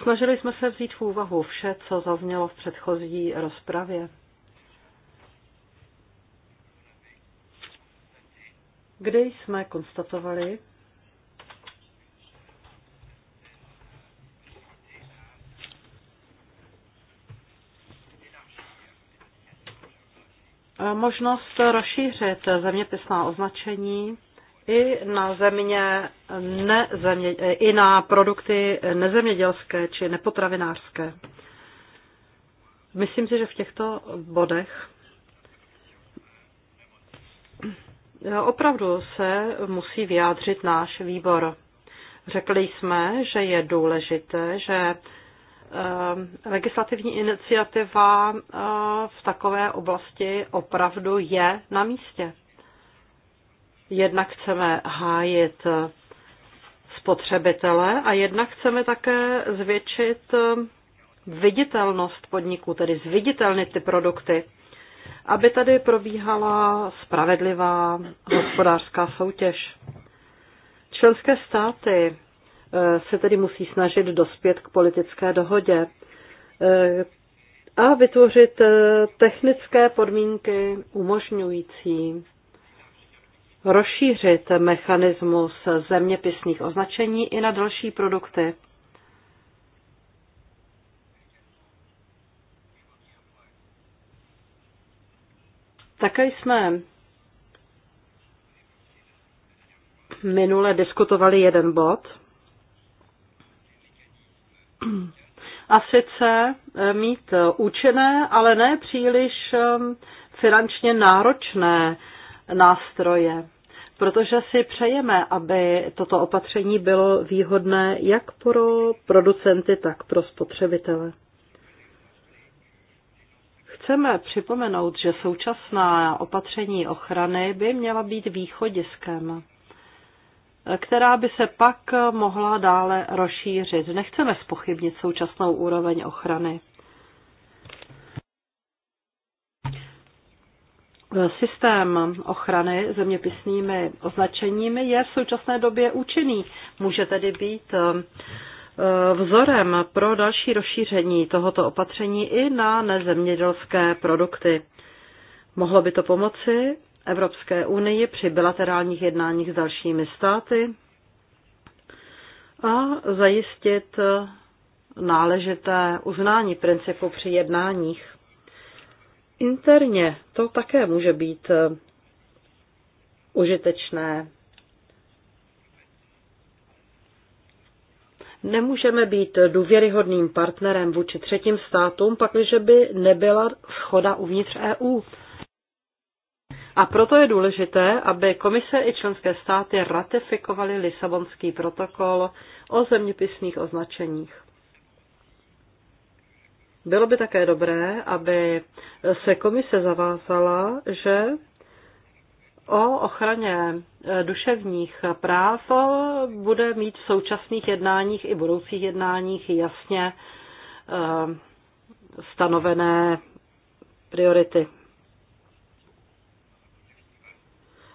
Snažili jsme se vzít v úvahu vše, co zaznělo v předchozí rozpravě. kde jsme konstatovali, eh, možnost rozšířit zeměpisná označení i na země, nezemě, eh, i na produkty nezemědělské či nepotravinářské. Myslím si, že v těchto bodech Opravdu se musí vyjádřit náš výbor. Řekli jsme, že je důležité, že eh, legislativní iniciativa eh, v takové oblasti opravdu je na místě. Jednak chceme hájit eh, spotřebitele a jednak chceme také zvětšit viditelnost podniků, tedy zviditelnit ty produkty aby tady probíhala spravedlivá hospodářská soutěž. Členské státy eh, se tedy musí snažit dospět k politické dohodě eh, a vytvořit eh, technické podmínky umožňující rozšířit mechanismus zeměpisných označení i na další produkty. Také jsme minule diskutovali jeden bod, a sice eh, mít účinné, ale ne příliš eh, finančně náročné nástroje, protože si přejeme, aby toto opatření bylo výhodné jak pro producenty, tak pro spotřebitele. Chceme připomenout, že současná opatření ochrany by měla být východiskem, která by se pak mohla dále rozšířit. Nechceme spochybnit současnou úroveň ochrany. Systém ochrany zeměpisnými označeními je v současné době účinný. Může tedy být Eh, vzorem pro další rozšíření tohoto opatření i na nezemědělské produkty. Mohlo by to pomoci Evropské unii při bilaterálních jednáních s dalšími státy a zajistit náležité uznání principu při jednáních. Interně to také může být užitečné Nemůžeme být důvěryhodným partnerem vůči třetím státům, pakliže by nebyla schoda uvnitř EU. A proto je důležité, aby komise i členské státy ratifikovaly Lisabonský protokol o zeměpisných označeních. Bylo by také dobré, aby se komise zavázala, že o ochraně e, duševních práv bude mít v současných jednáních i budoucích jednáních jasně e, stanovené priority.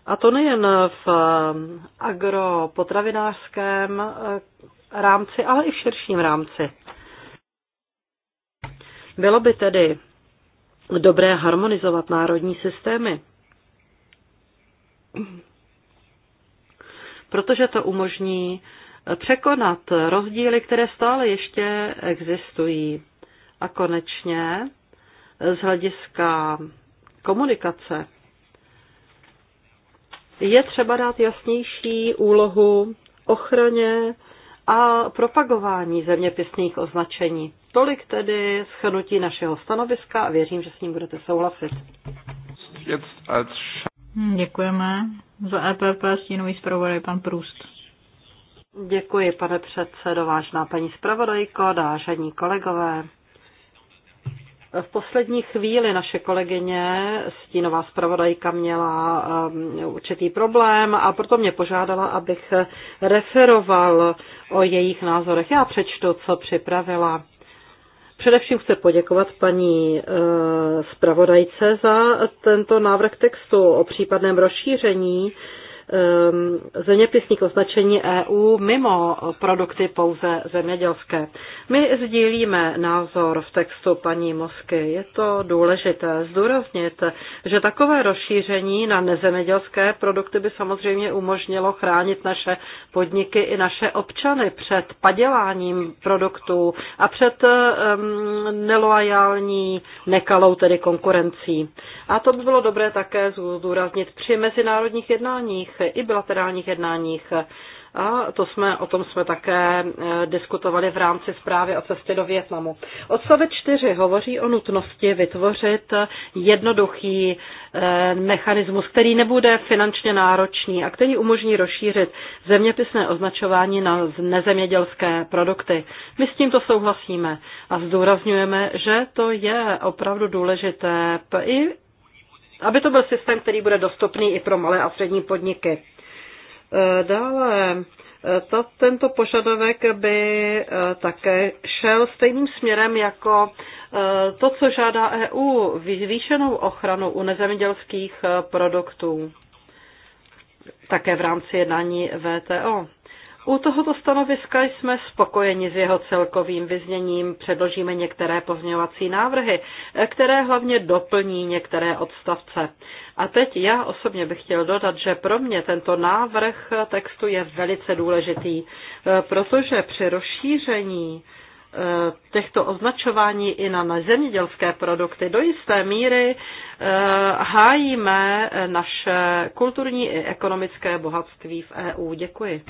A to nejen v e, agropotravinářském rámci, ale i v širším rámci. Bylo by tedy dobré harmonizovat národní systémy Protože to umožní překonat rozdíly, které stále ještě existují. A konečně z hlediska komunikace je třeba dát jasnější úlohu ochraně a propagování zeměpisných označení. Tolik tedy schrnutí našeho stanoviska a věřím, že s ním budete souhlasit. Hm, děkujeme. Za EPP stínový zpravodaj pan Průst. Děkuji, pane předsedo, vážná paní zpravodajko, dážení kolegové. V poslední chvíli naše kolegyně, stínová zpravodajka, měla um, určitý problém a proto mě požádala, abych referoval o jejich názorech. Já přečtu, co připravila. Především chci poděkovat paní eh, zpravodajce za tento návrh textu o případném rozšíření Um, zeměpisník označení EU mimo produkty pouze zemědělské. My sdílíme názor v textu paní Mosky. Je to důležité zdůraznit, že takové rozšíření na nezemědělské produkty by samozřejmě umožnilo chránit naše podniky i naše občany před paděláním produktů a před um, neloajální, nekalou tedy konkurencí. A to by bylo dobré také zdůraznit při mezinárodních jednáních i bilaterálních jednáních. A to jsme, o tom jsme také eh, diskutovali v rámci zprávy o cestě do Větnamu. Odstavec 4 hovoří o nutnosti vytvořit jednoduchý eh, mechanismus, který nebude finančně náročný a který umožní rozšířit zeměpisné označování na nezemědělské produkty. My s tímto souhlasíme a zdůrazňujeme, že to je opravdu důležité i aby to byl systém, který bude dostupný i pro malé a střední podniky. E, dále e, to, tento požadavek by e, také šel stejným směrem jako to, co žádá EU, zvýšenou ochranu u nezemědělských produktů, také v rámci jednání VTO. U tohoto stanoviska jsme spokojeni s jeho celkovým vyzněním. Předložíme některé pozměňovací návrhy, které hlavně doplní některé odstavce. A teď já osobně bych chtěl dodat, že pro mě tento návrh textu je velice důležitý, protože při rozšíření eh, těchto označování i na zemědělské produkty. Do jisté míry eh, hájíme naše kulturní i ekonomické bohatství v EU. Děkuji.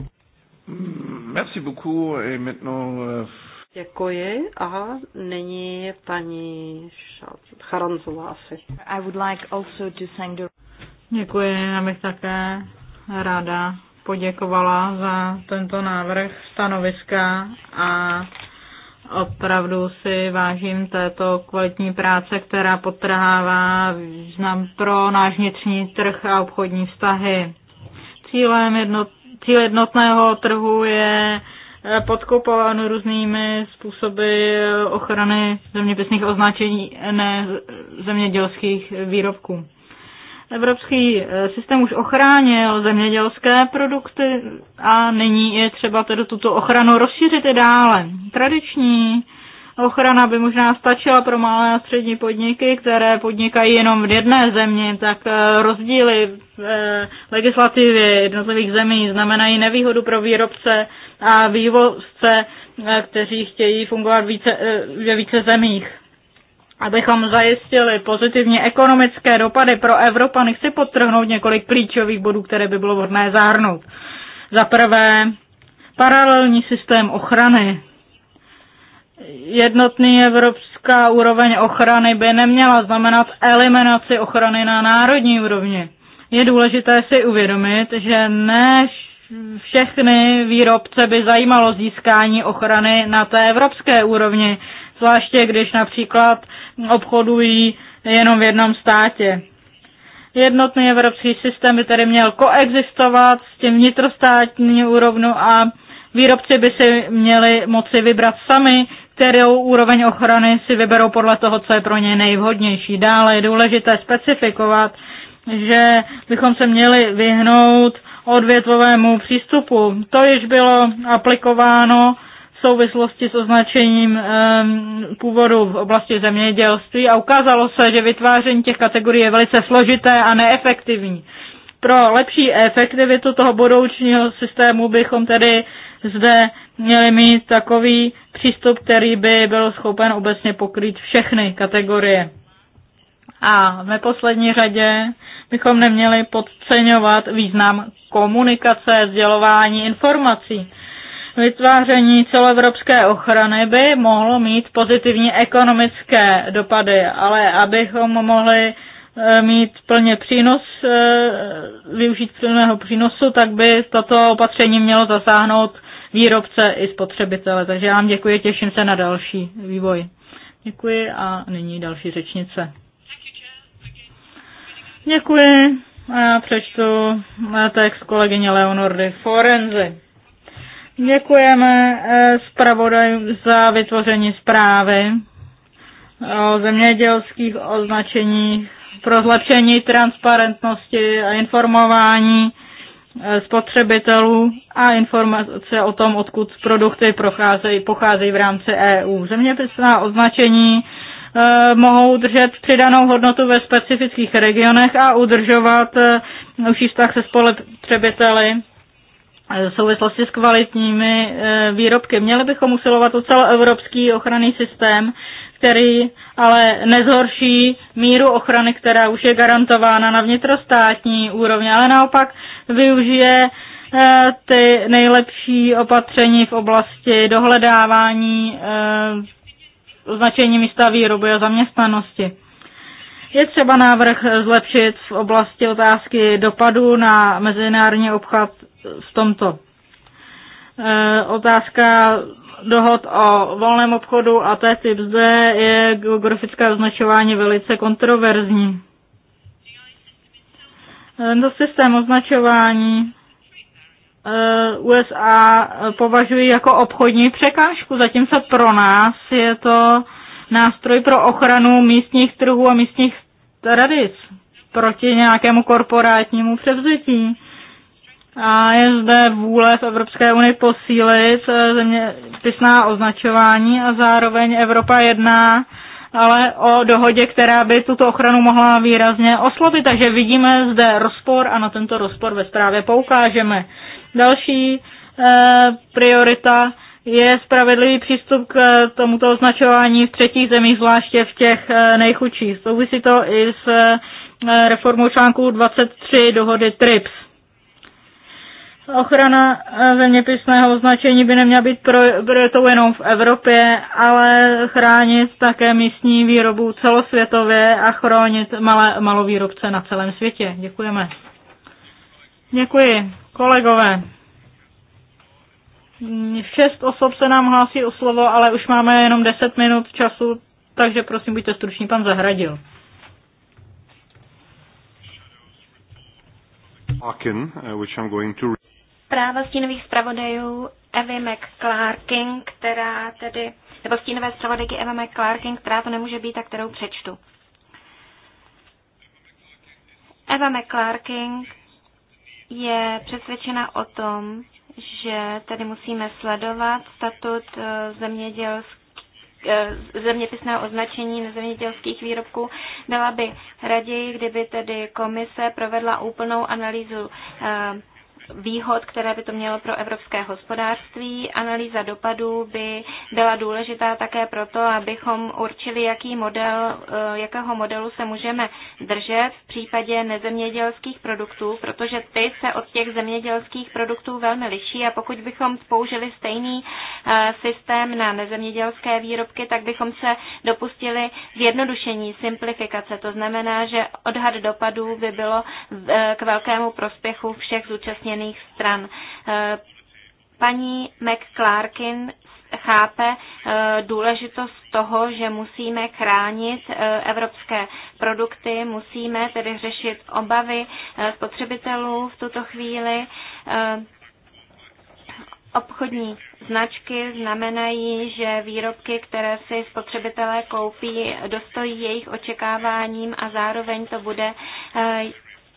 Mm, merci beaucoup et maintenant... Euh, Děkuji a nyní paní Charanzová asi. I would like also to thank the... Děkuji, já bych také ráda poděkovala za tento návrh stanoviska a opravdu si vážím této kvalitní práce, která potrhává význam pro náš vnitřní trh a obchodní vztahy. Cílem jednotného cíl jednotného trhu je eh, podkopáno různými způsoby ochrany zeměpisných označení ne zemědělských výrobků. Evropský eh, systém už ochránil zemědělské produkty a nyní je třeba tedy tuto ochranu rozšířit i dále. Tradiční ochrana by možná stačila pro malé a střední podniky, které podnikají jenom v jedné zemi, tak eh, rozdíly v eh, legislativě jednotlivých zemí znamenají nevýhodu pro výrobce a vývozce, eh, kteří chtějí fungovat více, ve více zemích. Abychom zajistili pozitivní ekonomické dopady pro Evropa, nechci podtrhnout několik klíčových bodů, které by bylo vhodné zahrnout. Za prvé, paralelní systém ochrany jednotný evropská úroveň ochrany by neměla znamenat eliminaci ochrany na národní úrovni. Je důležité si uvědomit, že ne všechny výrobce by zajímalo získání ochrany na té evropské úrovni, zvláště když například obchodují jenom v jednom státě. Jednotný evropský systém by tedy měl koexistovat s tím vnitrostátní úrovnou a výrobci by si měli moci vybrat sami, kterou úroveň ochrany si vyberou podle toho, co je pro ně nejvhodnější. Dále je důležité specifikovat, že bychom se měli vyhnout odvětvovému přístupu. To již bylo aplikováno v souvislosti s označením um, původu v oblasti zemědělství a ukázalo se, že vytváření těch kategorií je velice složité a neefektivní. Pro lepší efektivitu toho budoucího systému bychom tedy zde měli mít takový přístup, který by byl schopen obecně pokrýt všechny kategorie. A v neposlední řadě bychom neměli podceňovat význam komunikace, sdělování informací. Vytváření celoevropské ochrany by mohlo mít pozitivní ekonomické dopady, ale abychom mohli eh, mít plně přínos, eh, využít plného přínosu, tak by toto opatření mělo zasáhnout výrobce i spotřebitele. Takže já vám děkuji, těším se na další vývoj. Děkuji a nyní další řečnice. Děkuji. A já přečtu text kolegyně Leonordy Forenzy. Děkujeme eh, zpravodaju za vytvoření zprávy o zemědělských označeních pro zlepšení transparentnosti a informování Eh, spotřebitelů a informace o tom, odkud produkty procházejí, pocházejí v rámci EU. Zeměpisná označení eh, mohou držet přidanou hodnotu ve specifických regionech a udržovat eh, užší vztah se spotřebiteli v souvislosti s kvalitními výrobky. Měli bychom usilovat o celoevropský ochranný systém, který ale nezhorší míru ochrany, která už je garantována na vnitrostátní úrovni, ale naopak využije eh, ty nejlepší opatření v oblasti dohledávání eh, označení místa výroby a zaměstnanosti. Je třeba návrh zlepšit v oblasti otázky dopadu na mezinárodní obchod v tomto. Eh, otázka dohod o volném obchodu a té typ Z je geografické označování velice kontroverzní. Tento systém označování eh, USA považují jako obchodní překážku, zatímco pro nás je to nástroj pro ochranu místních trhů a místních tradic proti nějakému korporátnímu převzetí. A je zde vůle v Evropské unii posílit pisná eh, označování a zároveň Evropa jedná ale o dohodě, která by tuto ochranu mohla výrazně oslovit. Takže vidíme zde rozpor a na tento rozpor ve zprávě poukážeme. Další eh, priorita je spravedlivý přístup k eh, tomuto označování v třetích zemích, zvláště v těch eh, nejchudších. Souvisí to i s reformou článku 23 dohody TRIPS. Ochrana eh, zeměpisného označení by neměla být prioritou jenom v Evropě, ale chránit také místní výrobu celosvětově a chránit malé, malovýrobce na celém světě. Děkujeme. Děkuji. Kolegové, šest osob se nám hlásí o slovo, ale už máme jenom deset minut času, takže prosím, buďte struční, pan Zahradil. Akin, uh, eh, which I'm going to Zpráva stínových zpravodajů Evy McClarkin, která tedy, nebo stínové zpravodajky Eva McClarkin, která to nemůže být a kterou přečtu. Eva McClarkin je přesvědčena o tom, že tady musíme sledovat statut eh, zemědělských eh, zeměpisného označení nezemědělských výrobků. Byla by raději, kdyby tedy komise provedla úplnou analýzu eh, výhod, které by to mělo pro evropské hospodářství. Analýza dopadů by byla důležitá také proto, abychom určili, jaký model, eh, jakého modelu se můžeme držet v případě nezemědělských produktů, protože ty se od těch zemědělských produktů velmi liší a pokud bychom použili stejný eh, systém na nezemědělské výrobky, tak bychom se dopustili zjednodušení, simplifikace. To znamená, že odhad dopadů by bylo eh, k velkému prospěchu všech zúčastněných zúčastněných stran. Eh, paní McClarkin chápe eh, důležitost toho, že musíme chránit eh, evropské produkty, musíme tedy řešit obavy spotřebitelů v tuto chvíli. Obchodní značky znamenají, že výrobky, které si spotřebitelé koupí, dostojí jejich očekáváním a zároveň to bude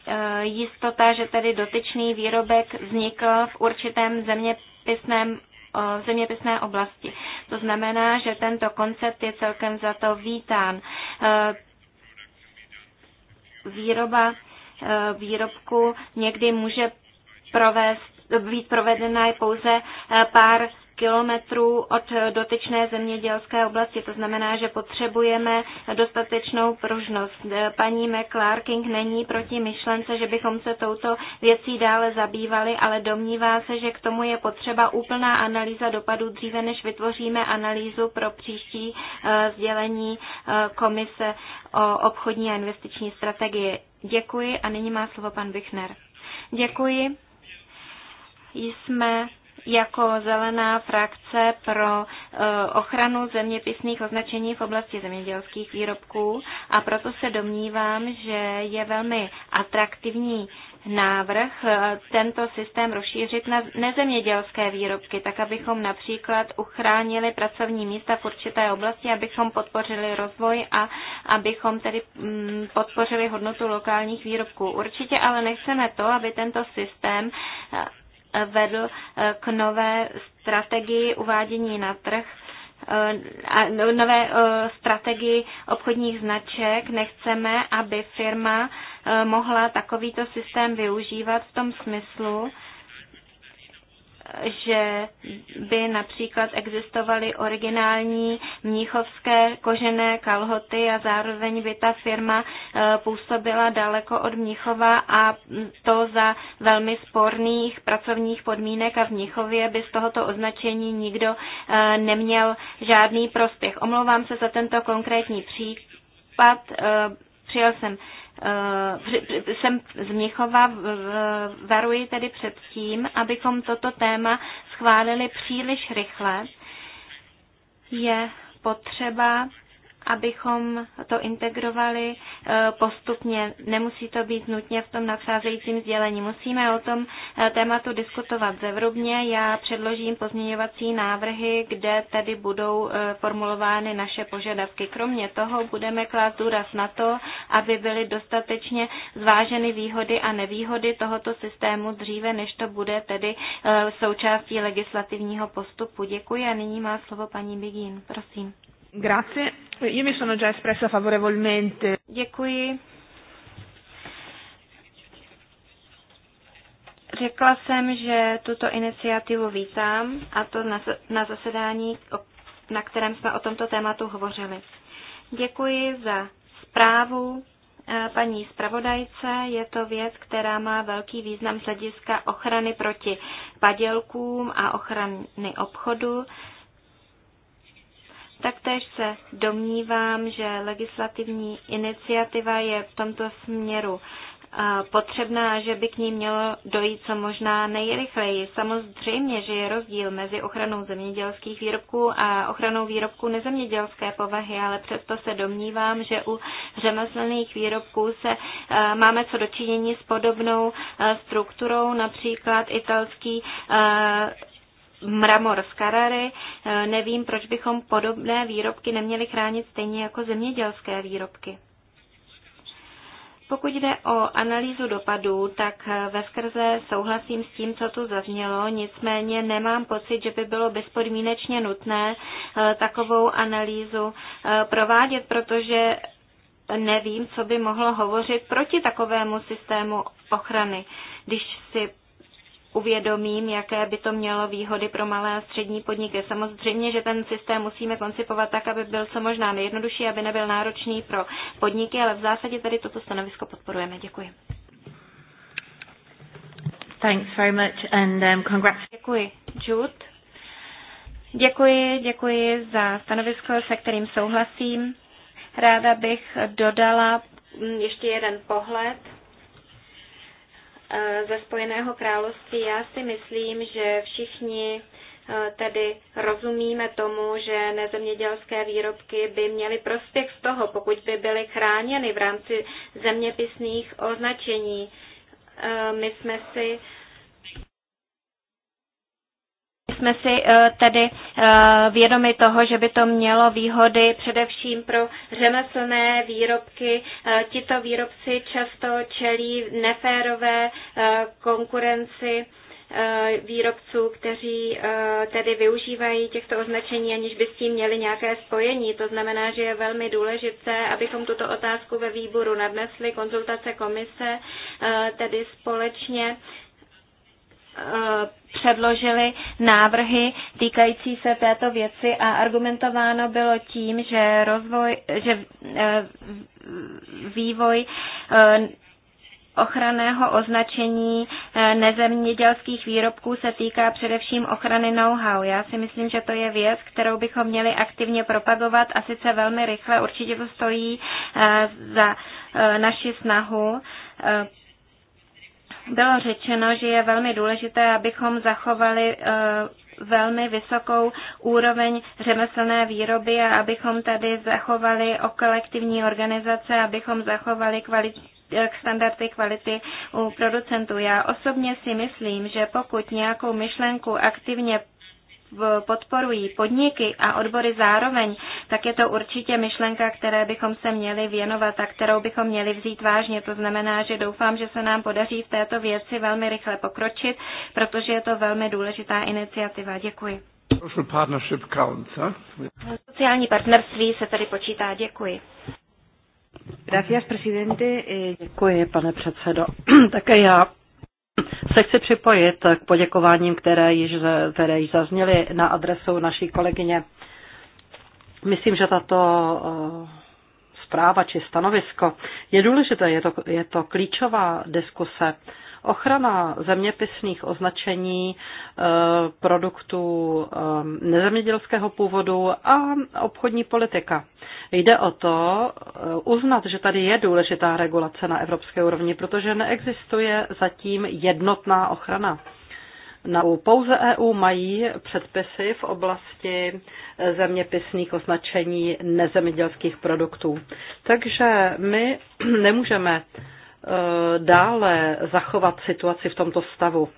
Eh, jistota, že tedy dotyčný výrobek vznikl v určitém zeměpisném v zeměpisné oblasti. To znamená, že tento koncept je celkem za to vítán. Eh, výroba eh, výrobku někdy může provést, být provedena pouze pár kilometrů od dotyčné zemědělské oblasti. To znamená, že potřebujeme dostatečnou pružnost. Paní McClarking není proti myšlence, že bychom se touto věcí dále zabývali, ale domnívá se, že k tomu je potřeba úplná analýza dopadů dříve, než vytvoříme analýzu pro příští eh, sdělení eh, komise o obchodní a investiční strategii. Děkuji a nyní má slovo pan Bichner. Děkuji. Jsme jako zelená frakce pro eh, ochranu zeměpisných označení v oblasti zemědělských výrobků a proto se domnívám, že je velmi atraktivní návrh eh, tento systém rozšířit na nezemědělské výrobky, tak abychom například uchránili pracovní místa v určité oblasti, abychom podpořili rozvoj a abychom tedy mm, podpořili hodnotu lokálních výrobků. Určitě ale nechceme to, aby tento systém eh, vedl eh, k nové strategii uvádění na trh eh, a no, nové eh, strategii obchodních značek. Nechceme, aby firma mohla takovýto systém využívat v tom smyslu, že by například existovaly originální mnichovské kožené kalhoty a zároveň by ta firma eh, působila daleko od Mnichova a to za velmi sporných pracovních podmínek a v Mnichově by z tohoto označení nikdo eh, neměl žádný prospěch. Omlouvám se za tento konkrétní případ. Eh, přijel jsem Eh, jsem z Měchova, varuji tedy před tím, abychom toto téma schválili příliš rychle. Je potřeba abychom to integrovali eh, postupně. Nemusí to být nutně v tom nadcházejícím sdělení. Musíme o tom eh, tématu diskutovat zevrubně. Já předložím pozměňovací návrhy, kde tedy budou eh, formulovány naše požadavky. Kromě toho budeme klást důraz na to, aby byly dostatečně zváženy výhody a nevýhody tohoto systému dříve, než to bude tedy součástí legislativního postupu. Děkuji a nyní má slovo paní Bigín. Prosím. Grazie. Io mi sono già espressa favorevolmente. Děkuji. Řekla jsem, že tuto iniciativu vítám a to na zasedání, na kterém jsme o tomto tématu hovořili. Děkuji za zprávu eh, paní zpravodajce. Je to věc, která má velký význam z hlediska ochrany proti padělkům a ochrany obchodu. Taktéž se domnívám, že legislativní iniciativa je v tomto směru eh, potřebná, že by k ní mělo dojít co možná nejrychleji. Samozřejmě, že je rozdíl mezi ochranou zemědělských výrobků a ochranou výrobků nezemědělské povahy, ale přesto se domnívám, že u řemeslných výrobků se eh, máme co dočinění s podobnou eh, strukturou, například italský mramor z Karary. E, nevím, proč bychom podobné výrobky neměli chránit stejně jako zemědělské výrobky. Pokud jde o analýzu dopadů, tak e, ve skrze souhlasím s tím, co tu zaznělo, nicméně nemám pocit, že by bylo bezpodmínečně nutné e, takovou analýzu provádět, protože nevím, co by mohlo hovořit proti takovému systému ochrany. Když si uvědomím, jaké by to mělo výhody pro malé a střední podniky. Samozřejmě, že ten systém musíme koncipovat tak, aby byl co možná nejjednodušší, aby nebyl náročný pro podniky, ale v zásadě tady toto stanovisko podporujeme. Děkuji. Thanks very much and um, congrats. Děkuji. Jude. Děkuji, děkuji za stanovisko, se kterým souhlasím. Ráda bych dodala mm, ještě jeden pohled Eh, ze Spojeného království. Já si myslím, že všichni eh, tedy rozumíme tomu, že nezemědělské výrobky by měly prospěch z toho, pokud by byly chráněny v rámci zeměpisných označení. Eh, my jsme si jsme si eh, tedy eh, vědomi toho, že by to mělo výhody především pro řemeslné výrobky. Eh, tito výrobci často čelí neférové konkurenci výrobců, kteří tedy využívají těchto označení, aniž by s tím měli nějaké spojení. To znamená, že je velmi důležité, abychom tuto otázku ve výboru nadnesli, konzultace komise, tedy společně Eh, předložili návrhy týkající se této věci a argumentováno bylo tím, že, rozvoj, že eh, vývoj eh, ochranného označení nezemědělských výrobků se týká především ochrany know-how. Já si myslím, že to je věc, kterou bychom měli aktivně propagovat a sice velmi rychle. Určitě to stojí za naši snahu bylo řečeno, že je velmi důležité, abychom zachovali eh, velmi vysokou úroveň řemeslné výroby a abychom tady zachovali o kolektivní organizace, abychom zachovali kvalit, eh, standardy kvality u producentů. Já osobně si myslím, že pokud nějakou myšlenku aktivně podporují podniky a odbory zároveň, tak je to určitě myšlenka, které bychom se měli věnovat a kterou bychom měli vzít vážně. To znamená, že doufám, že se nám podaří v této věci velmi rychle pokročit, protože je to velmi důležitá iniciativa. Děkuji. Sociální partnerství se tady počítá. Děkuji. Gracias, presidente. Eh, Děkuji, pane předsedo. [clears throat] Také já se chci připojit k poděkováním, které již, které již zazněly na adresu naší kolegyně. Myslím, že tato eh, zpráva či stanovisko je důležité, je to, je to klíčová diskuse Ochrana zeměpisných označení eh, produktů eh, nezemědělského původu a obchodní politika. Jde o to eh, uznat, že tady je důležitá regulace na evropské úrovni, protože neexistuje zatím jednotná ochrana. Na pouze EU mají předpisy v oblasti zeměpisných označení nezemědělských produktů. Takže my [clears throat] nemůžeme Eh, dále zachovat situaci v tomto stavu.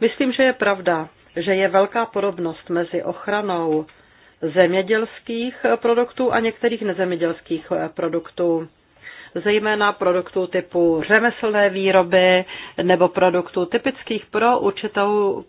Myslím, že je pravda, že je velká podobnost mezi ochranou zemědělských produktů a některých nezemědělských eh, produktů, zejména produktů typu řemeslné výroby nebo produktů typických pro určitou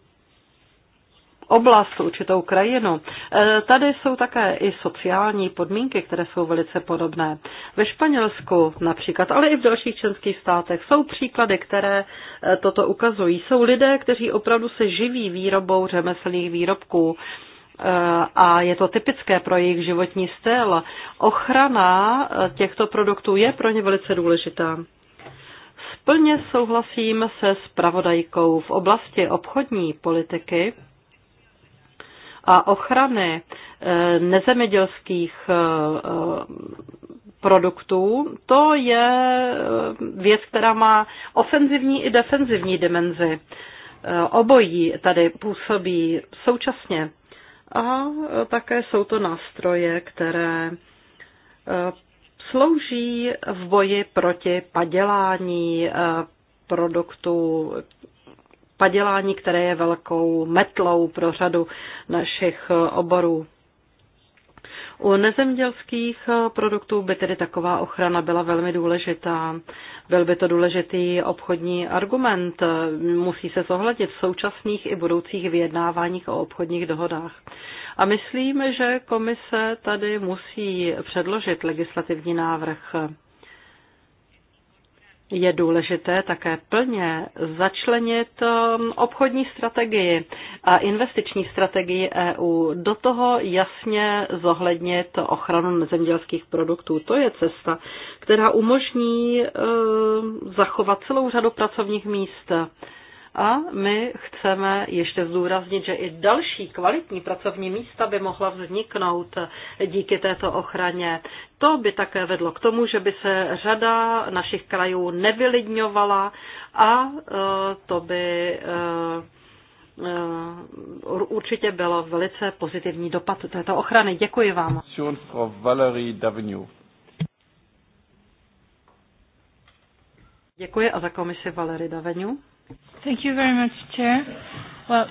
oblast, určitou krajinu. E, tady jsou také i sociální podmínky, které jsou velice podobné. Ve Španělsku například, ale i v dalších členských státech jsou příklady, které e, toto ukazují. Jsou lidé, kteří opravdu se živí výrobou řemeslných výrobků e, a je to typické pro jejich životní styl. Ochrana těchto produktů je pro ně velice důležitá. Plně souhlasím se spravodajkou v oblasti obchodní politiky a ochrany eh, nezemědělských eh, produktů, to je eh, věc, která má ofenzivní i defenzivní dimenzi. Obojí tady působí současně. A také jsou to nástroje, které slouží v boji proti padělání produktů padělání, které je velkou metlou pro řadu našich oborů. U nezemědělských produktů by tedy taková ochrana byla velmi důležitá. Byl by to důležitý obchodní argument. Musí se zohlednit v současných i budoucích vyjednáváních o obchodních dohodách. A myslím, že komise tady musí předložit legislativní návrh je důležité také plně začlenit um, obchodní strategii a investiční strategii EU. Do toho jasně zohlednit ochranu zemědělských produktů. To je cesta, která umožní um, zachovat celou řadu pracovních míst. A my chceme ještě zdůraznit, že i další kvalitní pracovní místa by mohla vzniknout díky této ochraně. To by také vedlo k tomu, že by se řada našich krajů nevylidňovala a e, to by e, e, určitě bylo velice pozitivní dopad této ochrany. Děkuji vám. Děkuji a za komisi Valery Daveniu. Thank you very much, chair. Well...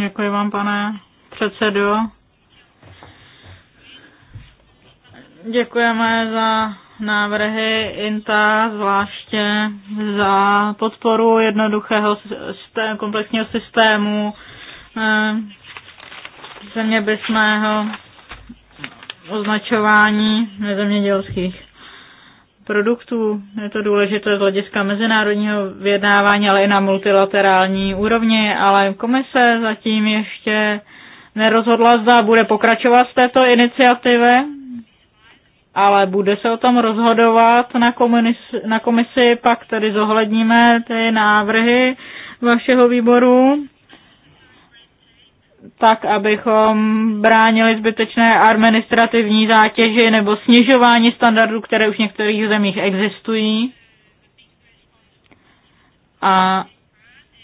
Děkuji vám, pane předsedo. Děkujeme za návrhy INTA, zvláště za podporu jednoduchého systém, komplexního systému eh, zeměbysného označování nezemědělských produktů. Je to důležité z hlediska mezinárodního vyjednávání, ale i na multilaterální úrovni, ale komise zatím ještě nerozhodla, zda bude pokračovat v této iniciativě, ale bude se o tom rozhodovat na komisi, na komisi pak tedy zohledníme ty návrhy vašeho výboru tak, abychom bránili zbytečné administrativní zátěži nebo snižování standardů, které už v některých zemích existují. A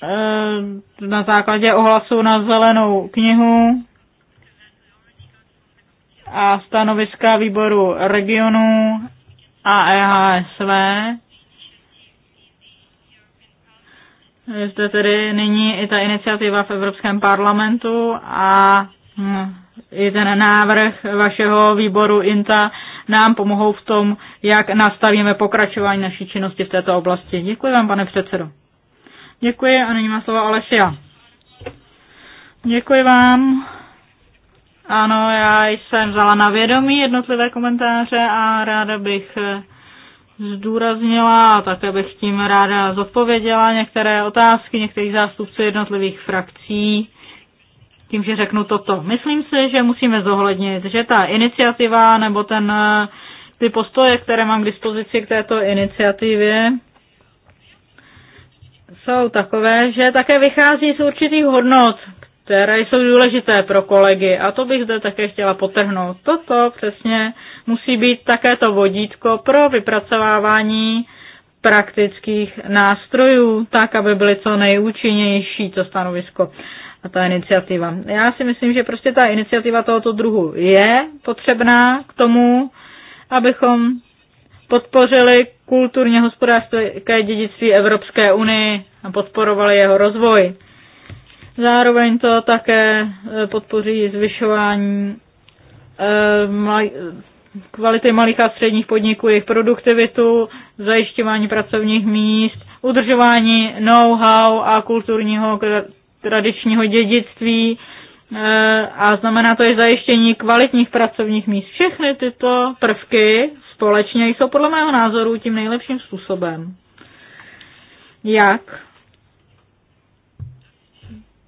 e, na základě ohlasu na zelenou knihu a stanoviska výboru regionu a EHSV Je zde tedy nyní i ta iniciativa v Evropském parlamentu a hm, i ten návrh vašeho výboru INTA nám pomohou v tom, jak nastavíme pokračování naší činnosti v této oblasti. Děkuji vám, pane předsedo. Děkuji a nyní má slovo Alessia. Děkuji vám. Ano, já jsem vzala na vědomí jednotlivé komentáře a ráda bych eh, zdůraznila a také bych tím ráda zodpověděla některé otázky některých zástupců jednotlivých frakcí tím, že řeknu toto. Myslím si, že musíme zohlednit, že ta iniciativa nebo ten, eh, ty postoje, které mám k dispozici k této iniciativě, jsou takové, že také vychází z určitých hodnot které jsou důležité pro kolegy a to bych zde také chtěla potrhnout. Toto přesně musí být také to vodítko pro vypracovávání praktických nástrojů, tak, aby byly co nejúčinnější to stanovisko a ta iniciativa. Já si myslím, že prostě ta iniciativa tohoto druhu je potřebná k tomu, abychom podpořili kulturně hospodářské dědictví Evropské unii a podporovali jeho rozvoj. Zároveň to také eh, podpoří zvyšování eh, kvality malých a středních podniků, jejich produktivitu, zajišťování pracovních míst, udržování know-how a kulturního tradičního dědictví eh, a znamená to i zajištění kvalitních pracovních míst. Všechny tyto prvky společně jsou podle mého názoru tím nejlepším způsobem, jak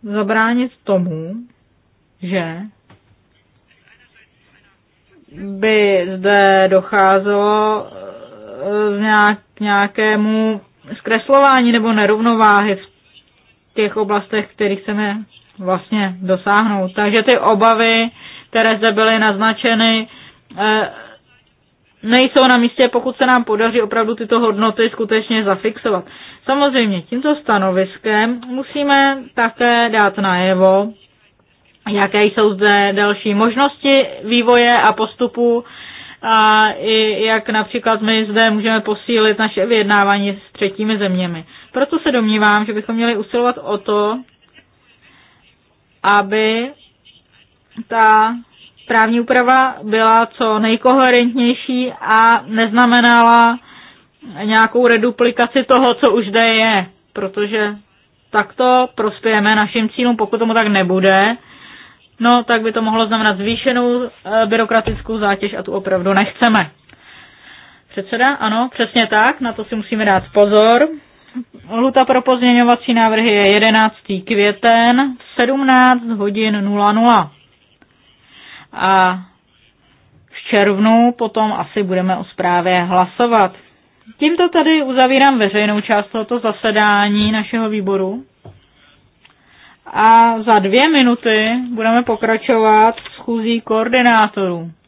zabránit tomu, že by zde docházelo k eh, nějak, k nějakému zkreslování nebo nerovnováhy v těch oblastech, kterých chceme vlastně dosáhnout. Takže ty obavy, které zde byly naznačeny, eh, nejsou na místě, pokud se nám podaří opravdu tyto hodnoty skutečně zafixovat. Samozřejmě tímto stanoviskem musíme také dát najevo, jaké jsou zde další možnosti vývoje a postupu a i jak například my zde můžeme posílit naše vyjednávání s třetími zeměmi. Proto se domnívám, že bychom měli usilovat o to, aby ta právní úprava byla co nejkoherentnější a neznamenala nějakou reduplikaci toho, co už zde je, protože takto prospějeme našim cílům, pokud tomu tak nebude, no tak by to mohlo znamenat zvýšenou eh, byrokratickou zátěž a tu opravdu nechceme. Předseda, ano, přesně tak, na to si musíme dát pozor. Luta pro pozměňovací návrhy je 11. květen v 17 hodin 00 a v červnu potom asi budeme o zprávě hlasovat. Tímto tady uzavírám veřejnou část tohoto zasedání našeho výboru. A za dvě minuty budeme pokračovat schůzí koordinátorů.